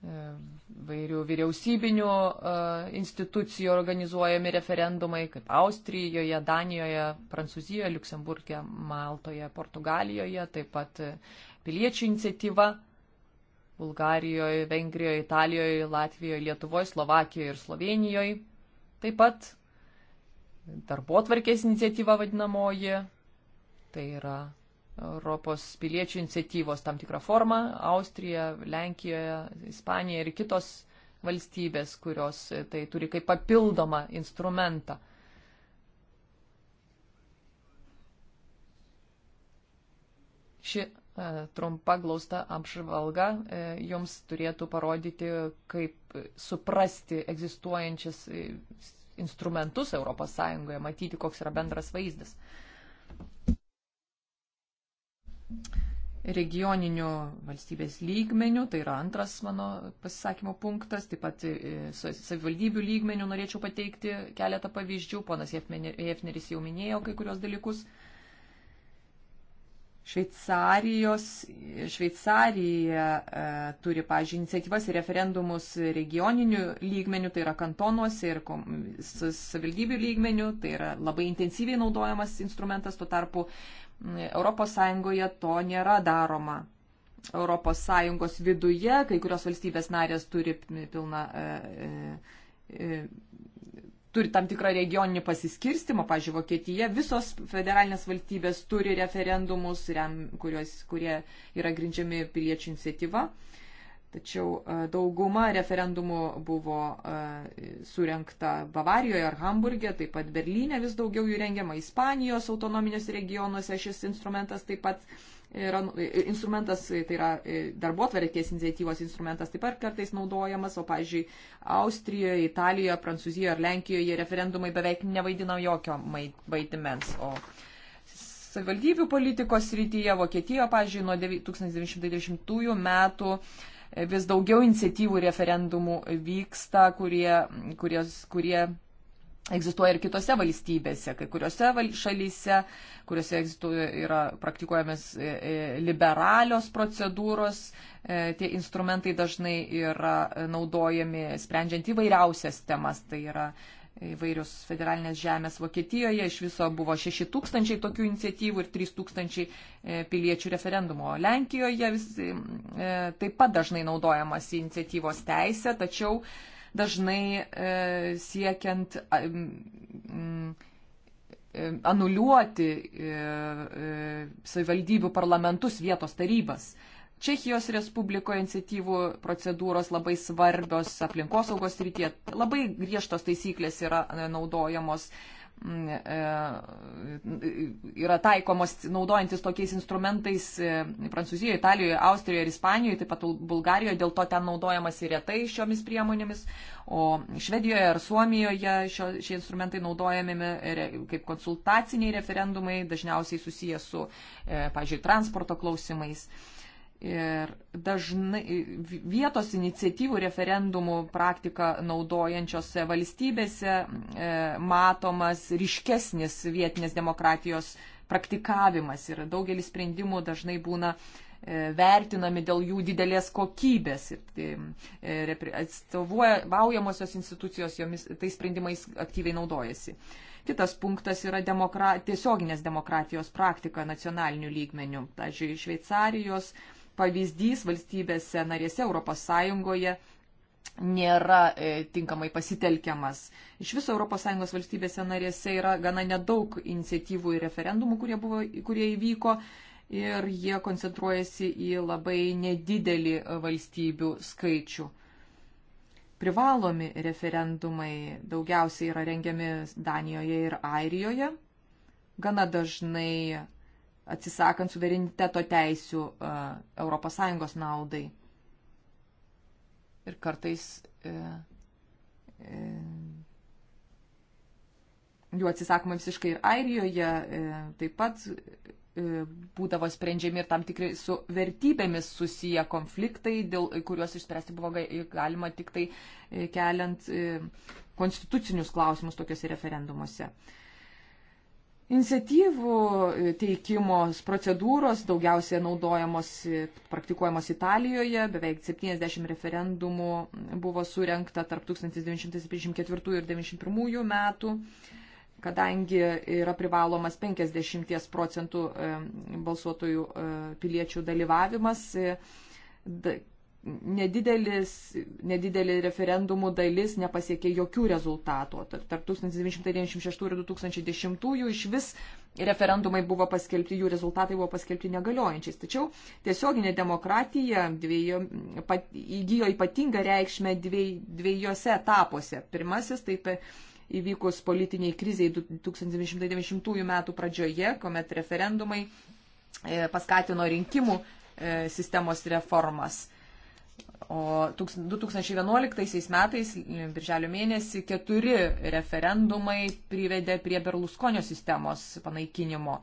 e, vairių vyriausybinių e, institucijų organizuojami referendumai, kaip Austrijoje, Danijoje, Prancūzijoje, Luksemburgė, Maltoje, Portugalijoje, taip pat e, piliečių iniciatyva Bulgarijoje, Vengrijoje, Italijoje, Latvijoje, Lietuvoje, Slovakijoje ir Slovenijoje. Taip pat darbo tvarkės iniciatyva vadinamoji, tai yra Europos piliečių iniciatyvos tam tikrą formą. Austrija, Lenkijoje, Ispanija ir kitos valstybės, kurios e, tai turi kaip papildomą instrumentą. Ši e, trumpa glausta apžvalga e, jums turėtų parodyti, kaip suprasti egzistuojančias instrumentus ES, matyti, koks yra bendras vaizdas. Regioninių valstybės lygmenių, tai yra antras mano pasisakymo punktas, taip pat e, savivaldybių lygmenių norėčiau pateikti keletą pavyzdžių, ponas Jefneris jau minėjo kai kurios dalykus. Šveicarijos, Šveicarija e, turi, pažiūrėjau, iniciatyvas ir referendumus regioninių lygmenių, tai yra kantonuose ir savivaldybių lygmenių, tai yra labai intensyviai naudojamas instrumentas, tuo tarpu ES to nėra daroma. ES viduje kai kurios valstybės narės turi pilną. E, e, turi tam tikrą regioninį pasiskirstimą, pažiūrėjau, Vokietija, visos federalinės valstybės turi referendumus, rem, kurios, kurie yra grindžiami piliečių iniciatyva. Tačiau e, dauguma referendumų buvo e, surenkta Bavarijoje ar Hamburgė, taip pat Berlyne vis daugiau jų rengiama, Ispanijos autonominės regionuose šis instrumentas taip pat yra nu, instrumentas, tai yra darbotvarkės iniciatyvos instrumentas taip pat kartais naudojamas, o, pavyzdžiui, Austrijoje, Italijoje, Prancūzijoje ar Lenkijoje referendumai beveik nevaidina jokio vaidmens. O savivaldybių politikos srityje, Vokietijoje, pavyzdžiui, nuo 1990 metų e, vis daugiau iniciatyvų referendumų vyksta, kurie, kurie, kurie egzistuoja ir kitose valstybėse, kai kuriuose šalyse, kuriuose egzistuoja, yra praktikuojamas e, e, liberalios procedūros, e, tie instrumentai dažnai yra naudojami sprendžiant įvairiausias temas. Tai yra įvairius federalinės žemės Vokietijoje, iš viso buvo 6 tūkstančiai tokių iniciatyvų ir 3 tūkstančiai piliečių referendumo. Lenkijoje vis, taip pat dažnai naudojamas iniciatyvos teisė, tačiau dažnai e, siekiant e, anuliuoti e, savivaldybių parlamentus vietos tarybas. Čekijos Respublikoje iniciatyvų procedūros labai svarbios aplinkosaugos rytie. Labai griežtos taisyklės yra naudojamos E, yra taikomos naudojantis tokiais instrumentais e, Prancūzijoje, Italijoje, Austrijoje ir Ispanijoje, taip pat Bulgarijoje, dėl to ten naudojamas ir retai šiomis priemonėmis, o Švedijoje ar Suomijoje šio, šie instrumentai naudojami e, kaip konsultaciniai referendumai, dažniausiai susijęs su, pažiūrėjau, transporto klausimais. E, Ir dažnai vietos iniciatyvų referendumų praktiką naudojančiose valstybėse e, matomas ryškesnis vietinės demokratijos praktikavimas ir daugelis sprendimų dažnai būna e, vertinami dėl jų didelės kokybės. Ir e, e atstovaujamosios institucijos jomis tais sprendimais aktyviai naudojasi. Kitas punktas yra demokra tiesioginės demokratijos praktika nacionaliniu lygmeniu. Pavyzdžiui, Šveicarijos pavyzdys valstybėse narėse Europos Sąjungoje nėra e, tinkamai pasitelkiamas. Iš viso ES valstybėse narėse yra gana nedaug iniciatyvų ir referendumų, kurie, buvo, kurie įvyko ir jie koncentruojasi į labai nedidelį e, valstybių skaičių. Privalomi referendumai daugiausiai yra rengiami Danijoje ir Airijoje. Gana dažnai atsisakant suvereniteto teisių ES naudai. Ir kartais e, e, jų atsisakoma visiškai ir Airijoje, e, taip pat e, būdavo sprendžiami ir tam tikri su vertybėmis susiję konfliktai, dėl kuriuos išspręsti buvo galima tik tai e, keliant e, konstitucinius klausimus tokiuose referendumuose. E, Iniciatyvų e, teikimos procedūros daugiausia naudojamos, e, praktikuojamos Italijoje, beveik 70 referendumų buvo surenkta tarp 1974 ir 1991 metų, kadangi yra privalomas 50 procentų e, balsuotojų piliečių dalyvavimas nedidelis, nedidelė referendumų dalis nepasiekė jokių rezultatų. Tarp 1996 ir 2010 iš vis referendumai buvo paskelbti, jų rezultatai buvo paskelbti negaliojančiais. Tačiau tiesioginė demokratija dviejo, pat, įgyjo ypatingą reikšmę dviej, dviejose etapuose. Pirmasis taip įvykus politiniai kriziai 1990 m. pradžioje, kuomet referendumai e, paskatino rinkimų e, sistemos reformas. O 2011 metais, birželio mėnesį, keturi referendumai privedė prie Berluskonio sistemos panaikinimo.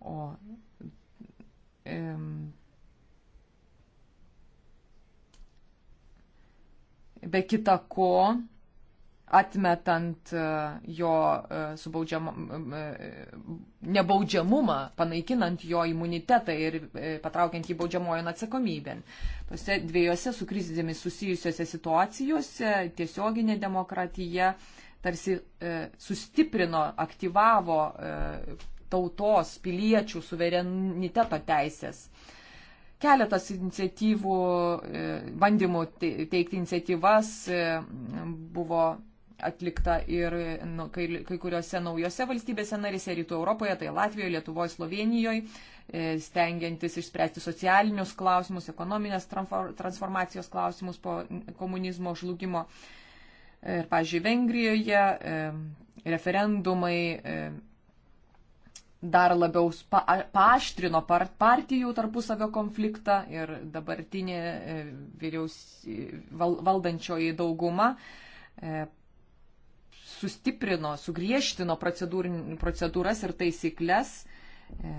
O, um, be kita ko, atmetant e, jo e, subaudžiam, e, nebaudžiamumą, panaikinant jo imunitetą ir patraukiant jį baudžiamojon atsakomybėn. Tose dviejose su krizėmis susijusiose situacijose tiesioginė demokratija tarsi sustiprino, aktyvavo tautos, piliečių suvereniteto teisės keletas iniciatyvų, bandymų teikti iniciatyvas buvo atlikta ir nu, kai, kai kuriuose naujose valstybėse narise, rytų Europoje, tai Latvijoje, Lietuvoje, Slovenijoje, e, stengiantis išspręsti socialinius klausimus, ekonominės transformacijos klausimus po komunizmo žlugimo. E, ir, pažiūrėjau, Vengrijoje e, referendumai dar labiau pa, paaštrino par, partijų tarpusavio konfliktą ir dabartinė vyriaus, val, valdančioji dauguma sustiprino, sugriežtino procedūras ir taisyklės, e,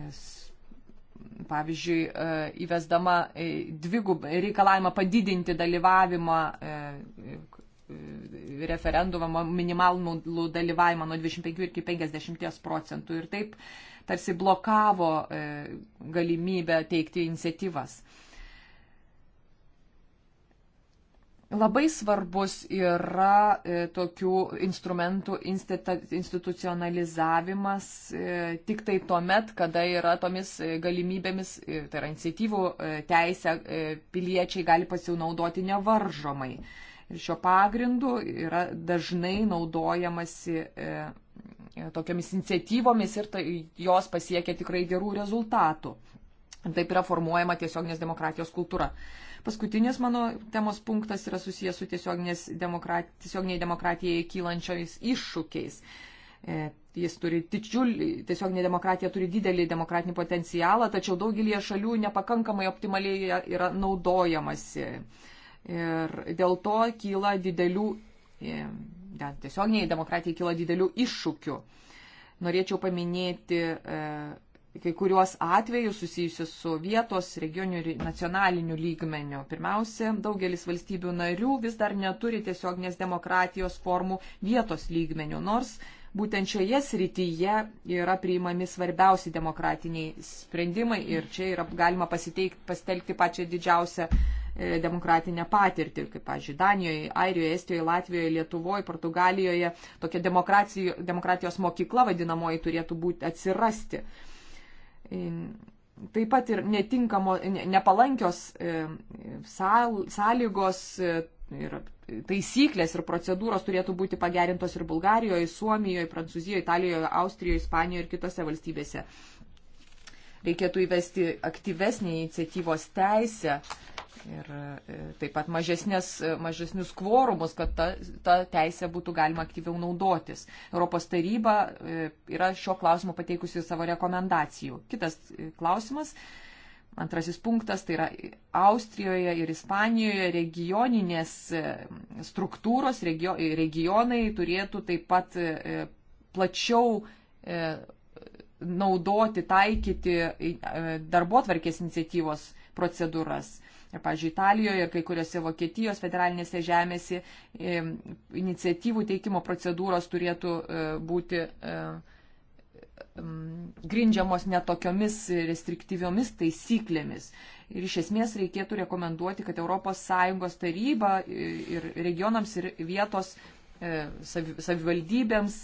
pavyzdžiui, e, įvesdama e, dvigubą reikalavimą padidinti dalyvavimą referendumą minimalų dalyvavimą nuo 25 iki 50 procentų ir taip tarsi blokavo galimybę teikti iniciatyvas. Labai svarbus yra e, tokių instrumentų institucionalizavimas e, tik tai tuo met, kada yra tomis e, galimybėmis, tai yra iniciatyvų teisę, piliečiai gali pasinaudoti nevaržomai. Ir šio pagrindu yra dažnai naudojamasi tokiamis iniciatyvomis ir tai, jos pasiekia tikrai gerų rezultatų. Taip yra formuojama tiesioginės demokratijos kultūra. E, Paskutinis mano temos punktas yra susijęs su demokrat, tiesioginiai demokratijai kylančiais iššūkiais. E, jis turi didžiulį, tiesioginė demokratija turi didelį demokratinį potencialą, tačiau daugelie šalių nepakankamai optimaliai yra naudojamasi. Ir dėl to kyla didelių, ja, e, tiesioginiai demokratijai kyla didelių iššūkių. Norėčiau paminėti e, kai kuriuos atvejus susijusius su vietos, regioniniu ir nacionaliniu lygmeniu. Pirmiausia, daugelis valstybių narių vis dar neturi tiesioginės demokratijos formų vietos lygmenių, nors būtent šioje srityje yra priimami svarbiausi demokratiniai sprendimai ir čia yra galima pasiteik, pasitelkti pačią didžiausią e, demokratinę patirtį, kaip, pažiūrėjau, Danijoje, Airijoje, Estijoje, Latvijoje, Lietuvoje, Portugalijoje tokia demokratijos mokykla vadinamoji turėtų būti atsirasti. Uh, Taip pat ir netinkamo, nepalankios e, sąlygos e, ir taisyklės ir procedūros turėtų būti pagerintos ir Bulgarijoje, Suomijoje, Prancūzijoje, Italijoje, Austrijoje, Ispanijoje ir kitose valstybėse. Reikėtų įvesti aktyvesnį iniciatyvos teisę ir e, taip pat mažesnės, e, mažesnius kvorumus, kad ta, ta teisė būtų galima aktyviau naudotis. Europos taryba e, yra šio klausimo pateikusi savo rekomendacijų. Kitas klausimas. Antrasis punktas tai yra Austrijoje ir Ispanijoje regioninės struktūros, regio, regionai turėtų taip pat plačiau naudoti, taikyti darbo atvarkės iniciatyvos procedūras. Pavyzdžiui, Italijoje ir kai kuriuose Vokietijos federalinėse žemėse iniciatyvų teikimo procedūros turėtų e, būti e, grindžiamos netokiomis restriktyviomis taisyklėmis. Ir iš esmės reikėtų rekomenduoti, kad ES taryba e, ir regionams ir vietos savivaldybėms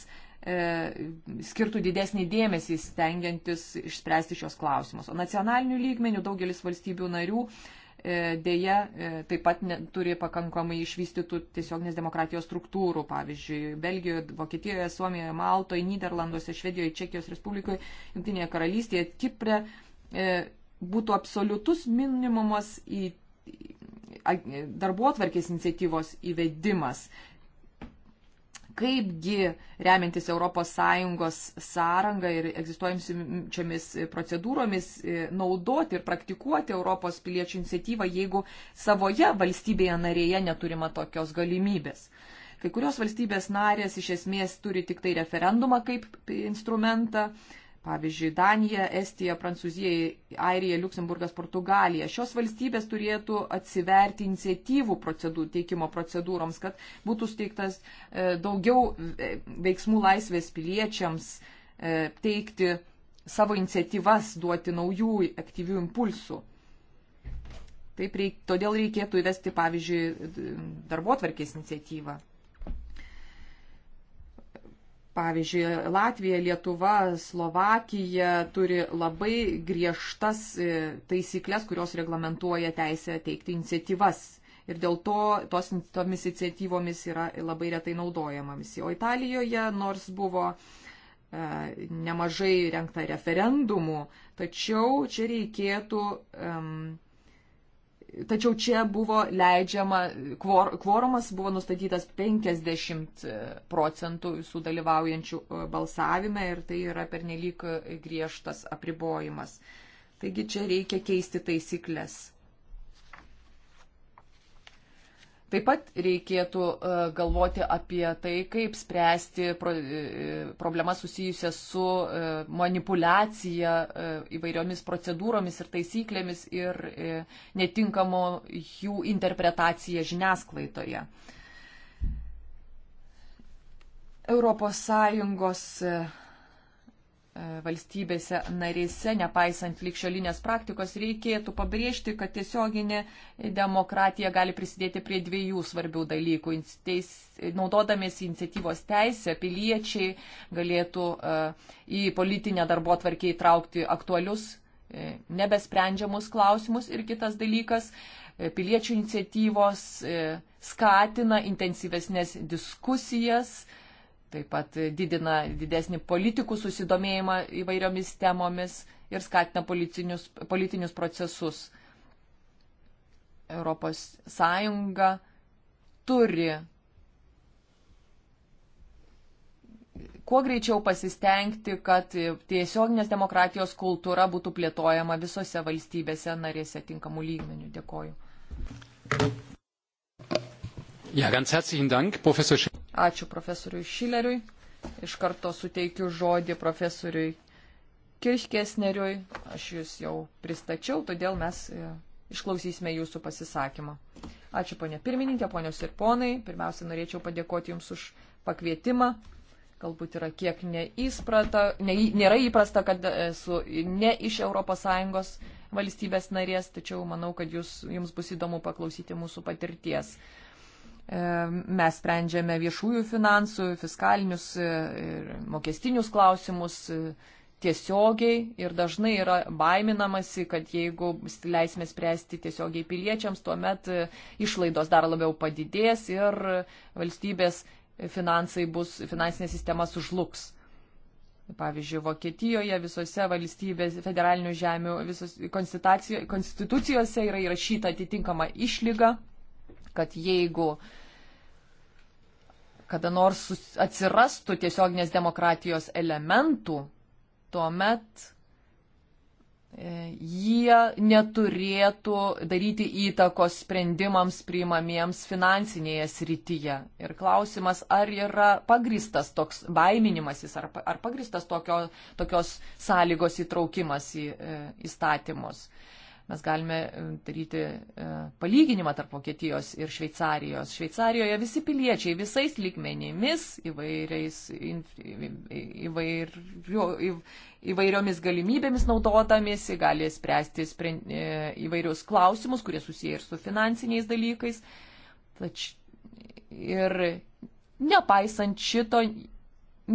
skirtų didesnį dėmesį stengiantis išspręsti šios klausimus. O nacionalinių lygmenių daugelis valstybių narių e, E, dėja e, taip pat turi pakankamai išvystytų tiesioginės demokratijos struktūrų, pavyzdžiui, Belgijoje, Vokietijoje, Suomijoje, Maltoje, Niderlanduose, Švedijoje, Čekijos Respublikoje, Junktinėje karalystėje, Kipre e, būtų absoliutus minimumas į darbuotvarkės iniciatyvos įvedimas kaipgi remiantis ES sąrangą ir egzistuojančiomis procedūromis e, naudoti ir praktikuoti Europos piliečių iniciatyvą, jeigu savoje valstybėje narėje neturima tokios galimybės. Kai kurios valstybės narės iš esmės turi tik tai referendumą kaip instrumentą, Pavyzdžiui, Danija, Estija, Prancūzija, Airija, Luksemburgas, Portugalija. Šios valstybės turėtų atsiverti iniciatyvų procedūr, teikimo procedūroms, kad būtų steigtas e, daugiau e, veiksmų laisvės piliečiams e, teikti savo iniciatyvas, duoti naujų aktyvių impulsų. Taip reik, todėl reikėtų įvesti, pavyzdžiui, darbo tvarkės iniciatyvą. Pavyzdžiui, Latvija, Lietuva, Slovakija turi labai griežtas e, taisyklės, kurios reglamentuoja teisę teikti iniciatyvas ir dėl to tos, tomis iniciatyvomis yra labai retai naudojamamisi. O Italijoje nors buvo e, nemažai renkta referendumų, tačiau čia reikėtų um, e, Tačiau čia buvo leidžiama, kvor, kvorumas buvo nustatytas 50 e, procentų visų dalyvaujančių e, balsavime ir tai yra pernelyg griežtas apribojimas. Taigi čia reikia keisti taisyklės. Taip pat reikėtų e, galvoti apie tai, kaip spręsti e, problemas susijusias su e, manipulacija įvairiomis procedūromis ir taisyklėmis ir netinkamo jų interpretacija žiniasklaidoje. Europos Sąjungos E, valstybėse narėse, nepaisant likščiolinės praktikos, reikėtų pabrėžti, kad tiesioginė demokratija gali prisidėti prie dviejų svarbių dalykų. Teis, naudodamėsi iniciatyvos teisę, piliečiai galėtų e, į politinę darbo atvarkį įtraukti aktualius, e, nebesprendžiamus klausimus. Ir kitas dalykas, piliečių iniciatyvos skatina intensyvesnės diskusijas taip pat didina didesnį politikų susidomėjimą įvairiomis temomis ir skatina politinius, politinius procesus. Europos Sąjunga turi kuo greičiau pasistengti, kad tiesioginės demokratijos kultūra būtų plėtojama visose valstybėse narėse tinkamų lygmenių. Dėkoju. Ja, ganz herzlichen Dank, Professor Schiff. Ačiū profesoriui Šileriui. Iš karto suteikiu žodį profesoriui Kirškesneriui. Aš jūs jau pristačiau, todėl mes e, išklausysime jūsų pasisakymą. Ačiū ponė pirmininkė, ponios ir ponai. Pirmiausia, norėčiau padėkoti jums už pakvietimą. Galbūt yra kiek neįsprata, ne, nėra įprasta, kad esu ne iš ES valstybės narės, tačiau manau, kad jūs, jums bus įdomu paklausyti mūsų patirties. Uh, E, mes sprendžiame viešųjų finansų, fiskalinius e, ir mokestinius klausimus e, tiesiogiai ir dažnai yra baiminamasi, kad jeigu leisime spręsti tiesiogiai piliečiams, tuomet išlaidos dar labiau padidės ir valstybės finansai bus, finansinė sistema sužlugs. Pavyzdžiui, Vokietijoje visose valstybės federalinių žemių visos konstitucijose yra įrašyta atitinkama išlyga kad jeigu kada nors atsirastų tiesioginės demokratijos elementų, tuomet e, jie neturėtų daryti įtakos sprendimams priimamiems finansinėje srityje. Ir klausimas, ar yra pagristas toks baiminimasis, ar, ar pagristas tokio, tokios sąlygos įtraukimas į e, įstatymus. E, Mes galime e, daryti e, palyginimą tarp Vokietijos ir Šveicarijos. Šveicarijoje visi piliečiai visais lygmenimis, įvairiais, įvairio, įvairiomis galimybėmis naudodamiesi, gali spręsti sprend, e, įvairius klausimus, kurie susiję ir su finansiniais dalykais. Tač, ir nepaisant šito,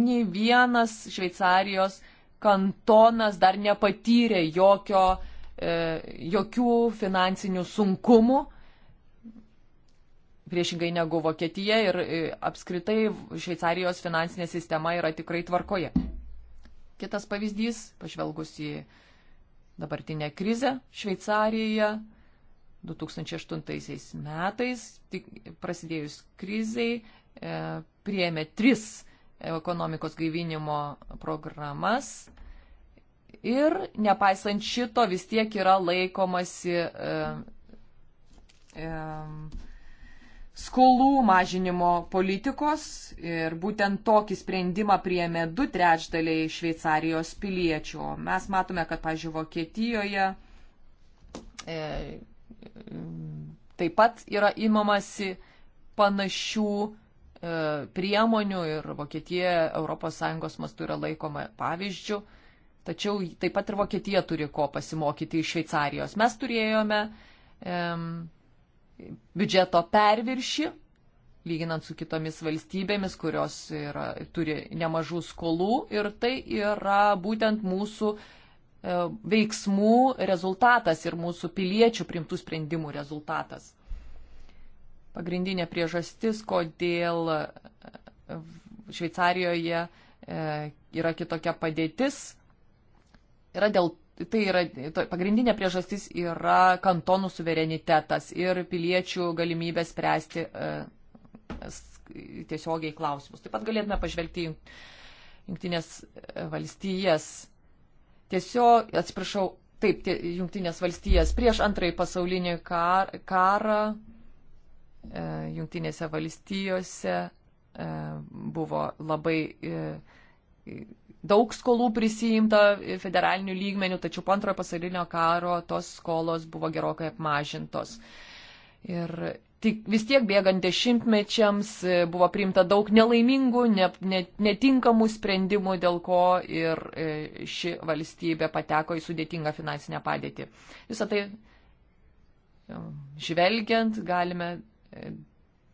nei vienas Šveicarijos kantonas dar nepatyrė jokio uh, E, jokių finansinių sunkumų, priešingai negu Vokietija ir e, apskritai Šveicarijos finansinė sistema yra tikrai tvarkoje. Kitas pavyzdys, pažvelgus į dabartinę krizę Šveicarijoje 2008 metais, tik prasidėjus kriziai, e, priėmė tris ekonomikos gaivinimo programas ir nepaisant šito vis tiek yra laikomasi e, e, skolų mažinimo politikos ir būtent tokį sprendimą priėmė du trečdaliai Šveicarijos piliečių. Mes matome, kad, pažiūrėjau, Vokietijoje e, taip pat yra imamasi panašių e, priemonių ir Vokietija ES mastu yra laikoma pavyzdžių. Tačiau taip pat ir Vokietija turi ko pasimokyti iš Šveicarijos. Mes turėjome um, e, biudžeto perviršį, lyginant su kitomis valstybėmis, kurios yra, turi nemažų skolų ir tai yra būtent mūsų e, veiksmų rezultatas ir mūsų piliečių primtų sprendimų rezultatas. Pagrindinė priežastis, kodėl e, Šveicarijoje e, yra kitokia padėtis, yra dėl tai yra pagrindinė priežastis yra kantonų suverenitetas ir piliečių galimybė spręsti e, tiesiogiai klausimus. Taip pat galėtume pažvelgti į Junktinės e, valstijas. Tiesiog, atsiprašau, taip, tie, Junktinės valstijas prieš antrąjį pasaulinį kar, karą e, Junktinėse valstijose e, buvo labai e, daug skolų prisijimta federalinių lygmenių, tačiau po antrojo pasaulinio karo tos skolos buvo gerokai apmažintos. Ir tik vis tiek bėgant dešimtmečiams e, buvo priimta daug nelaimingų, ne, ne, netinkamų sprendimų, dėl ko ir e, ši valstybė pateko į sudėtingą finansinę padėtį. Visą tai e, žvelgiant galime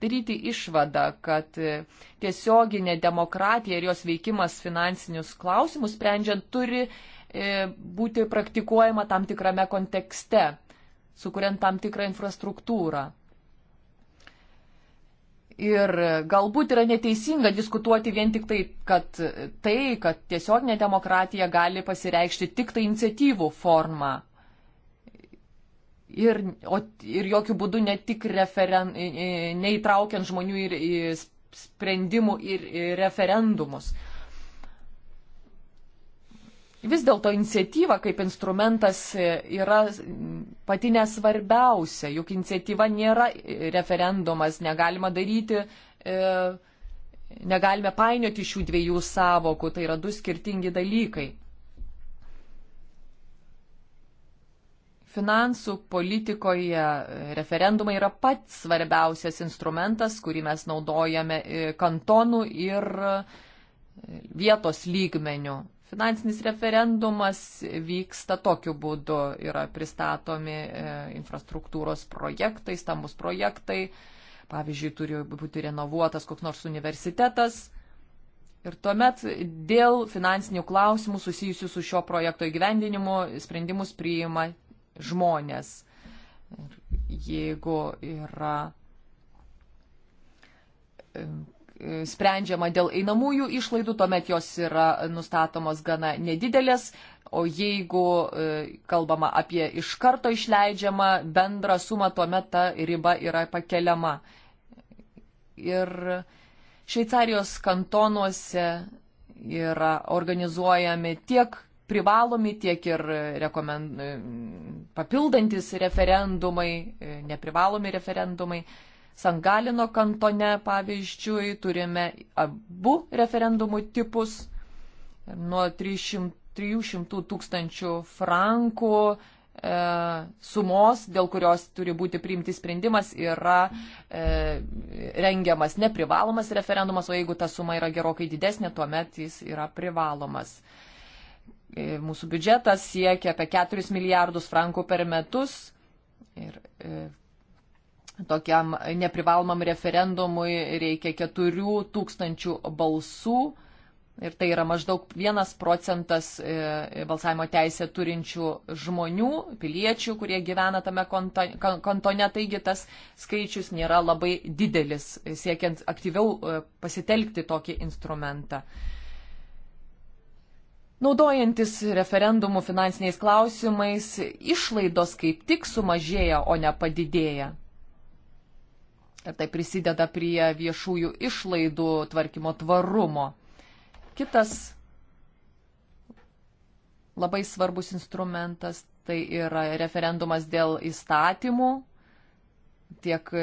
daryti išvadą, kad tiesioginė demokratija ir jos veikimas finansinius klausimus sprendžiant turi e, būti praktikuojama tam tikrame kontekste, sukuriant tam tikrą infrastruktūrą. Ir galbūt yra neteisinga diskutuoti vien tik tai, kad tai, kad tiesioginė demokratija gali pasireikšti tik tai iniciatyvų formą ir, o, ir jokių būdų ne tik referen, neįtraukiant žmonių ir, ir sprendimų ir, ir referendumus. Vis dėlto iniciatyva kaip instrumentas yra pati nesvarbiausia, juk iniciatyva nėra referendumas, negalima daryti, e, negalime painioti šių dviejų savokų, tai yra du skirtingi dalykai. Finansų politikoje e, referendumai yra pats svarbiausias instrumentas, kurį mes naudojame e, kantonų ir e, vietos lygmenių. Finansinis referendumas vyksta tokiu būdu, yra pristatomi infrastruktūros projektai, stambus projektai, pavyzdžiui, turi būti renovuotas koks nors universitetas. Ir tuomet dėl finansinių klausimų susijusių su šio projekto įgyvendinimu sprendimus priima žmonės. Ir jeigu yra sprendžiama dėl einamųjų išlaidų, tuomet jos yra nustatomos gana nedidelės, o jeigu e, kalbama apie iš karto išleidžiamą bendrą sumą, tuomet ta riba yra pakeliama. Ir Šveicarijos kantonuose yra organizuojami tiek privalomi, tiek ir rekomend... papildantis referendumai, neprivalomi referendumai. Sangalino kantone, pavyzdžiui, turime abu referendumų tipus nuo 300, 300 tūkstančių frankų e, sumos, dėl kurios turi būti priimti sprendimas, yra e, rengiamas neprivalomas referendumas, o jeigu ta suma yra gerokai didesnė, tuomet jis yra privalomas. E, E, mūsų biudžetas siekia apie 4 milijardus frankų per metus. Ir e, tokiam neprivalomam referendumui reikia 4 tūkstančių balsų. Ir tai yra maždaug vienas procentas e, balsavimo teisę turinčių žmonių, piliečių, kurie gyvena tame kantone. Taigi tas skaičius nėra labai didelis, siekiant aktyviau pasitelkti tokį instrumentą. Naudojantis referendumų finansiniais klausimais, išlaidos kaip tik sumažėja, o ne padidėja. Ir tai prisideda prie viešųjų išlaidų tvarkymo tvarumo. Kitas labai svarbus instrumentas tai yra referendumas dėl įstatymų, tiek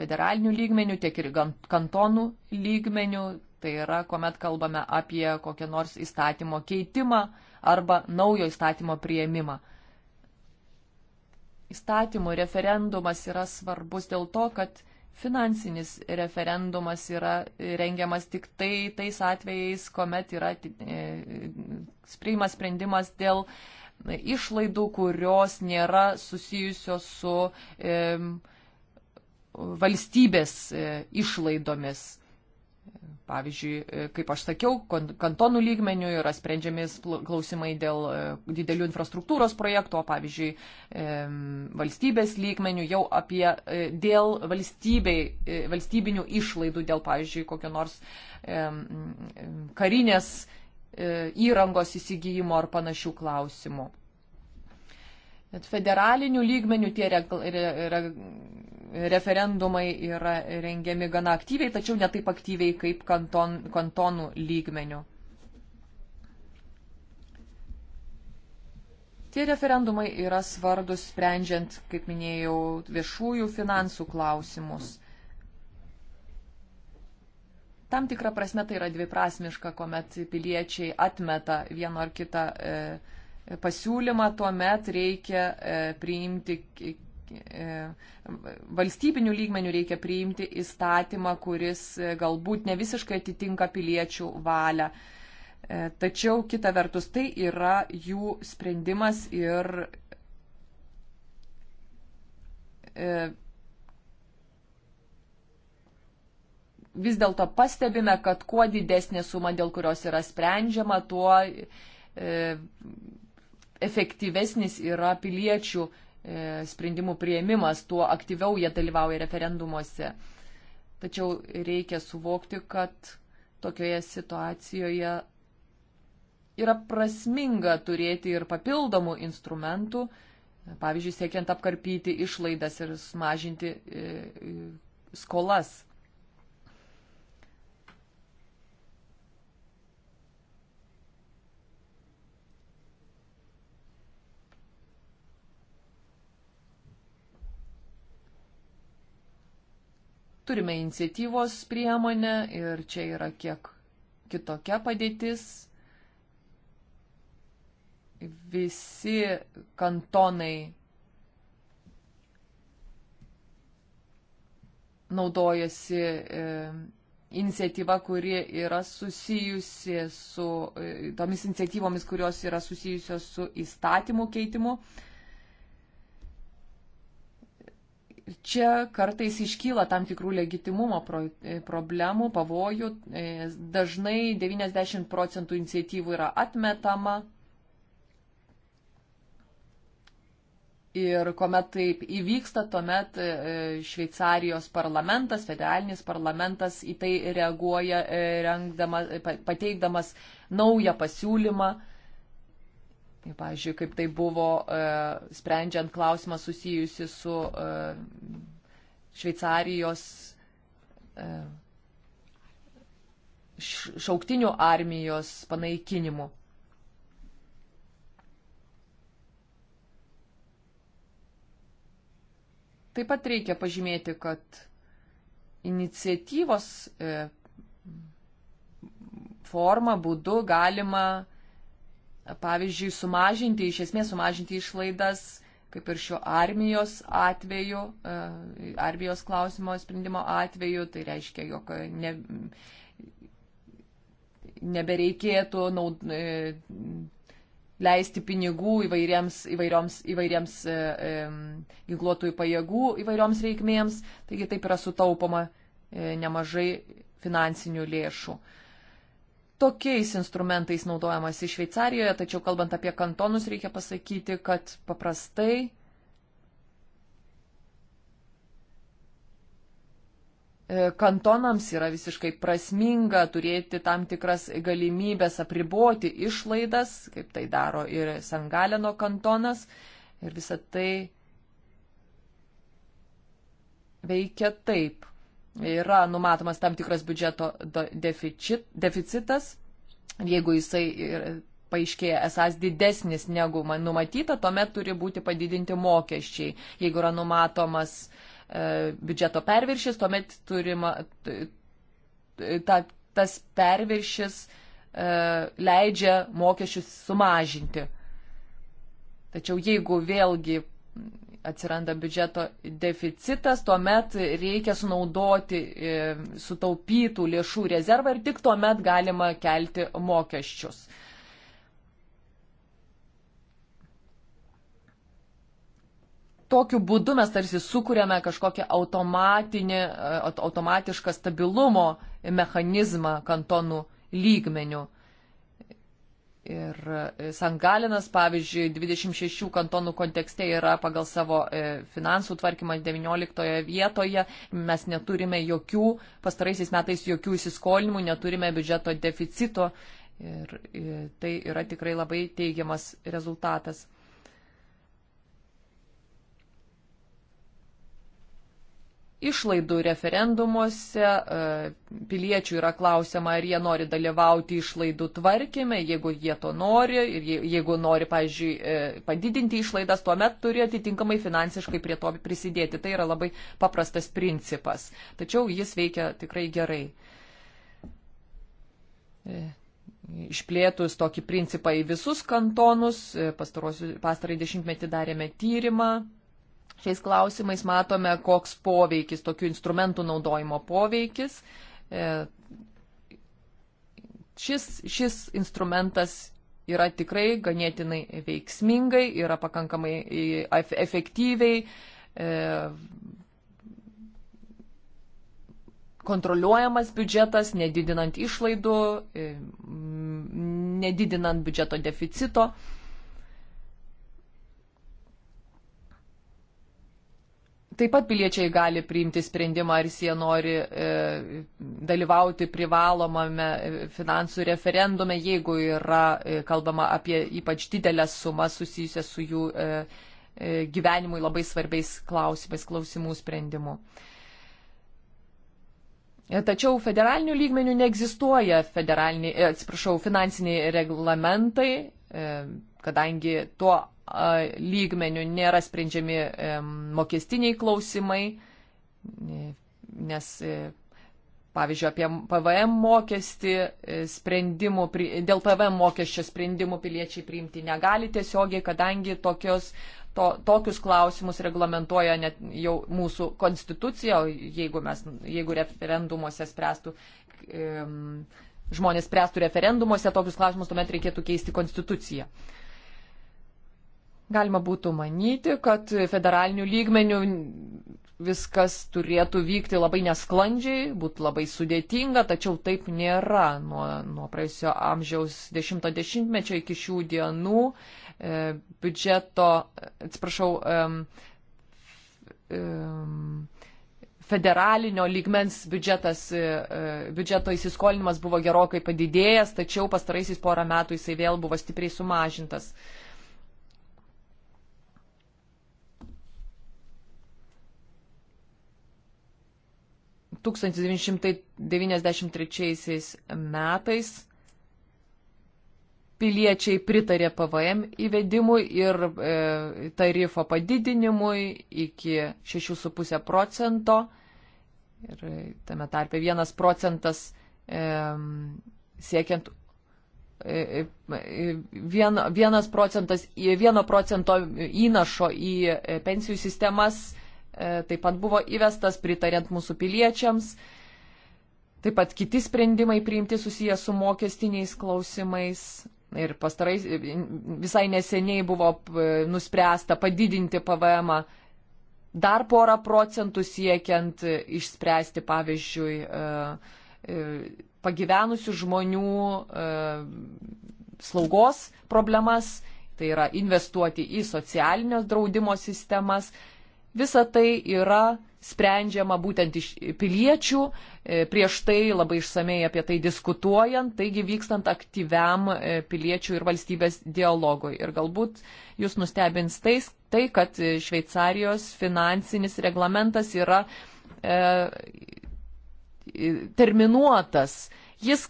federalinių lygmenių, tiek ir kantonų lygmenių Tai yra, kuomet kalbame apie kokią nors įstatymo keitimą arba naujo įstatymo prieimimą. Įstatymų referendumas yra svarbus dėl to, kad finansinis referendumas yra rengiamas tik tai tais atvejais, kuomet yra e, priimas sprendimas dėl išlaidų, kurios nėra susijusios su e, valstybės e, išlaidomis. Pavyzdžiui, kaip aš sakiau, kantonų lygmenių yra sprendžiami klausimai dėl e, didelių infrastruktūros projektų, o pavyzdžiui, e, valstybės lygmenių jau apie e, dėl valstybinių išlaidų, dėl, pavyzdžiui, kokio nors karinės įrangos įsigijimo ar panašių klausimų. Bet federalinių lygmenių tie re, re, re, referendumai yra rengiami gana aktyviai, tačiau ne taip aktyviai kaip kanton, kantonų lygmenių. Tie referendumai yra svarbus sprendžiant, kaip minėjau, viešųjų finansų klausimus. Tam tikrą prasme tai yra dviprasmiška, kuomet piliečiai atmeta vieno ar kitą. E, pasiūlymą tuomet reikia e, priimti, e, e, valstybinių lygmenių reikia priimti įstatymą, kuris galbūt ne visiškai atitinka piliečių valią. Tačiau kita vertus tai yra jų sprendimas ir vis dėlto pastebime, kad kuo didesnė suma, dėl kurios yra sprendžiama, tuo efektyvesnis yra piliečių e, sprendimų prieimimas, tuo aktyviau jie dalyvauja referendumuose. Tačiau reikia suvokti, kad tokioje situacijoje yra prasminga turėti ir papildomų instrumentų, pavyzdžiui, siekiant apkarpyti išlaidas ir sumažinti e, skolas. Turime iniciatyvos priemonę ir čia yra kiek kitokia padėtis. Visi kantonai naudojasi e, iniciatyva, kuri yra susijusi su e, tomis iniciatyvomis, kurios yra susijusios su įstatymų keitimu. čia kartais iškyla tam tikrų legitimumo pro, e, problemų, pavojų. E, dažnai 90 procentų iniciatyvų yra atmetama. Ir kuomet taip įvyksta, tuomet e, Šveicarijos parlamentas, federalinis parlamentas į tai reaguoja, rengdama, pateikdamas naują pasiūlymą Pavyzdžiui, kaip tai buvo e, sprendžiant klausimą susijusi su e, Šveicarijos e, šauktinių armijos panaikinimu. Taip pat reikia pažymėti, kad iniciatyvos forma, būdu galima pavyzdžiui, sumažinti, iš esmės sumažinti išlaidas, kaip ir šio armijos atveju, e, armijos klausimo sprendimo atveju, tai reiškia, jog ne, nebereikėtų naud, e, leisti pinigų įvairiems, įvairioms, įvairiems e, e, ginkluotųjų pajėgų įvairioms reikmėms, taigi taip yra sutaupoma e, nemažai finansinių lėšų. E, tokiais instrumentais naudojamasi Šveicarijoje, tačiau kalbant apie kantonus reikia pasakyti, kad paprastai e, kantonams yra visiškai prasminga turėti tam tikras galimybės apriboti išlaidas, kaip tai daro ir Sangaleno kantonas. Ir visa tai veikia taip yra numatomas tam tikras biudžeto deficitas, jeigu jisai paaiškėja esas didesnis negu numatyta, tuomet turi būti padidinti mokesčiai. Jeigu yra numatomas e, biudžeto perviršis, tuomet turima, ta, tas perviršis e, leidžia mokesčius sumažinti. Tačiau jeigu vėlgi atsiranda biudžeto deficitas, tuomet reikia sunaudoti e, sutaupytų lėšų rezervą ir tik tuomet galima kelti mokesčius. tokiu būdu mes tarsi sukūrėme kažkokią automatinį, e, automatišką stabilumo mechanizmą kantonų lygmenių. Ir e, Sangalinas, pavyzdžiui, 26 kantonų kontekste yra pagal savo e, finansų tvarkymą 19 vietoje. Mes neturime jokių, pastaraisiais metais jokių įsiskolinimų, neturime biudžeto deficito. Ir e, tai yra tikrai labai teigiamas rezultatas. išlaidų referendumuose, e, piliečių yra klausima, ar jie nori dalyvauti išlaidų tvarkime, jeigu jie to nori ir jeigu nori, pažiūrėjau, e, padidinti išlaidas, tuomet turi atitinkamai finansiškai prie to prisidėti. Tai yra labai paprastas principas, tačiau jis veikia tikrai gerai e, išplėtus tokį principą į visus kantonus, pastarąjį dešimtmetį darėme tyrimą šiais klausimais, matome, koks poveikis, tokių instrumentų naudojimo poveikis. E, šis, šis instrumentas yra tikrai ganėtinai veiksmingai, yra pakankamai e, efektyviai e, kontroliuojamas biudžetas, nedidinant išlaidų, nedidinant biudžeto deficito. taip pat piliečiai gali priimti sprendimą, ar jie nori e, dalyvauti privalomame e, finansų referendume, jeigu yra e, kalbama apie ypač didelės sumas susijusias su jų e, e, gyvenimui labai svarbiais klausimais, klausimų sprendimu. E, tačiau federalinių lygmenių neegzistuoja federaliniai, e, atsiprašau, finansiniai reglamentai, e, kadangi tuo lygmenių nėra sprendžiami mokestiniai klausimai, e, nes, e, pavyzdžiui, apie PVM mokestį e, sprendimų, dėl PVM mokesčio sprendimų piliečiai priimti negali tiesiogiai, kadangi tokios, to, tokius klausimus reglamentuoja net jau mūsų konstitucija, jeigu, mes, jeigu referendumuose spręstų. Žmonės spręstų referendumuose tokius klausimus, tuomet reikėtų keisti konstituciją. Uh, Galima būtų manyti, kad federalinių lygmenių viskas turėtų vykti labai nesklandžiai, būtų labai sudėtinga, tačiau taip nėra. Nuo, nuo praėjusio amžiaus 10-mečio iki šių dienų e, biudžeto, atsiprašau, e, e, federalinio lygmens biudžetas, e, e, biudžeto įsiskolinimas buvo gerokai padidėjęs, tačiau pastaraisiais porą metų jisai vėl buvo stipriai sumažintas. E, 1993 metais piliečiai pritarė PVM įvedimui ir e, tarifo padidinimui iki 6,5 procento. Ir e, tame tarpe 1 procentas e, siekiant. E, vien, vienas procentas, e, vieno procento įnašo į e, pensijų sistemas E, taip pat buvo įvestas pritariant mūsų piliečiams. Taip pat kiti sprendimai priimti susiję su mokestiniais klausimais. Ir pastarai, visai neseniai buvo e, nuspręsta padidinti PVM dar porą procentų siekiant e, išspręsti, pavyzdžiui, pagyvenusių žmonių slaugos problemas, tai yra investuoti į socialinio draudimo sistemas. Visa tai yra sprendžiama būtent iš piliečių, e, prieš tai labai išsamei apie tai diskutuojant, taigi vykstant aktyviam e, piliečių ir valstybės dialogui. Ir galbūt jūs nustebins tais, tai, kad e, Šveicarijos finansinis reglamentas yra e, terminuotas. Jis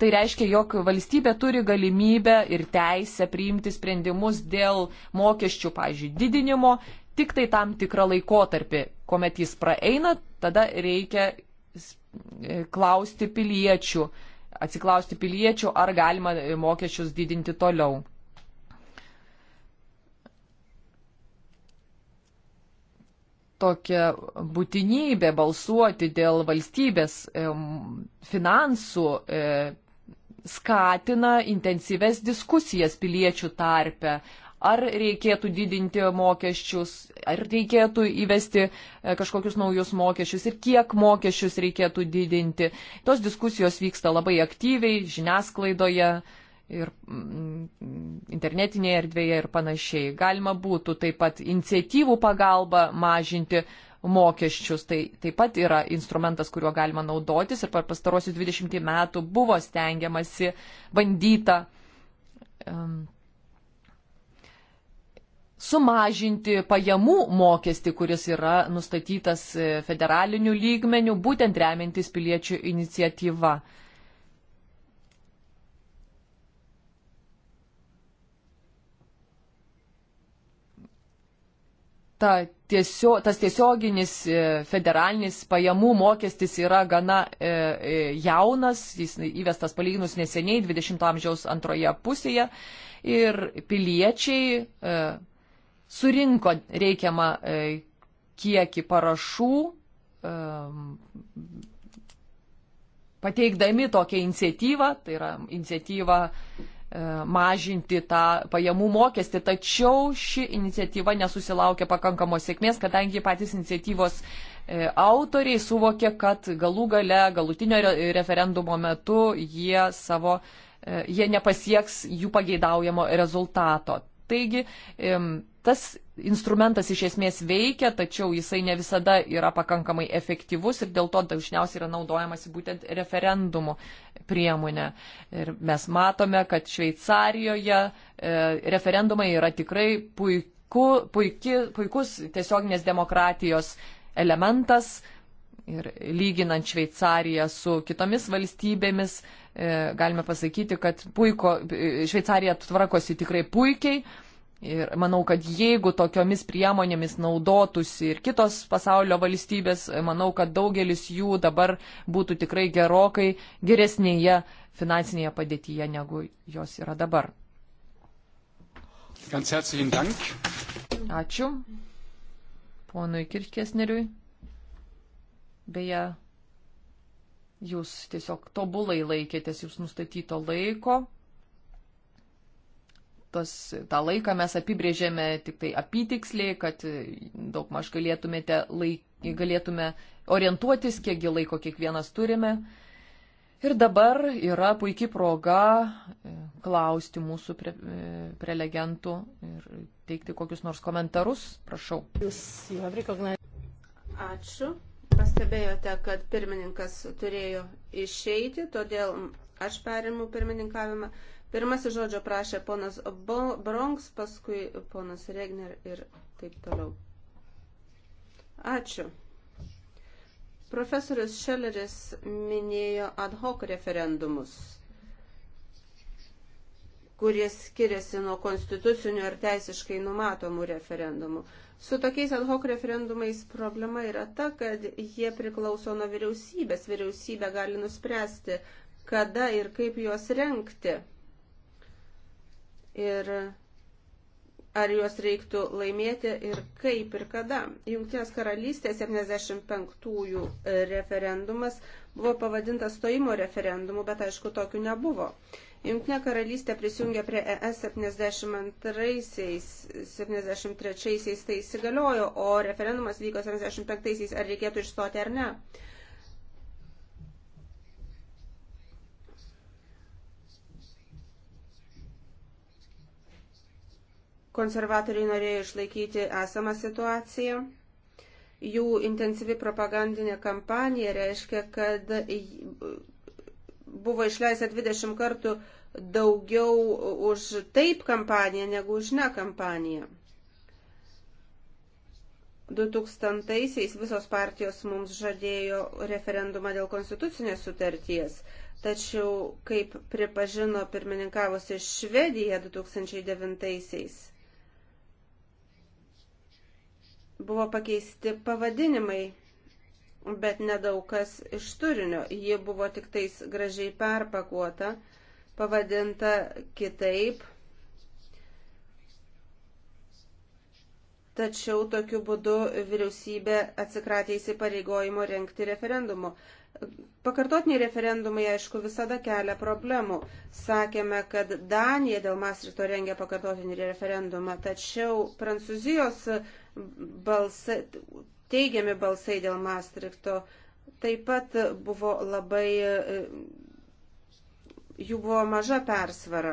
tai reiškia, jog valstybė turi galimybę ir teisę priimti sprendimus dėl mokesčių, pažiūrėjau, didinimo tik tai tam tikrą laikotarpį. Komet jis praeina, tada reikia e, klausti piliečių, atsiklausti piliečių, ar galima e, mokesčius didinti toliau. tokia būtinybė balsuoti dėl valstybės e, finansų skatina intensyves diskusijas piliečių tarpe ar reikėtų didinti mokesčius, ar reikėtų įvesti e, kažkokius naujus mokesčius ir kiek mokesčius reikėtų didinti. Tos diskusijos vyksta labai aktyviai žiniasklaidoje ir mm, internetinėje erdvėje ir panašiai. Galima būtų taip pat iniciatyvų pagalba mažinti mokesčius. Tai taip pat yra instrumentas, kuriuo galima naudotis ir per pastarosius 20 metų buvo stengiamasi bandyta um, sumažinti pajamų mokestį, kuris yra nustatytas e, federaliniu lygmeniu, būtent remiantis piliečių iniciatyva. Ta tiesio, tas tiesioginis e, federalinis pajamų mokestis yra gana e, e, jaunas, jis įvestas palyginus neseniai, 20 amžiaus antroje pusėje. Ir piliečiai e, surinko reikiamą e, kiekį parašų, e, pateikdami tokią iniciatyvą, tai yra iniciatyva e, mažinti tą pajamų mokestį, tačiau ši iniciatyva nesusilaukė pakankamos sėkmės, kadangi patys iniciatyvos autoriai suvokė, kad galų gale, galutinio referendumo metu jie savo jie nepasieks jų pageidaujamo rezultato. Taigi tas instrumentas iš esmės veikia, tačiau jisai ne visada yra pakankamai efektyvus ir dėl to dažniausiai yra naudojamasi būtent referendumo priemonė. Ir mes matome, kad Šveicarijoje e, referendumai yra tikrai puiku, puiki, puikus tiesioginės demokratijos elementas. Ir lyginant Šveicariją su kitomis valstybėmis, E, galime pasakyti, kad puiko, e, Šveicarija tvarkosi tikrai puikiai. Ir manau, kad jeigu tokiomis priemonėmis naudotųsi ir kitos pasaulio valstybės, manau, kad daugelis jų dabar būtų tikrai gerokai geresnėje finansinėje padėtyje, negu jos yra dabar. Ačiū ponui Kirkesneriui. Beje, Jūs tiesiog tobulai laikėtės jūs nustatyto laiko. Tas, tą laiką mes apibrėžėme tik tai apytiksliai, kad daug maž galėtumėte laik, galėtume orientuotis, kiekgi laiko kiekvienas turime. Ir dabar yra puikia proga e, klausti mūsų pre, e, prelegentų ir teikti kokius nors komentarus. Prašau. Ačiū. Pastebėjote, kad pirmininkas turėjo išeiti, todėl aš perimu pirmininkavimą. Pirmasis žodžio prašė ponas Bronks, paskui ponas Regner ir taip toliau. Ačiū. Profesorius Šeleris minėjo ad hoc referendumus, kurie skiriasi nuo konstitucinių ar teisiškai numatomų referendumų. Su tokiais ad hoc referendumais problema yra ta, kad jie priklauso nuo vyriausybės. Vyriausybė gali nuspręsti, kada ir kaip juos renkti. Ir ar juos reiktų laimėti ir kaip ir kada. Jungtinės karalystės 75-ųjų e, referendumas buvo pavadintas stojimo referendumu, bet aišku, tokiu nebuvo. Junktinė karalystė prisijungė prie ES 72-73-aisiais tai įsigaliojo, o referendumas vyko 75-aisiais, ar reikėtų išstoti ar ne. Konservatoriai norėjo išlaikyti esamą situaciją jų intensyvi propagandinė kampanija reiškia, kad buvo išleista 20 kartų daugiau už taip kampaniją negu už ne kampaniją. 2000-aisiais visos partijos mums žadėjo referendumą dėl konstitucinės sutarties, tačiau, kaip pripažino pirmininkavusi Švedija 2009-aisiais, buvo pakeisti pavadinimai bet nedaug kas iš turinio. Ji buvo tik tais gražiai perpakuota, pavadinta kitaip. Tačiau tokiu būdu vyriausybė atsikratė įsipareigojimo renkti referendumu. Pakartotiniai referendumai, aišku, visada kelia problemų. Sakėme, kad Danija dėl Mastrito rengia pakartotinį referendumą, tačiau Prancūzijos balsai, teigiami balsai dėl Maastrichto. Taip pat buvo labai, e, jų buvo maža persvara.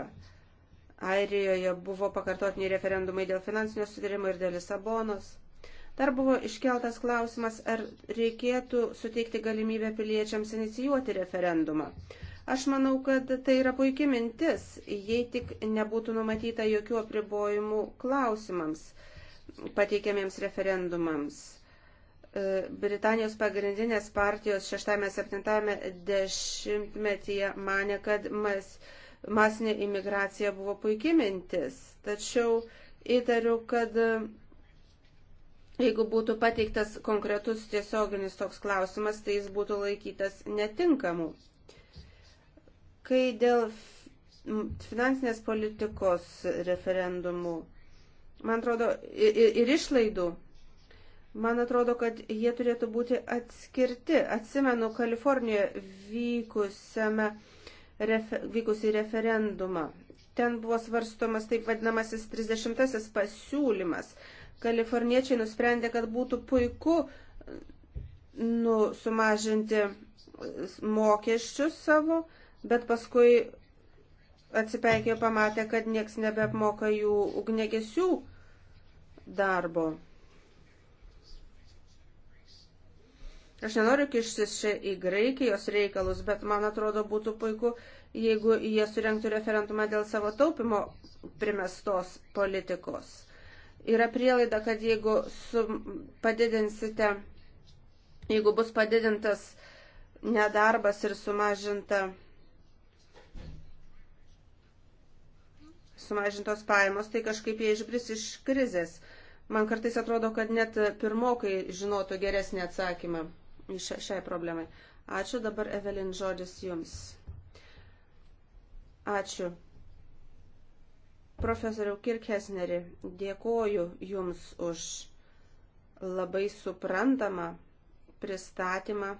Airijoje buvo pakartotiniai referendumai dėl finansinio sutarimo ir dėl Lisabonos. Dar buvo iškeltas klausimas, ar reikėtų suteikti galimybę piliečiams inicijuoti referendumą. Aš manau, kad tai yra puikia mintis, jei tik nebūtų numatyta jokių apribojimų klausimams pateikiamiems referendumams. E, Britanijos pagrindinės partijos 6-7 dešimtmetyje mane, kad mas, masinė imigracija buvo puikiai mintis. Tačiau įtariu, kad e, jeigu būtų pateiktas konkretus tiesioginis toks klausimas, tai jis būtų laikytas netinkamu. Kai dėl finansinės politikos referendumų, man atrodo, ir, ir išlaidų Man atrodo, kad jie turėtų būti atskirti. Atsimenu Kalifornijoje vykusiame refer, vykusi referendumą. Ten buvo svarstomas taip vadinamasis 30-asis pasiūlymas. Kaliforniečiai nusprendė, kad būtų puiku nu, sumažinti mokesčius savo, bet paskui atsipeikė pamatė, kad nieks nebeapmoka jų ugnegesių darbo. Aš nenoriu kištis čia į Graikijos reikalus, bet man atrodo būtų puiku, jeigu jie surenktų referendumą dėl savo taupimo primestos politikos. Yra prielaida, kad jeigu padidinsite, jeigu bus padidintas nedarbas ir sumažinta, sumažintos pajamos, tai kažkaip jie išbris iš krizės. Man kartais atrodo, kad net pirmokai žinotų geresnį atsakymą šia, šiai problemai. Ačiū, dabar Evelin žodis jums. Ačiū. Profesoriau Kirkesneri, dėkoju Jums už labai suprantamą pristatymą.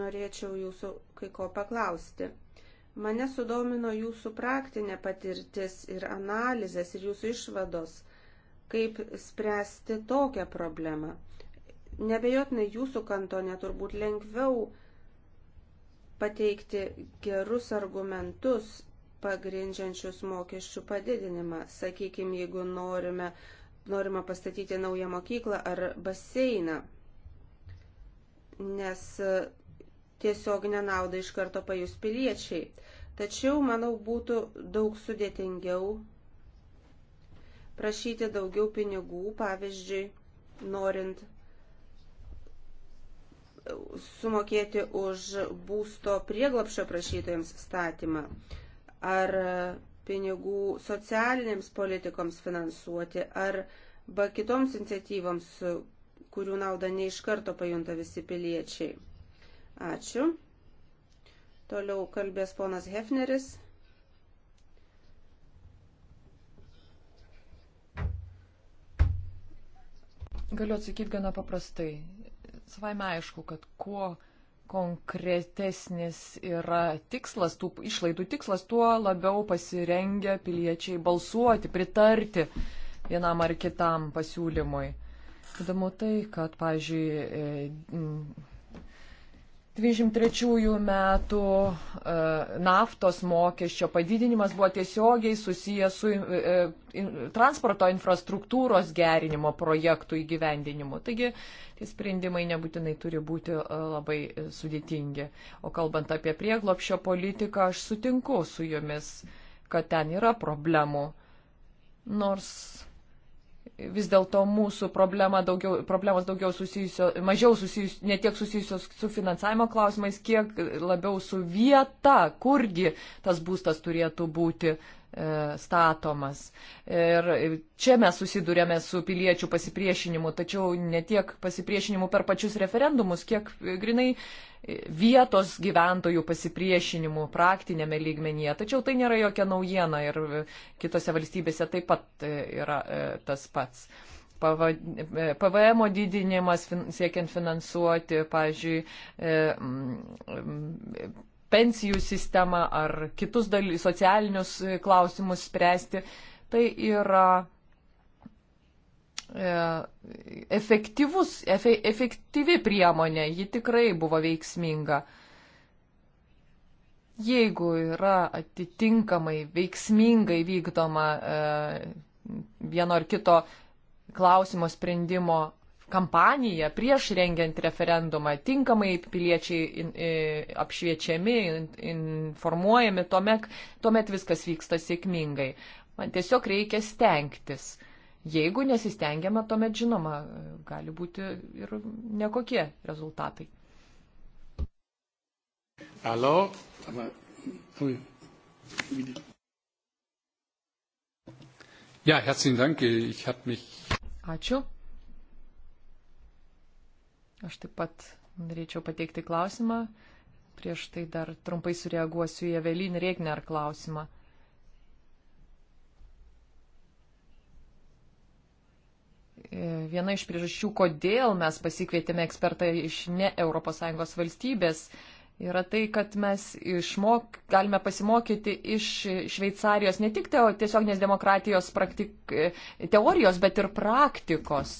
Norėčiau Jūsų kai ko paklausti. Mane sudomino Jūsų praktinė patirtis ir analizės ir Jūsų išvados, kaip spręsti tokią problemą. Nebejotinai jūsų kantone turbūt lengviau pateikti gerus argumentus pagrindžiančius mokesčių padidinimą. Sakykime, jeigu norime, norime pastatyti naują mokyklą ar baseiną, nes tiesioginę naudą iš karto pajus piliečiai. Tačiau, manau, būtų daug sudėtingiau prašyti daugiau pinigų, pavyzdžiui, norint sumokėti už būsto prieglapšio prašytojams statymą, ar pinigų socialinėms politikoms finansuoti, arba kitoms iniciatyvoms, kurių naudą neiš karto pajunta visi piliečiai. Ačiū. Toliau kalbės ponas Hefneris. Galiu atsakyti gana paprastai savaime aišku, kad kuo konkretesnis yra tikslas, tų išlaidų tikslas, tuo labiau pasirengia piliečiai balsuoti, pritarti vienam ar kitam pasiūlymui. Įdomu tai, kad, pavyzdžiui, e, 23 metų e, naftos mokesčio padidinimas buvo tiesiogiai susijęs su e, e, transporto infrastruktūros gerinimo projektų įgyvendinimu. Taigi tie sprendimai nebūtinai turi būti labai sudėtingi. O kalbant apie prieglopšio politiką, aš sutinku su jumis, kad ten yra problemų. Nors vis dėlto mūsų problema daugiau, problemos daugiau susijusio, mažiau susijus, ne tiek susijusios su finansavimo klausimais, kiek labiau su vieta, kurgi tas būstas turėtų būti E, statomas. Ir čia mes susidurėme su piliečių pasipriešinimu, tačiau ne tiek pasipriešinimu per pačius referendumus, kiek grinai vietos gyventojų pasipriešinimu praktinėme lygmenyje. Tačiau tai nėra jokia naujiena ir kitose valstybėse taip pat e, yra e, tas pats. PVM didinimas siekiant finansuoti, pavyzdžiui, pensijų sistemą ar kitus daly, socialinius e, klausimus spręsti. Tai yra e, efektyvus, efe, efektyvi priemonė, ji tikrai buvo veiksminga. Jeigu yra atitinkamai veiksmingai vykdoma e, vieno ar kito klausimo sprendimo kampaniją prieš rengiant referendumą, tinkamai piliečiai in, in, apšviečiami, in, informuojami, tuomet, tuomet viskas vyksta sėkmingai. Man tiesiog reikia stengtis. Jeigu nesistengiama, tuomet žinoma, gali būti ir nekokie rezultatai. Allo? Ja, herzlichen Dank. Ich habe mich. Ačiū. Aš taip pat norėčiau pateikti klausimą. Prieš tai dar trumpai sureaguosiu į Evelyn Reikner klausimą. E, viena iš priežasčių, kodėl mes pasikvietėme ekspertą iš ne ES valstybės, yra tai, kad mes išmok, galime pasimokyti iš Šveicarijos ne tik teo, tiesioginės demokratijos praktik, e, teorijos, bet ir praktikos.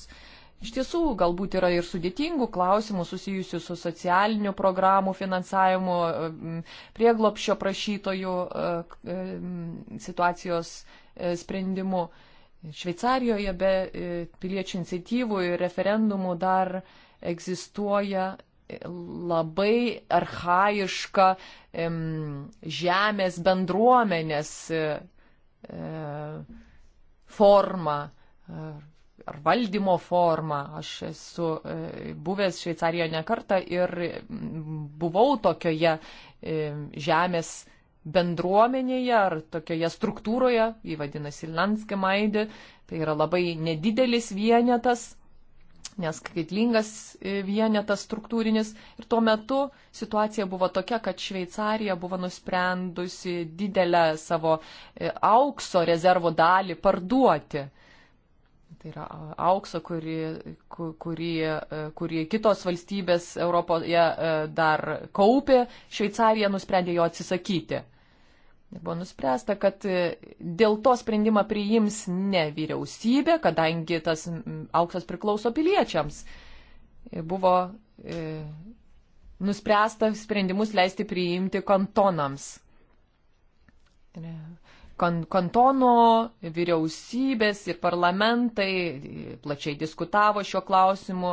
Iš tiesų, galbūt yra ir sudėtingų klausimų susijusių su socialiniu programų finansavimu, prieglopšio prašytojų e, e, situacijos e, sprendimu. Šveicarijoje be piliečių iniciatyvų ir referendumų dar egzistuoja labai arhaiška žemės bendruomenės forma ar valdymo formą. Aš esu e, buvęs Šveicarijoje nekartą ir buvau tokioje e, žemės bendruomenėje ar tokioje struktūroje, jį vadinasi Lanskemaidė, tai yra labai nedidelis vienetas, neskaitlingas e, vienetas struktūrinis. Ir tuo metu situacija buvo tokia, kad Šveicarija buvo nusprendusi didelę savo aukso rezervo dalį parduoti. Tai yra aukso, kurį, kurį, e, kurį kitos valstybės Europoje e, dar kaupė, Šveicarija nusprendė jo atsisakyti. Buvo nuspręsta, kad e, dėl to sprendimą priims ne vyriausybė, kadangi tas auksas priklauso piliečiams. Buvo e, nuspręsta sprendimus leisti priimti kantonams. Ir, kantono, vyriausybės ir parlamentai plačiai diskutavo šiuo klausimu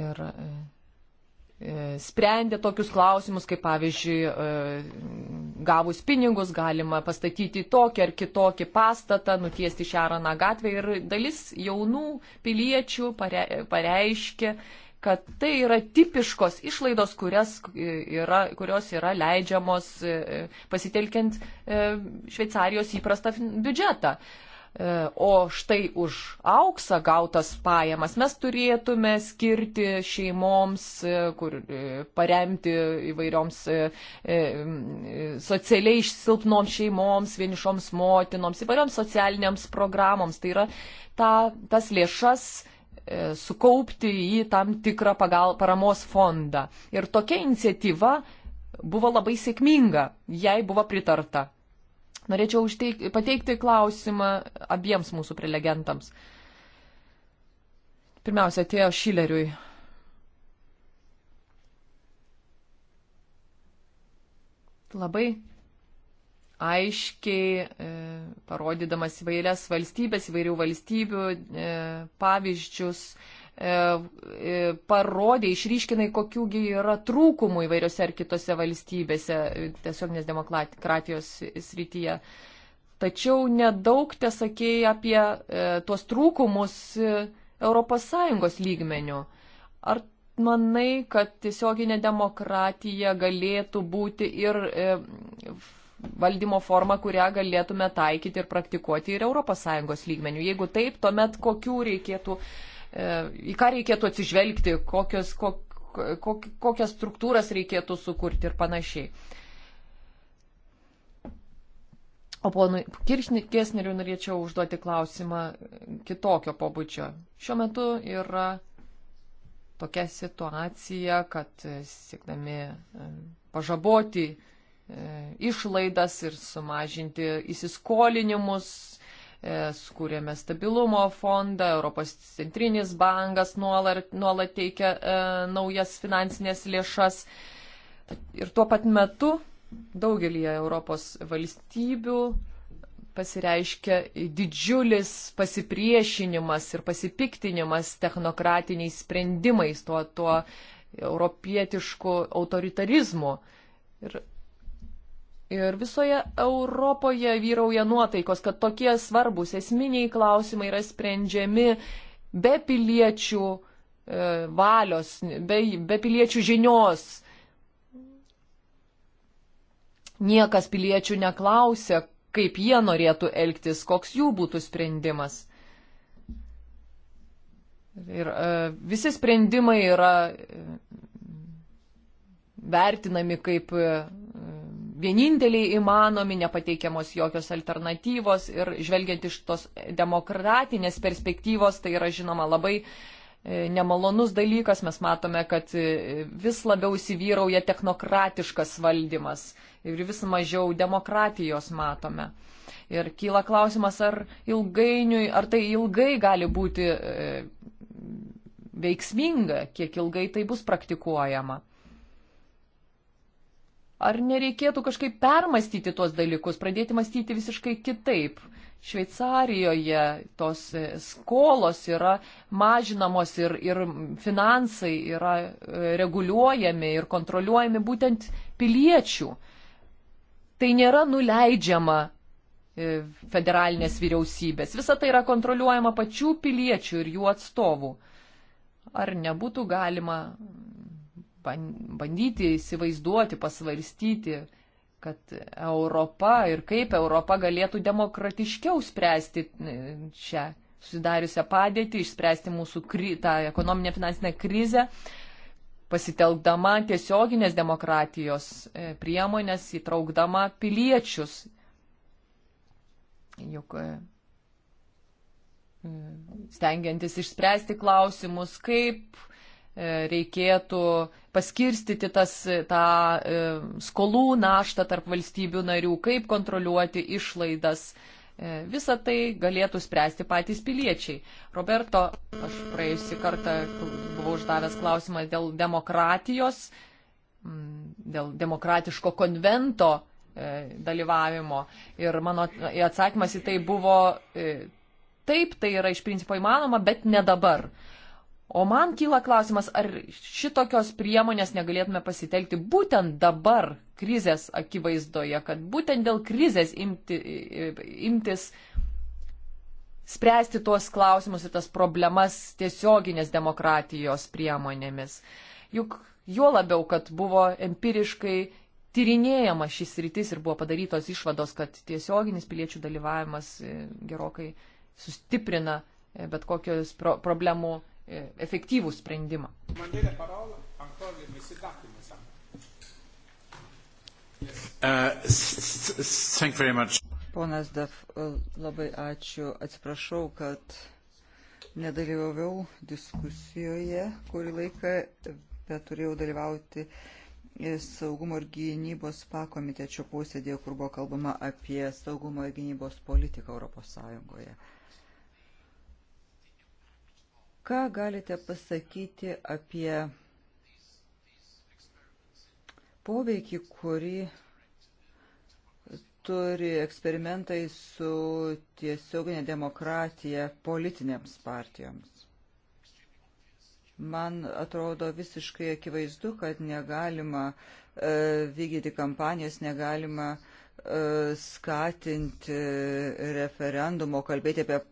ir e, sprendė tokius klausimus, kaip pavyzdžiui, e, gavus pinigus galima pastatyti tokį ar kitokį pastatą, nutiesti šią raną gatvę ir dalis jaunų piliečių pareiškė, kad tai yra tipiškos išlaidos, kurias yra, kurios yra leidžiamos e, pasitelkiant e, Šveicarijos įprastą biudžetą. E, o štai už auksą gautas pajamas mes turėtume skirti šeimoms, kur paremti įvairioms socialiai išsilpnoms šeimoms, vienišoms motinoms, įvairioms socialiniams programoms. Tai yra ta, tas lėšas E, sukaupti į tam tikrą pagal, paramos fondą. Ir tokia iniciatyva buvo labai sėkminga, jai buvo pritarta. Norėčiau užteik, pateikti klausimą abiems mūsų prelegentams. Pirmiausia, atėjo Šileriui. Labai aiškiai e, parodydamas įvairias valstybės, įvairių valstybių e, pavyzdžius, e, e parodė, išryškinai, kokiųgi yra trūkumų įvairiose ar kitose valstybėse e, tiesioginės demokratijos srityje. Tačiau nedaug te sakėjai apie e, tuos trūkumus ES lygmenių. Ar manai, kad tiesioginė demokratija galėtų būti ir e, valdymo formą, kurią galėtume taikyti ir praktikuoti ir ES lygmenių. Jeigu taip, tuomet kokių reikėtų, e, į ką reikėtų atsižvelgti, kokios, kok, kok, kokias struktūras reikėtų sukurti ir panašiai. O ponui Kiršneriu norėčiau užduoti klausimą kitokio pobūdžio. Šiuo metu yra tokia situacija, kad siekdami e, pažaboti E, išlaidas ir sumažinti įsiskolinimus, e, skūrėme stabilumo fondą, Europos centrinis bankas nuolat, nuolat teikia e, naujas finansinės lėšas. Ir tuo pat metu daugelį Europos valstybių pasireiškia didžiulis pasipriešinimas ir pasipiktinimas technokratiniais sprendimais, tuo, tuo europietišku autoritarizmu. Ir Ir visoje Europoje vyrauja nuotaikos, kad tokie svarbus esminiai klausimai yra sprendžiami be piliečių e, valios, be, be piliečių žinios. Niekas piliečių neklausia, kaip jie norėtų elgtis, koks jų būtų sprendimas. Ir e, visi sprendimai yra e, vertinami kaip e, vieninteliai įmanomi, nepateikiamos jokios alternatyvos ir žvelgiant iš tos demokratinės perspektyvos, tai yra žinoma labai e, nemalonus dalykas, mes matome, kad e, vis labiau įsivyrauja technokratiškas valdymas ir vis mažiau demokratijos matome. Ir kyla klausimas, ar ilgainiui, ar tai ilgai gali būti e, veiksminga, kiek ilgai tai bus praktikuojama. Ar nereikėtų kažkaip permastyti tuos dalykus, pradėti mąstyti visiškai kitaip? Šveicarijoje tos e, skolos yra mažinamos ir, ir finansai yra e, reguliuojami ir kontroliuojami būtent piliečių. Tai nėra nuleidžiama e, federalinės vyriausybės. Visa tai yra kontroliuojama pačių piliečių ir jų atstovų. Ar nebūtų galima bandyti įsivaizduoti, pasvarstyti, kad Europa ir kaip Europa galėtų demokratiškiau spręsti e, šią susidariusią padėtį, išspręsti mūsų kri, tą ekonominę finansinę krizę, pasitelkdama tiesioginės demokratijos e, priemonės, įtraukdama piliečius. Juk e, stengiantis išspręsti klausimus, kaip E, reikėtų paskirstyti tas, tą e, skolų naštą tarp valstybių narių, kaip kontroliuoti išlaidas. E, Visą tai galėtų spręsti patys piliečiai. Roberto, aš praėjusi kartą buvau uždavęs klausimą dėl demokratijos, dėl demokratiško konvento dalyvavimo. Ir mano atsakymas į tai buvo, taip, tai yra iš principo įmanoma, bet ne dabar. O man kyla klausimas, ar šitokios priemonės negalėtume pasitelkti būtent dabar, krizės akivaizdoje, kad būtent dėl krizės imti, imtis spręsti tuos klausimus ir tas problemas tiesioginės demokratijos priemonėmis. Juk juo labiau, kad buvo empiriškai tyrinėjama šis rytis ir buvo padarytos išvados, kad tiesioginis piliečių dalyvavimas e, gerokai sustiprina e, bet kokios pro problemų E, efektyvų sprendimą. Uh, Ponas Daf, uh, labai ačiū. Atsiprašau, kad nedalyvavau diskusijoje kurį laiką, bet turėjau dalyvauti e, saugumo ir gynybos pakomitečio posėdėje, kur buvo kalbama apie saugumo ir gynybos politiką Europos Sąjungoje. Ką galite pasakyti apie poveikį, kurį turi eksperimentai su tiesioginė demokratija politinėms partijoms. Man atrodo visiškai akivaizdu, kad negalima e, vykdyti kampanijas, negalima e, skatinti referendumo, kalbėti apie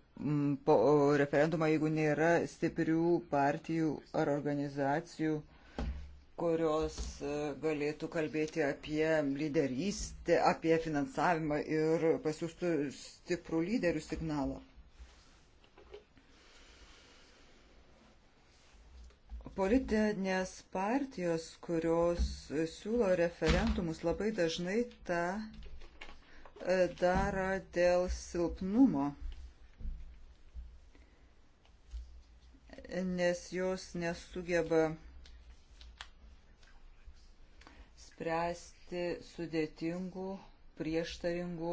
po referendumo, jeigu nėra stiprių partijų ar organizacijų, kurios e, galėtų kalbėti apie lyderystę, apie finansavimą ir pasiūstų stiprų lyderių signalą. Politinės partijos, kurios siūlo referendumus, labai dažnai tą e, daro dėl silpnumo nes jos nesugeba spręsti sudėtingų, prieštaringų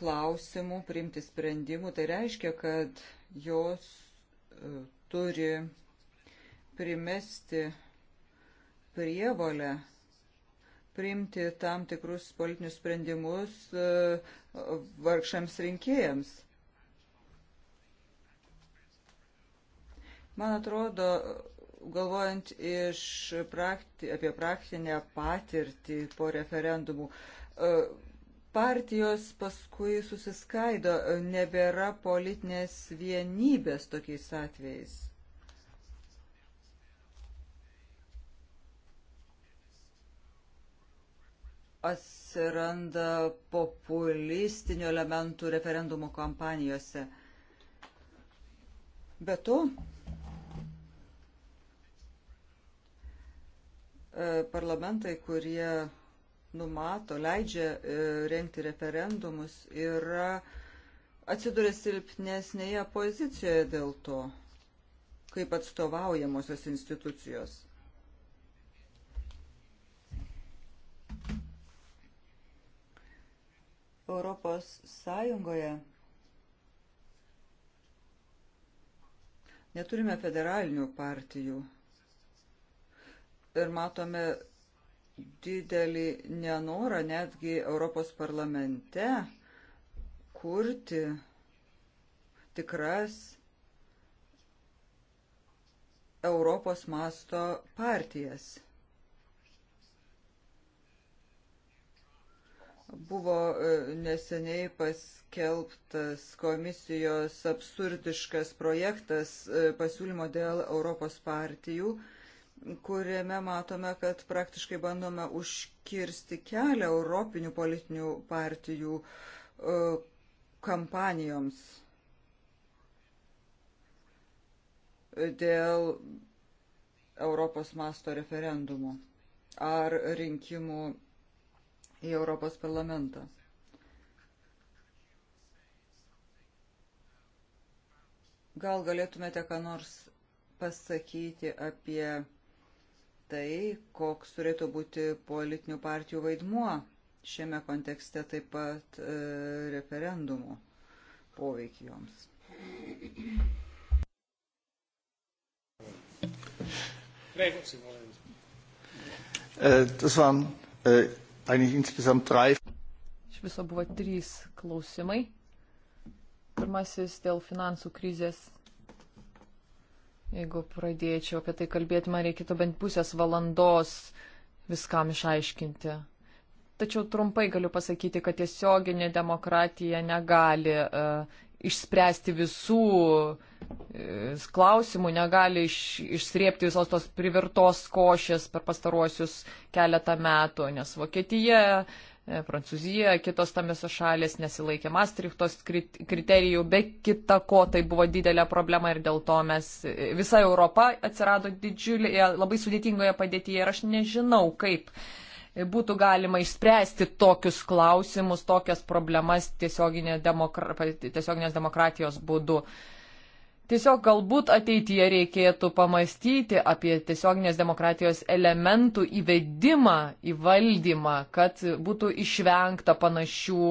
klausimų, priimti sprendimų. Tai reiškia, kad jos e, turi primesti prievolę priimti tam tikrus politinius sprendimus e, vargšams rinkėjams. Man atrodo, galvojant prakti, apie praktinę patirtį po referendumų, e, partijos paskui susiskaido, nebėra politinės vienybės tokiais atvejais. atsiranda populistinių elementų referendumo kampanijose. Be to, E, parlamentai, kurie numato, leidžia e, renkti referendumus, yra atsiduria silpnesnėje pozicijoje dėl to, kaip atstovaujamosios institucijos. Europos Sąjungoje neturime federalinių partijų ir matome didelį nenorą netgi Europos parlamente kurti tikras Europos masto partijas. Buvo e, neseniai paskelbtas komisijos absurdiškas projektas e, pasiūlymo dėl Europos partijų kuriame matome, kad praktiškai bandome užkirsti kelią europinių politinių partijų e, kampanijoms dėl Europos masto referendumų ar rinkimų į Europos parlamentą. Gal galėtumėte ką nors pasakyti apie tai, koks turėtų būti politinių partijų vaidmuo šiame kontekste taip pat e, referendumo poveikį joms. Äh, das waren äh, eigentlich insgesamt drei. Iš viso buvo trys klausimai. Pirmasis dėl finansų krizės Jeigu pradėčiau apie tai kalbėti, man reikėtų bent pusės valandos viskam išaiškinti. Tačiau trumpai galiu pasakyti, kad tiesioginė demokratija negali uh, išspręsti visų uh, klausimų, negali iš, išsriepti visos tos privirtos košės per pastaruosius keletą metų, nes Vokietija, E, Prancūzija, kitos tamėsios šalės nesilaikė Maastrichtos kriterijų, be kita ko tai buvo didelė problema ir dėl to mes, e, visa Europa atsirado didžiulėje, labai sudėtingoje padėtyje ir aš nežinau, kaip būtų galima išspręsti tokius klausimus, tokias problemas tiesioginės, demokra tiesioginės demokratijos būdu. Uh, Tiesiog galbūt ateityje reikėtų pamastyti apie tiesioginės demokratijos elementų įvedimą į valdymą, kad būtų išvengta panašių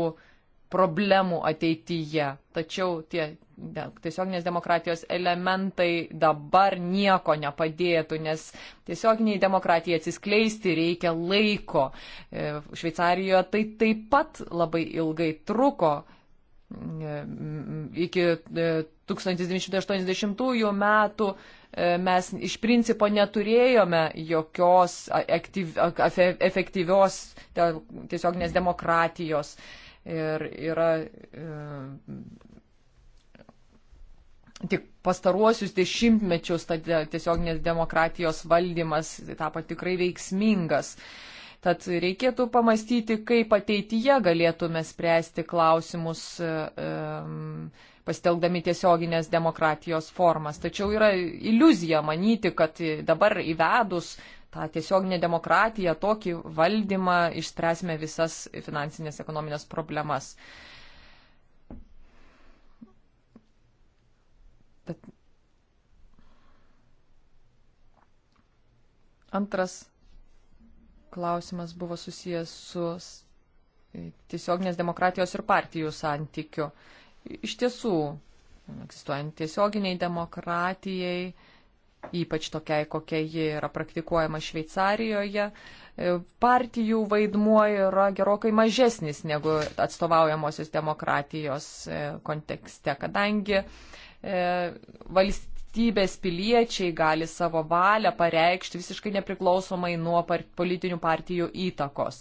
problemų ateityje. Tačiau tie ne, tiesioginės demokratijos elementai dabar nieko nepadėtų, nes tiesioginiai demokratijai atsiskleisti reikia laiko. E, Šveicarijoje tai taip pat labai ilgai truko e, iki e, 1980 metų e, mes iš principo neturėjome jokios aktyv, efektyvios tiesioginės demokratijos. Ir yra e, tik pastaruosius dešimtmečius ta tiesioginės demokratijos valdymas tapo tikrai veiksmingas. Tad reikėtų pamastyti, kaip ateityje galėtume spręsti klausimus. E, e, pasitelkdami tiesioginės demokratijos formas. Tačiau yra iliuzija manyti, kad dabar įvedus tą tiesioginę demokratiją, tokį valdymą išspręsime visas finansinės ekonominės problemas. Bet antras klausimas buvo susijęs su tiesioginės demokratijos ir partijų santykiu. Uh, Iš tiesų, egzistuojant tiesioginiai demokratijai, ypač tokiai, kokia ji yra praktikuojama Šveicarijoje, e, partijų vaidmuo yra gerokai mažesnis negu atstovaujamosios demokratijos e, kontekste, kadangi e, valstybės piliečiai gali savo valią pareikšti visiškai nepriklausomai nuo politinių partijų įtakos.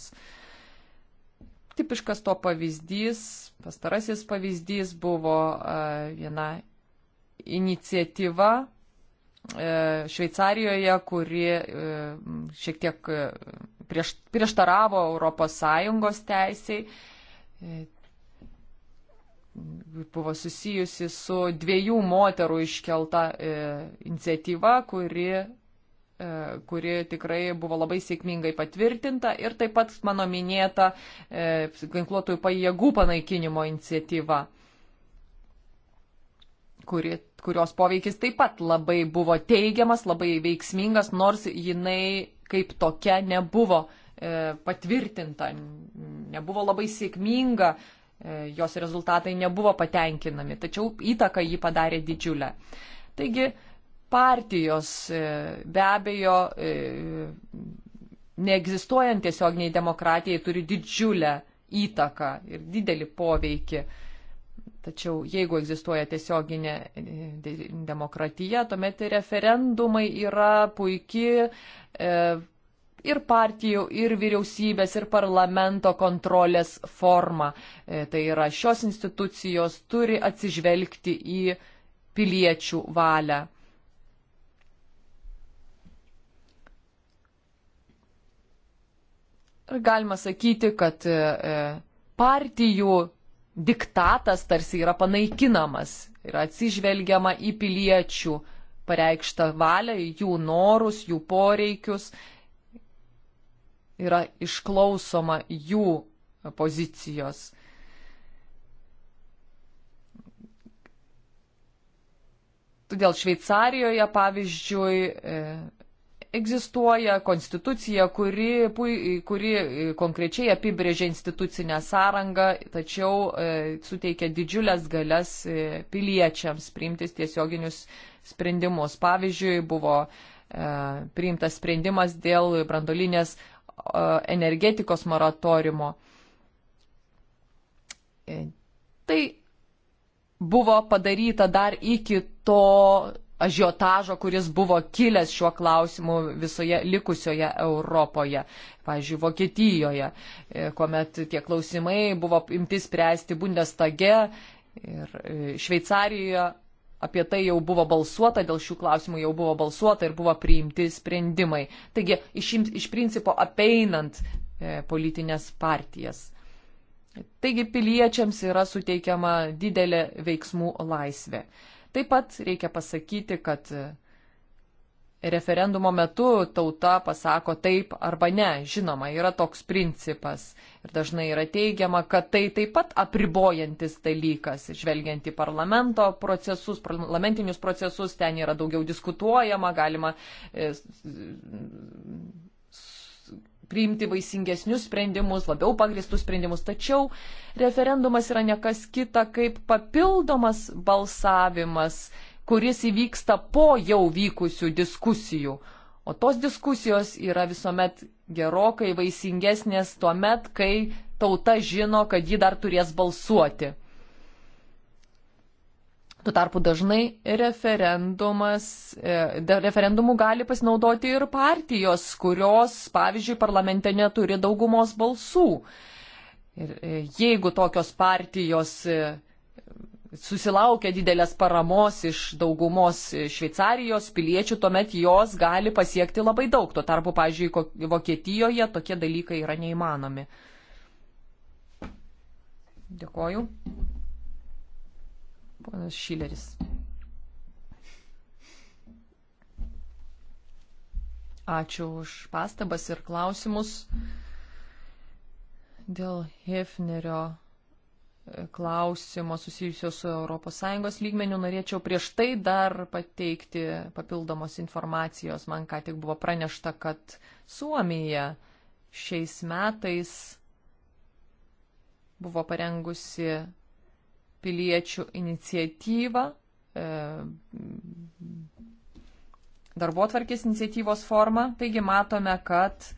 Tipiškas to pavyzdys, pastarasis pavyzdys buvo e, viena iniciatyva e, Šveicarijoje, kuri e, šiek tiek prieš, prieštaravo ES teisiai, buvo susijusi su dviejų moterų iškelta iniciatyva, kuri E, kuri tikrai buvo labai sėkmingai patvirtinta ir taip pat mano minėta e, ginkluotųjų pajėgų panaikinimo iniciatyva, kuri, kurios poveikis taip pat labai buvo teigiamas, labai veiksmingas, nors jinai kaip tokia nebuvo e, patvirtinta, nebuvo labai sėkminga, jos rezultatai nebuvo patenkinami, tačiau įtaka jį padarė didžiulę. Taigi, partijos e, be abejo e, neegzistuojant tiesioginiai demokratijai turi didžiulę įtaką ir didelį poveikį. Tačiau jeigu egzistuoja tiesioginė e, demokratija, tuomet referendumai yra puikiai ir partijų, ir vyriausybės, ir parlamento kontrolės forma. Tai yra šios institucijos turi atsižvelgti į piliečių valią. galima sakyti, kad e, e, partijų diktatas tarsi yra panaikinamas, yra atsižvelgiama į piliečių pareikštą valią, jų norus, jų poreikius, yra išklausoma jų pozicijos. Todėl Šveicarijoje, pavyzdžiui, e, Egzistuoja konstitucija, kuri, kuri e, konkrečiai apibrėžia institucinę sąrangą, tačiau e, suteikia didžiulės galias e, piliečiams priimtis tiesioginius sprendimus. Pavyzdžiui, buvo e, priimtas sprendimas dėl brandolinės e, energetikos moratorimo. E, tai buvo padaryta dar iki to ažiotažo, kuris buvo kilęs šiuo klausimu visoje likusioje Europoje, pavyzdžiui, Vokietijoje, e, kuomet tie klausimai buvo imti spręsti Bundestage ir e, Šveicarijoje. Apie tai jau buvo balsuota, dėl šių klausimų jau buvo balsuota ir buvo priimti sprendimai. Taigi, iš, iš principo apeinant e, politinės partijas. Taigi piliečiams yra suteikiama didelė veiksmų laisvė. Taip pat reikia pasakyti, kad e, referendumo metu tauta pasako taip arba ne. Žinoma, yra toks principas. Ir dažnai yra teigiama, kad tai taip pat apribojantis dalykas, žvelgiant į parlamento procesus, parlamentinius procesus, ten yra daugiau diskutuojama, galima e, priimti vaisingesnius sprendimus, labiau pagristus sprendimus. Tačiau referendumas yra nekas kita kaip papildomas balsavimas, kuris įvyksta po jau vykusių diskusijų. O tos diskusijos yra visuomet gerokai vaisingesnės tuo met, kai tauta žino, kad ji dar turės balsuoti. Tuo tarpu dažnai referendumas, e, referendumų gali pasinaudoti ir partijos, kurios, pavyzdžiui, parlamente neturi daugumos balsų. Ir e, jeigu tokios partijos e, susilaukia didelės paramos iš daugumos Šveicarijos piliečių, tuomet jos gali pasiekti labai daug. Tuo tarpu, pavyzdžiui, Vokietijoje tokie dalykai yra neįmanomi. Dėkoju. Ponas Šileris. Ačiū už pastabas ir klausimus dėl Hefnerio e, klausimo susijusio su ES lygmeniu norėčiau prieš tai dar pateikti papildomos informacijos. Man ką tik buvo pranešta, kad Suomija šiais metais buvo parengusi piliečių iniciatyvą, e, darbotvarkės iniciatyvos formą. Taigi matome, kad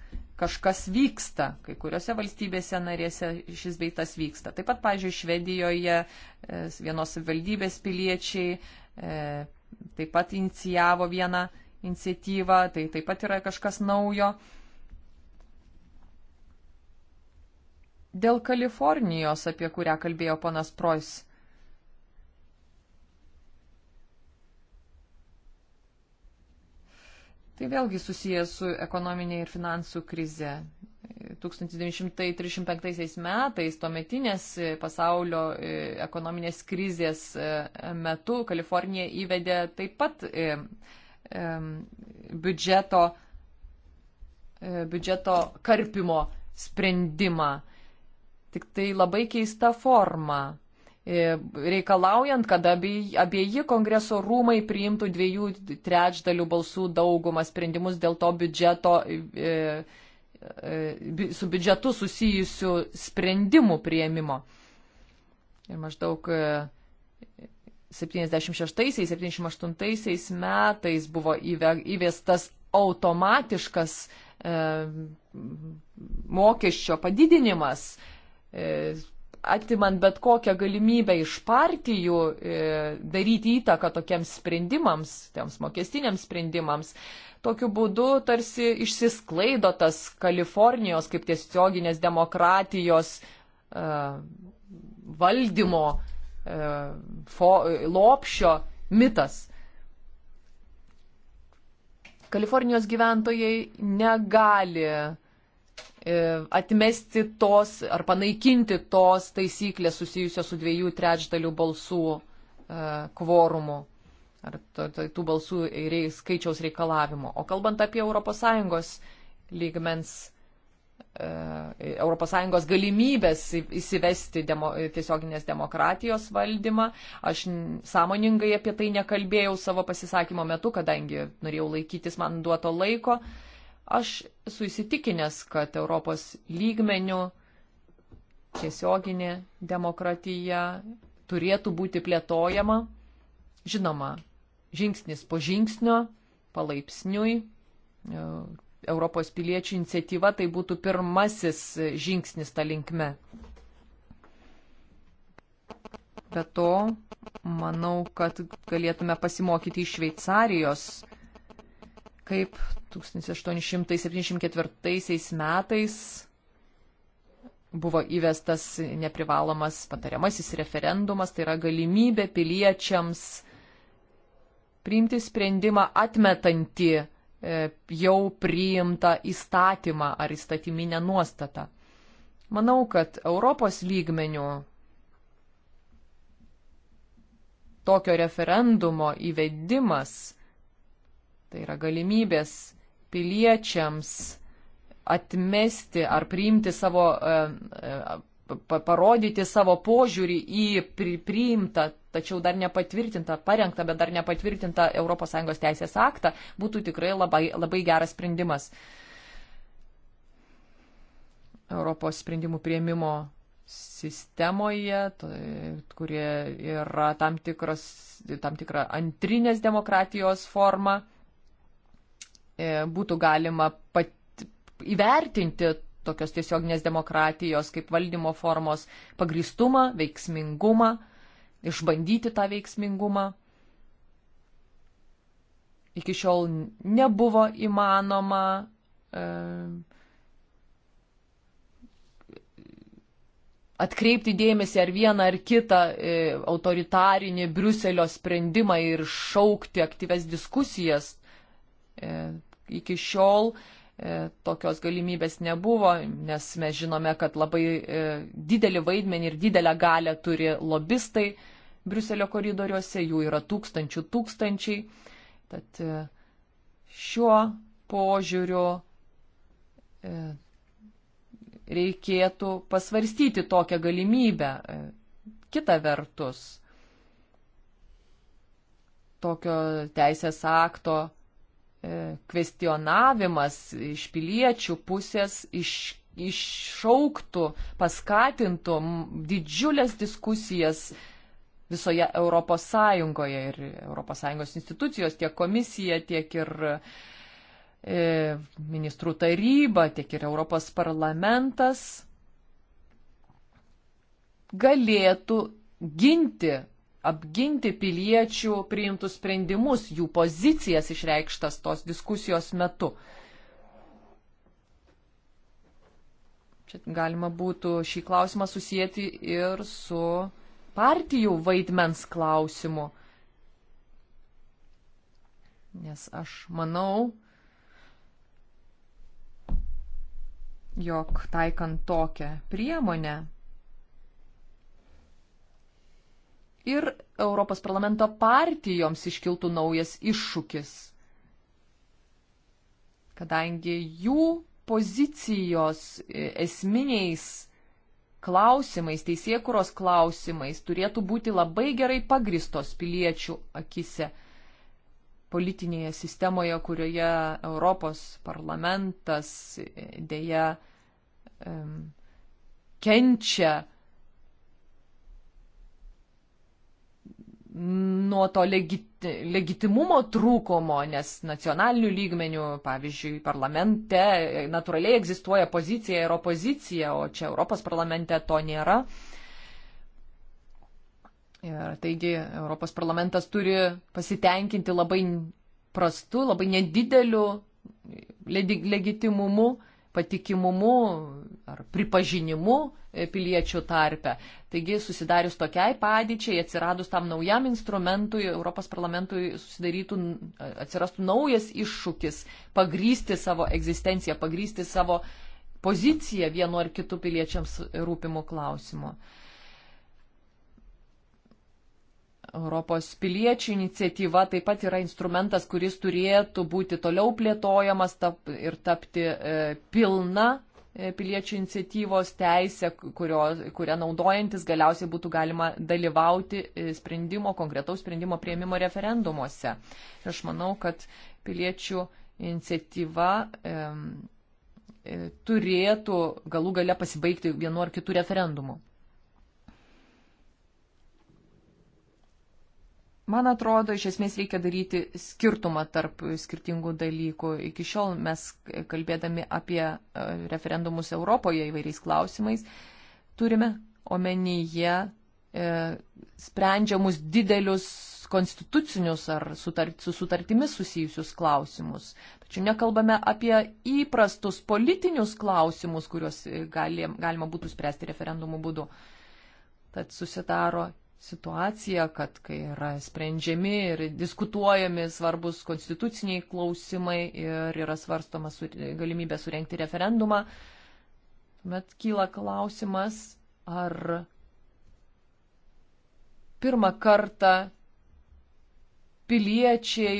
kažkas vyksta, kai kuriuose valstybėse narėse šis beitas vyksta. Taip pat, pažiūrėjau, Švedijoje e, vienos valdybės piliečiai e, taip pat inicijavo vieną iniciatyvą, tai taip pat yra kažkas naujo. Dėl Kalifornijos, apie kurią kalbėjo panas Prois, Tai vėlgi susijęs su ekonominė ir finansų krize. 1935 metais tuometinės e, pasaulio e, ekonominės krizės e, metu Kalifornija įvedė taip pat biudžeto, biudžeto karpimo sprendimą. Tik tai labai keista forma E, reikalaujant, kad abieji kongreso rūmai priimtų dviejų trečdalių balsų daugumą sprendimus dėl to biudžeto, e, e, su biudžetu susijusių sprendimų prieimimo. Ir maždaug 76-78 metais buvo įvestas automatiškas mokesčio padidinimas atimant bet kokią galimybę iš partijų e, daryti įtaką tokiems sprendimams, tiems mokestiniams sprendimams, tokiu būdu tarsi išsisklaido tas Kalifornijos kaip tiesioginės demokratijos e, valdymo e, lopšio mitas. Kalifornijos gyventojai negali E, atmesti tos ar panaikinti tos taisyklės susijusios su dviejų trečdalių balsų e, kvorumu ar tų balsų skaičiaus reikalavimo. O kalbant apie ES lygmens, ES galimybės įsivesti demo, tiesioginės demokratijos valdymą, aš sąmoningai apie tai nekalbėjau savo pasisakymo metu, kadangi norėjau laikytis man duoto laiko. Uh, Aš esu įsitikinęs, kad Europos lygmenių tiesioginė demokratija turėtų būti plėtojama, žinoma, žingsnis po žingsnio, palaipsniui. E, Europos piliečių iniciatyva tai būtų pirmasis žingsnis tą linkme. Be to, manau, kad galėtume pasimokyti iš Šveicarijos, kaip 1874 metais buvo įvestas neprivalomas patariamasis referendumas, tai yra galimybė piliečiams priimti sprendimą atmetantį e, jau priimtą įstatymą ar įstatyminę nuostatą. Manau, kad Europos lygmenių tokio referendumo įvedimas, tai yra galimybės piliečiams atmesti ar priimti savo, e, e, parodyti savo požiūrį į priimtą, tačiau dar nepatvirtintą, parengtą, bet dar nepatvirtintą ES teisės aktą, būtų tikrai labai, labai geras sprendimas. Europos sprendimų prieimimo sistemoje, tai, kurie yra tam, tikras, tam tikra antrinės demokratijos forma. E, būtų galima pat, įvertinti tokios tiesioginės demokratijos kaip valdymo formos pagristumą, veiksmingumą, išbandyti tą veiksmingumą. Iki šiol nebuvo įmanoma e, atkreipti dėmesį ar vieną ar kitą e, autoritarinį Briuselio sprendimą ir šaukti aktyves diskusijas e, iki šiol e, tokios galimybės nebuvo, nes mes žinome, kad labai e, didelį vaidmenį ir didelę galę turi lobistai Briuselio koridoriuose, jų yra tūkstančių tūkstančiai. Tad e, šiuo požiūriu reikėtų pasvarstyti tokią galimybę. Kita vertus, tokio teisės akto E, kvestionavimas iš piliečių pusės iš, iššauktų, paskatintų didžiulės diskusijas visoje Europos Sąjungoje ir Europos Sąjungos institucijos, tiek komisija, tiek ir e, ministrų taryba, tiek ir Europos parlamentas galėtų ginti apginti piliečių priimtus sprendimus, jų pozicijas išreikštas tos diskusijos metu. Čia galima būtų šį klausimą susijęti ir su partijų vaidmens klausimu. Nes aš manau, jog taikant tokią priemonę ir Europos parlamento partijoms iškiltų naujas iššūkis, kadangi jų pozicijos e, esminiais klausimais, teisėkuros klausimais turėtų būti labai gerai pagristos piliečių akise politinėje sistemoje, kurioje Europos parlamentas e, dėja um, kenčia nuo to legiti, legitimumo trūkumo, nes nacionalinių lygmenių, pavyzdžiui, parlamente e, natūraliai egzistuoja pozicija ir opozicija, o čia Europos parlamente to nėra. Ir taigi Europos parlamentas turi pasitenkinti labai prastu, labai nedideliu legitimumu patikimumu ar pripažinimu e, piliečių tarpe. Taigi susidarius tokiai padėčiai, atsiradus tam naujam instrumentui, Europos parlamentui susidarytų, e, atsirastų naujas iššūkis pagrysti savo egzistenciją, pagrysti savo poziciją vienu ar kitu piliečiams rūpimu klausimu. Uh, Europos piliečių iniciatyva taip pat yra instrumentas, kuris turėtų būti toliau plėtojamas tap, ir tapti e, pilna e, piliečių iniciatyvos teisė, kurio, kurią naudojantis galiausiai būtų galima dalyvauti e, sprendimo, konkretaus sprendimo prieimimo referendumuose. Ir aš manau, kad piliečių iniciatyva. E, turėtų galų gale pasibaigti vienu ar kitu referendumu. Man atrodo, iš esmės reikia daryti skirtumą tarp skirtingų dalykų. Iki šiol mes, kalbėdami apie e, referendumus Europoje įvairiais klausimais, turime omenyje e, sprendžiamus didelius konstitucinius ar sutart, su sutartimis susijusius klausimus. Tačiau nekalbame apie įprastus politinius klausimus, kuriuos e, gali, galima būtų spręsti referendumų būdu. Tad susitaro situacija, kad kai yra sprendžiami ir diskutuojami svarbus konstituciniai klausimai ir yra svarstoma su, galimybė surenkti referendumą, tuomet kyla klausimas, ar pirmą kartą piliečiai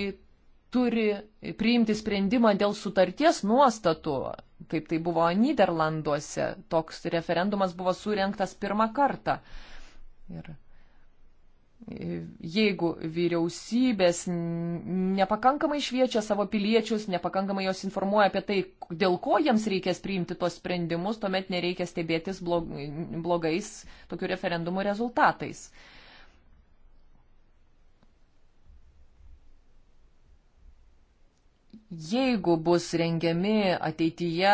turi priimti sprendimą dėl sutarties nuostatų, kaip tai buvo Niderlanduose. Toks referendumas buvo surinktas pirmą kartą. Ir jeigu vyriausybės nepakankamai šviečia savo piliečius, nepakankamai jos informuoja apie tai, dėl ko jiems reikės priimti tos sprendimus, tuomet nereikia stebėtis blogais tokių referendumų rezultatais. jeigu bus rengiami ateityje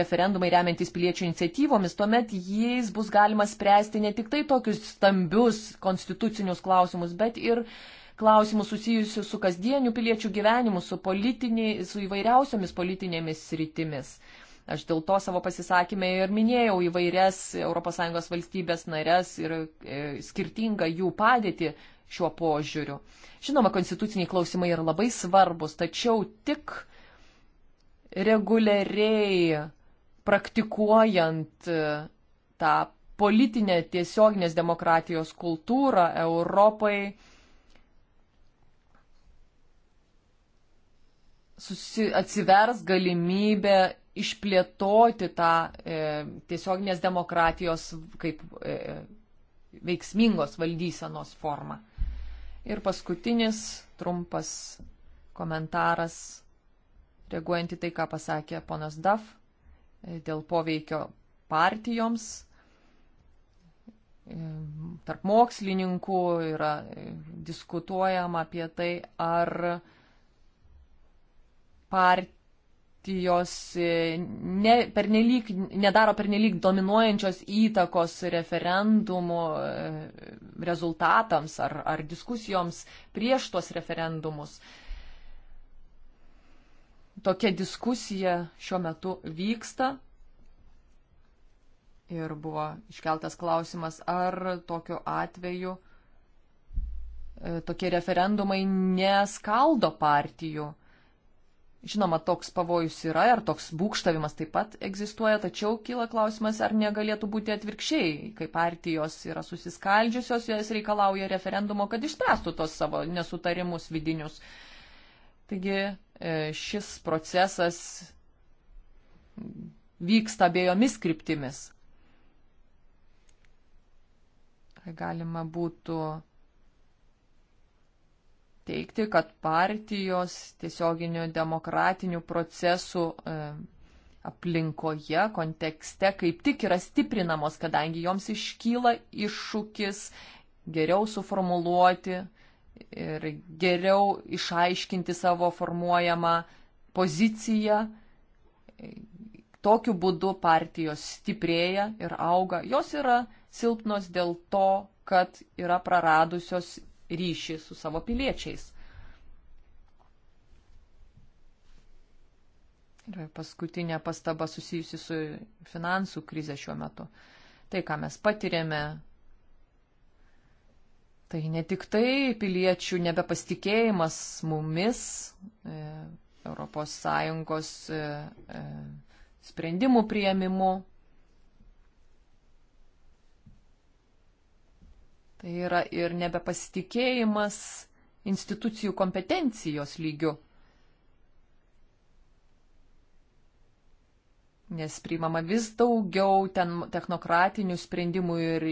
referendumai remiantis piliečių iniciatyvomis, tuomet jais bus galima spręsti ne tik tai tokius stambius konstitucinius klausimus, bet ir klausimus susijusius su kasdieniu piliečių gyvenimu, su, su įvairiausiomis politinėmis sritimis. Aš dėl to savo pasisakymę ir minėjau įvairias ES valstybės narės ir e, skirtingą jų padėtį šiuo požiūriu. Žinoma, konstituciniai klausimai yra labai svarbus, tačiau tik reguliariai praktikuojant e, tą politinę tiesioginės demokratijos kultūrą Europai susi, atsivers galimybę išplėtoti tą e, tiesioginės demokratijos kaip e, veiksmingos valdysenos formą. Ir paskutinis trumpas komentaras, reaguojant į tai, ką pasakė ponas Daf e, dėl poveikio partijoms. E, tarp mokslininkų yra e, diskutuojama apie tai, ar partijos partijos e, ne, pernelyg, nedaro pernelyg dominuojančios įtakos referendumų e, rezultatams ar, ar diskusijoms prieš tuos referendumus. Tokia diskusija šiuo metu vyksta ir buvo iškeltas klausimas, ar tokiu atveju e, tokie referendumai neskaldo partijų Žinoma, toks pavojus yra ir toks būkštavimas taip pat egzistuoja, tačiau kyla klausimas, ar negalėtų būti atvirkščiai, kai partijos yra susiskaldžiusios, jas reikalauja referendumo, kad išspręstų tos savo nesutarimus vidinius. Taigi e, šis procesas vyksta abiejomis kryptimis. Galima būtų teikti, kad partijos tiesioginių demokratinių procesų e, aplinkoje, kontekste kaip tik yra stiprinamos, kadangi joms iškyla iššūkis geriau suformuluoti ir geriau išaiškinti savo formuojamą poziciją. Tokiu būdu partijos stiprėja ir auga. Jos yra silpnos dėl to, kad yra praradusios ryšį su savo piliečiais. Ir paskutinė pastaba susijusi su finansų krize šiuo metu. Tai, ką mes patiriame, tai ne tik tai piliečių nebepasitikėjimas mumis, ES e, e, sprendimų prieimimu, Tai yra ir nebepasitikėjimas institucijų kompetencijos lygiu. Nes priimama vis daugiau ten technokratinių sprendimų ir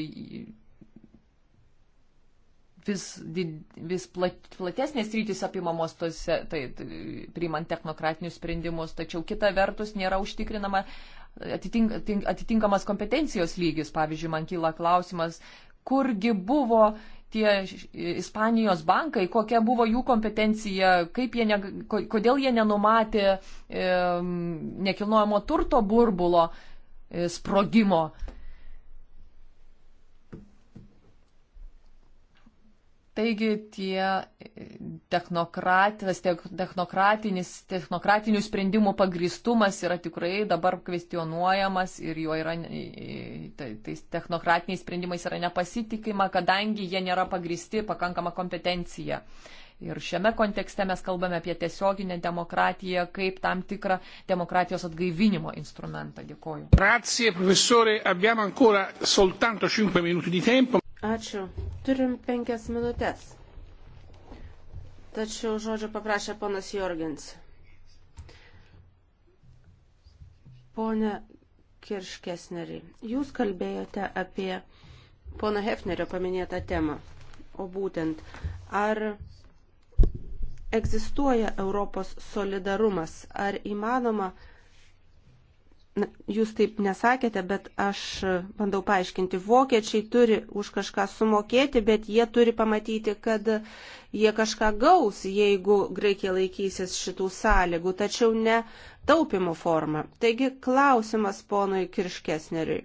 vis, did, vis plat, platesnės rytis apimamos tose, tai, tai priimant technokratinius sprendimus, tačiau kita vertus nėra užtikrinama atitink, atitinkamas kompetencijos lygis. Pavyzdžiui, man kyla klausimas, kurgi buvo tie Ispanijos bankai, kokia buvo jų kompetencija, jie ne, kodėl jie nenumatė e, nekilnojamo turto burbulo e, sprogimo. E, Taigi tie e, technokratinis, technokratinių sprendimų pagristumas yra tikrai dabar kvestionuojamas ir jo yra, e, e, tai, tais technokratiniais sprendimais yra nepasitikima, kadangi jie nėra pagristi pakankama kompetencija. Ir šiame kontekste mes kalbame apie tiesioginę demokratiją kaip tam tikrą demokratijos atgaivinimo instrumentą. Dėkoju. Grazie, profesore. Abbiamo ancora soltanto 5 minuti di tempo. Ačiū. Turim penkias minutės. Tačiau žodžio paprašė ponas Jorgens. Pone Kirškesneri, jūs kalbėjote apie pono Hefnerio paminėtą temą. O būtent, ar egzistuoja Europos solidarumas, ar įmanoma Na, jūs taip nesakėte, bet aš bandau paaiškinti. Vokiečiai turi už kažką sumokėti, bet jie turi pamatyti, kad jie kažką gaus, jeigu Graikija laikysis šitų sąlygų, tačiau ne taupimo formą. Taigi klausimas ponui Kirškesneriui.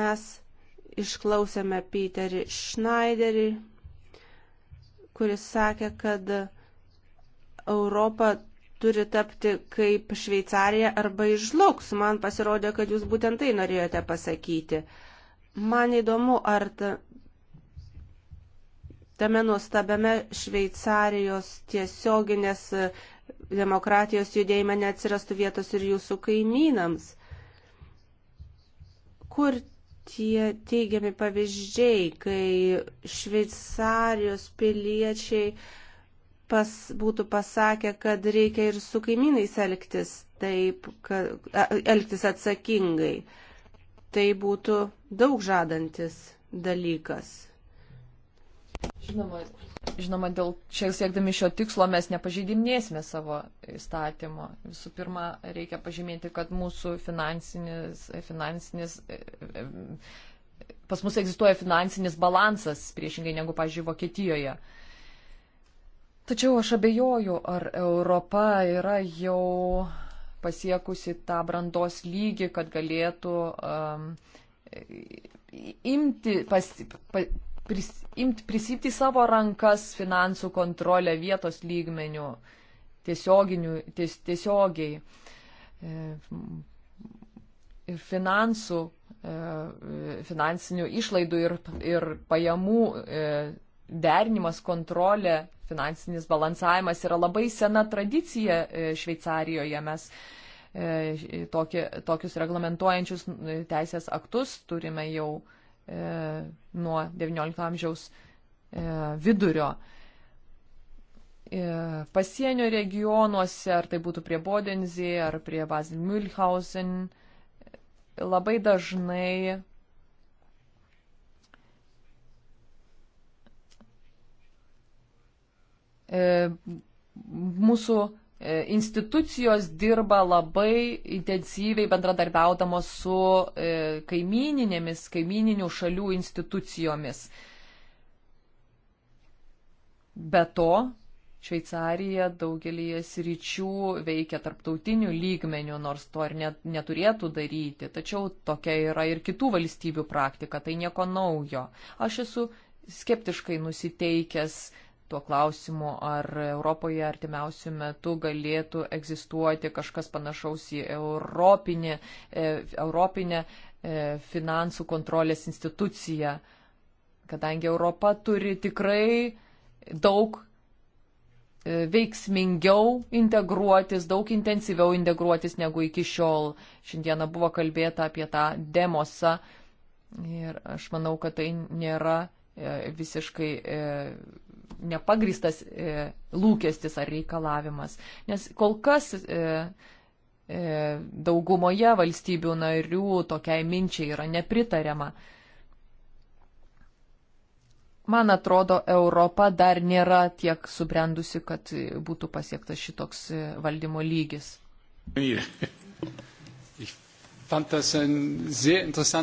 Mes išklausėme Peterį Schneiderį, kuris sakė, kad Europa turi tapti kaip Šveicarija arba išlauks. Man pasirodė, kad jūs būtent tai norėjote pasakyti. Man įdomu, ar ta, tame nuostabiame Šveicarijos tiesioginės demokratijos judėjime neatsirastų vietos ir jūsų kaimynams. Kur tie teigiami pavyzdžiai, kai Šveicarijos piliečiai uh, pas, būtų pasakę, kad reikia ir su kaimynais elgtis taip, kad, elgtis atsakingai. Tai būtų daug žadantis dalykas. Žinoma, žinoma dėl čia siekdami šio tikslo mes nepažydimnėsime savo įstatymo. Visų pirma, reikia pažymėti, kad mūsų finansinis, finansinis e, e, e, pas mus egzistuoja finansinis balansas priešingai negu, pažiūrėjau, Vokietijoje. Uh, Tačiau aš abejoju, ar Europa yra jau pasiekusi tą brandos lygį, kad galėtų um, imti, pas, pa, pris, imti, prisimti savo rankas finansų kontrolę vietos lygmenių ties, tiesiogiai. E, ir finansų, e, finansinių išlaidų ir, ir pajamų e, derinimas kontrolė finansinis balansavimas yra labai sena tradicija e, Šveicarijoje. Mes e, tokį, tokius reglamentuojančius e, teisės aktus turime jau nuo XIX amžiaus vidurio pasienio regionuose, ar tai būtų prie Bodenzė, ar prie Basel Mühlhausen, labai dažnai E, mūsų e, institucijos dirba labai intensyviai bendradarbiaudamos su e, kaimininėmis, kaimininių šalių institucijomis. Be to, Šveicarija daugelį sričių veikia tarptautinių lygmenių, nors to ir net, neturėtų daryti. Tačiau tokia yra ir kitų valstybių praktika, tai nieko naujo. Aš esu skeptiškai nusiteikęs tuo klausimu, ar Europoje artimiausių metų galėtų egzistuoti kažkas panašaus į Europinį, e, Europinę e, finansų kontrolės instituciją, kadangi Europa turi tikrai daug e, veiksmingiau integruotis, daug intensyviau integruotis negu iki šiol. Šiandieną buvo kalbėta apie tą demosą ir aš manau, kad tai nėra e, visiškai e, nepagristas e, lūkestis ar reikalavimas. Nes kol kas e, e, daugumoje valstybių narių tokiai minčiai yra nepritariama. Man atrodo, Europa dar nėra tiek subrendusi, kad būtų pasiektas šitoks e, valdymo lygis. Vicepirmininkas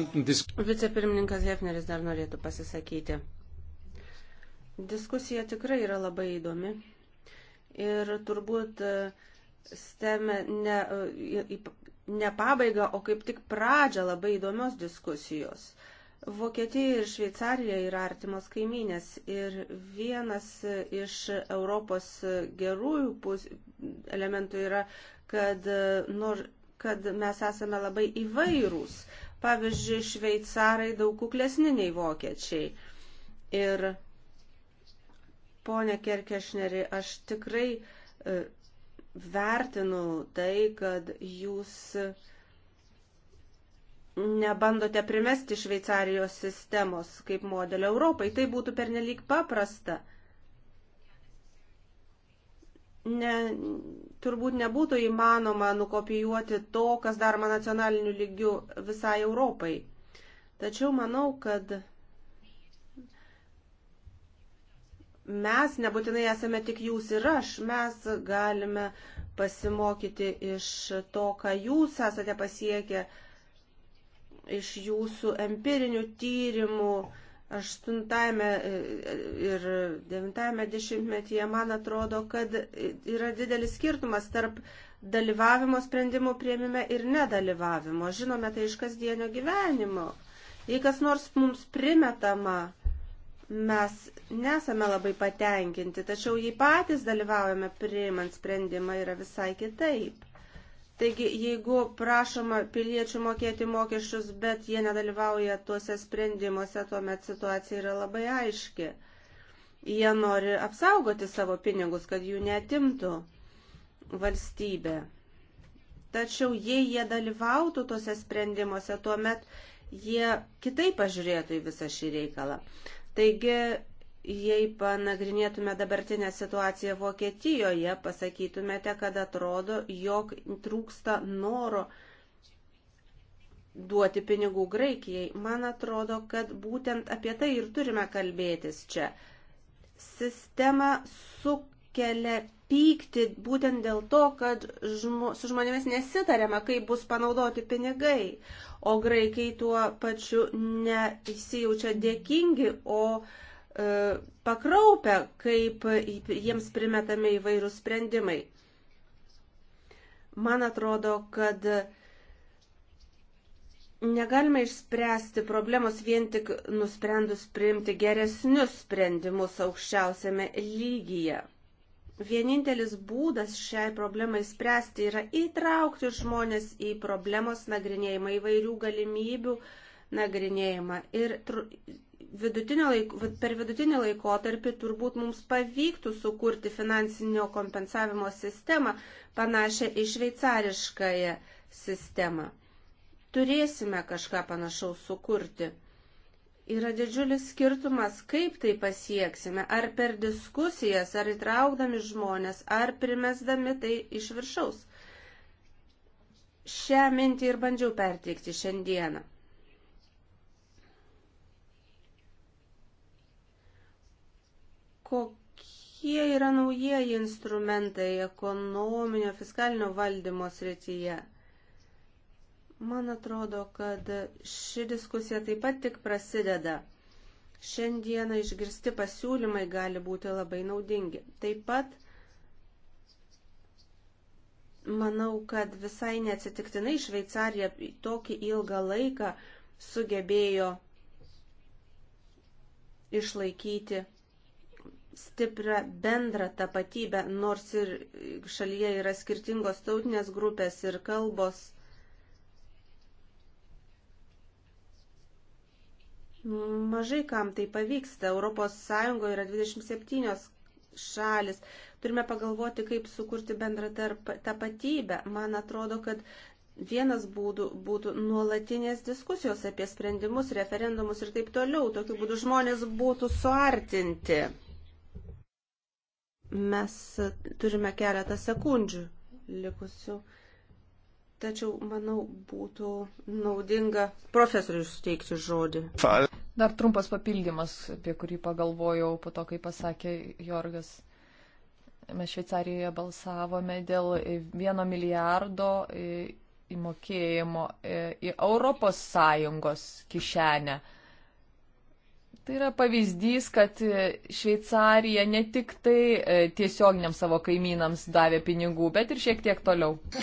Hefneris dar norėtų pasisakyti. Diskusija tikrai yra labai įdomi ir turbūt e, stemme ne, e, ne pabaigą, o kaip tik pradžią labai įdomios diskusijos. Vokietija ir Šveicarija yra artimos kaiminės ir vienas iš Europos gerųjų pus, elementų yra, kad, e, nor, kad mes esame labai įvairūs. Pavyzdžiui, šveicarai daug kuklesni nei vokiečiai. Ir Pone Kerkešneri, aš tikrai e, vertinu tai, kad jūs nebandote primesti Šveicarijos sistemos kaip modelio Europai. Tai būtų pernelyg paprasta. Ne, turbūt nebūtų įmanoma nukopijuoti to, kas daroma nacionaliniu lygiu visai Europai. Tačiau manau, kad mes nebūtinai esame tik jūs ir aš, mes galime pasimokyti iš to, ką jūs esate pasiekę, iš jūsų empirinių tyrimų. Aštuntame e, ir devintame dešimtmetyje, man atrodo, kad yra didelis skirtumas tarp dalyvavimo sprendimų prieimime ir nedalyvavimo. Žinome tai iš kasdienio gyvenimo. Jei kas nors mums primetama, mes nesame labai patenkinti, tačiau jei patys dalyvaujame priimant sprendimą yra visai kitaip. Taigi, jeigu prašoma piliečių mokėti mokesčius, bet jie nedalyvauja tuose sprendimuose, tuomet situacija yra labai aiški. Jie nori apsaugoti savo pinigus, kad jų netimtų valstybė. Tačiau, jei jie dalyvautų tuose sprendimuose, tuomet jie kitaip pažiūrėtų į visą šį reikalą. Taigi, jei panagrinėtume dabartinę situaciją Vokietijoje, pasakytumėte, kad atrodo, jog trūksta noro duoti pinigų Graikijai. Man atrodo, kad būtent apie tai ir turime kalbėtis čia. Sistema su kelia pykti būtent dėl to, kad žmo, su žmonėmis nesitarėme, kaip bus panaudoti pinigai, o graikai tuo pačiu neįsijaučia dėkingi, o e, pakraupia, kaip jiems primetami įvairūs sprendimai. Man atrodo, kad negalime išspręsti problemos vien tik nusprendus priimti geresnius sprendimus aukščiausiame lygyje vienintelis būdas šiai problemai spręsti yra įtraukti žmonės į problemos nagrinėjimą, įvairių galimybių nagrinėjimą. Ir vidutinio laiko, per vidutinį laikotarpį turbūt mums pavyktų sukurti finansinio kompensavimo sistemą panašią į šveicariškąją sistemą. Turėsime kažką panašaus sukurti. Yra didžiulis skirtumas, kaip tai pasieksime, ar per diskusijas, ar įtraukdami žmonės, ar primesdami tai iš viršaus. Šią mintį ir bandžiau perteikti šiandieną. Kokie yra naujieji instrumentai ekonominio fiskalinio valdymo srityje? Man atrodo, kad ši diskusija taip pat tik prasideda. Šiandieną išgirsti pasiūlymai gali būti labai naudingi. Taip pat manau, kad visai neatsitiktinai Šveicarija tokį ilgą laiką sugebėjo išlaikyti stiprią bendrą tapatybę, nors ir šalyje yra skirtingos tautinės grupės ir kalbos Mažai kam tai pavyksta. Europos Sąjungoje yra 27 šalis. Turime pagalvoti, kaip sukurti bendrą tapatybę. Man atrodo, kad vienas būdų būtų nuolatinės diskusijos apie sprendimus, referendumus ir taip toliau. Tokiu būdu žmonės būtų suartinti. Mes turime keletą sekundžių likusių tačiau, manau, būtų naudinga profesoriui suteikti žodį. Dar trumpas papildymas, apie kurį pagalvojau po to, kai pasakė Jorgas. Mes Šveicarijoje balsavome dėl vieno milijardo e, įmokėjimo e, į Europos Sąjungos kišenę. Tai yra pavyzdys, kad Šveicarija ne tik tai e, tiesioginiam savo kaimynams davė pinigų, bet ir šiek tiek toliau.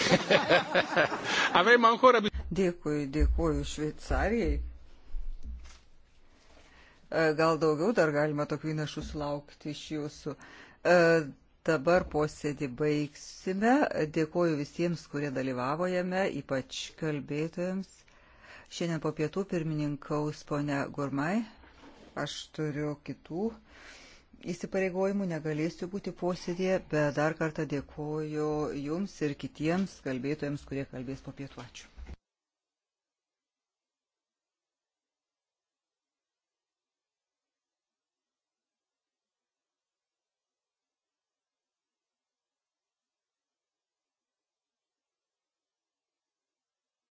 Dėkui, dėkuoju Šveicarijai. E, gal daugiau dar galima tokių įnašų sulaukti iš jūsų. E, dabar posėdį baigsime. Dėkuoju visiems, kurie dalyvavo jame, ypač kalbėtojams. Šiandien po pietų pirmininkaus ponia Gurmai. Aš turiu kitų įsipareigojimų, negalėsiu būti posėdėje, bet dar kartą dėkoju Jums ir kitiems kalbėtojams, kurie kalbės po pietuočių.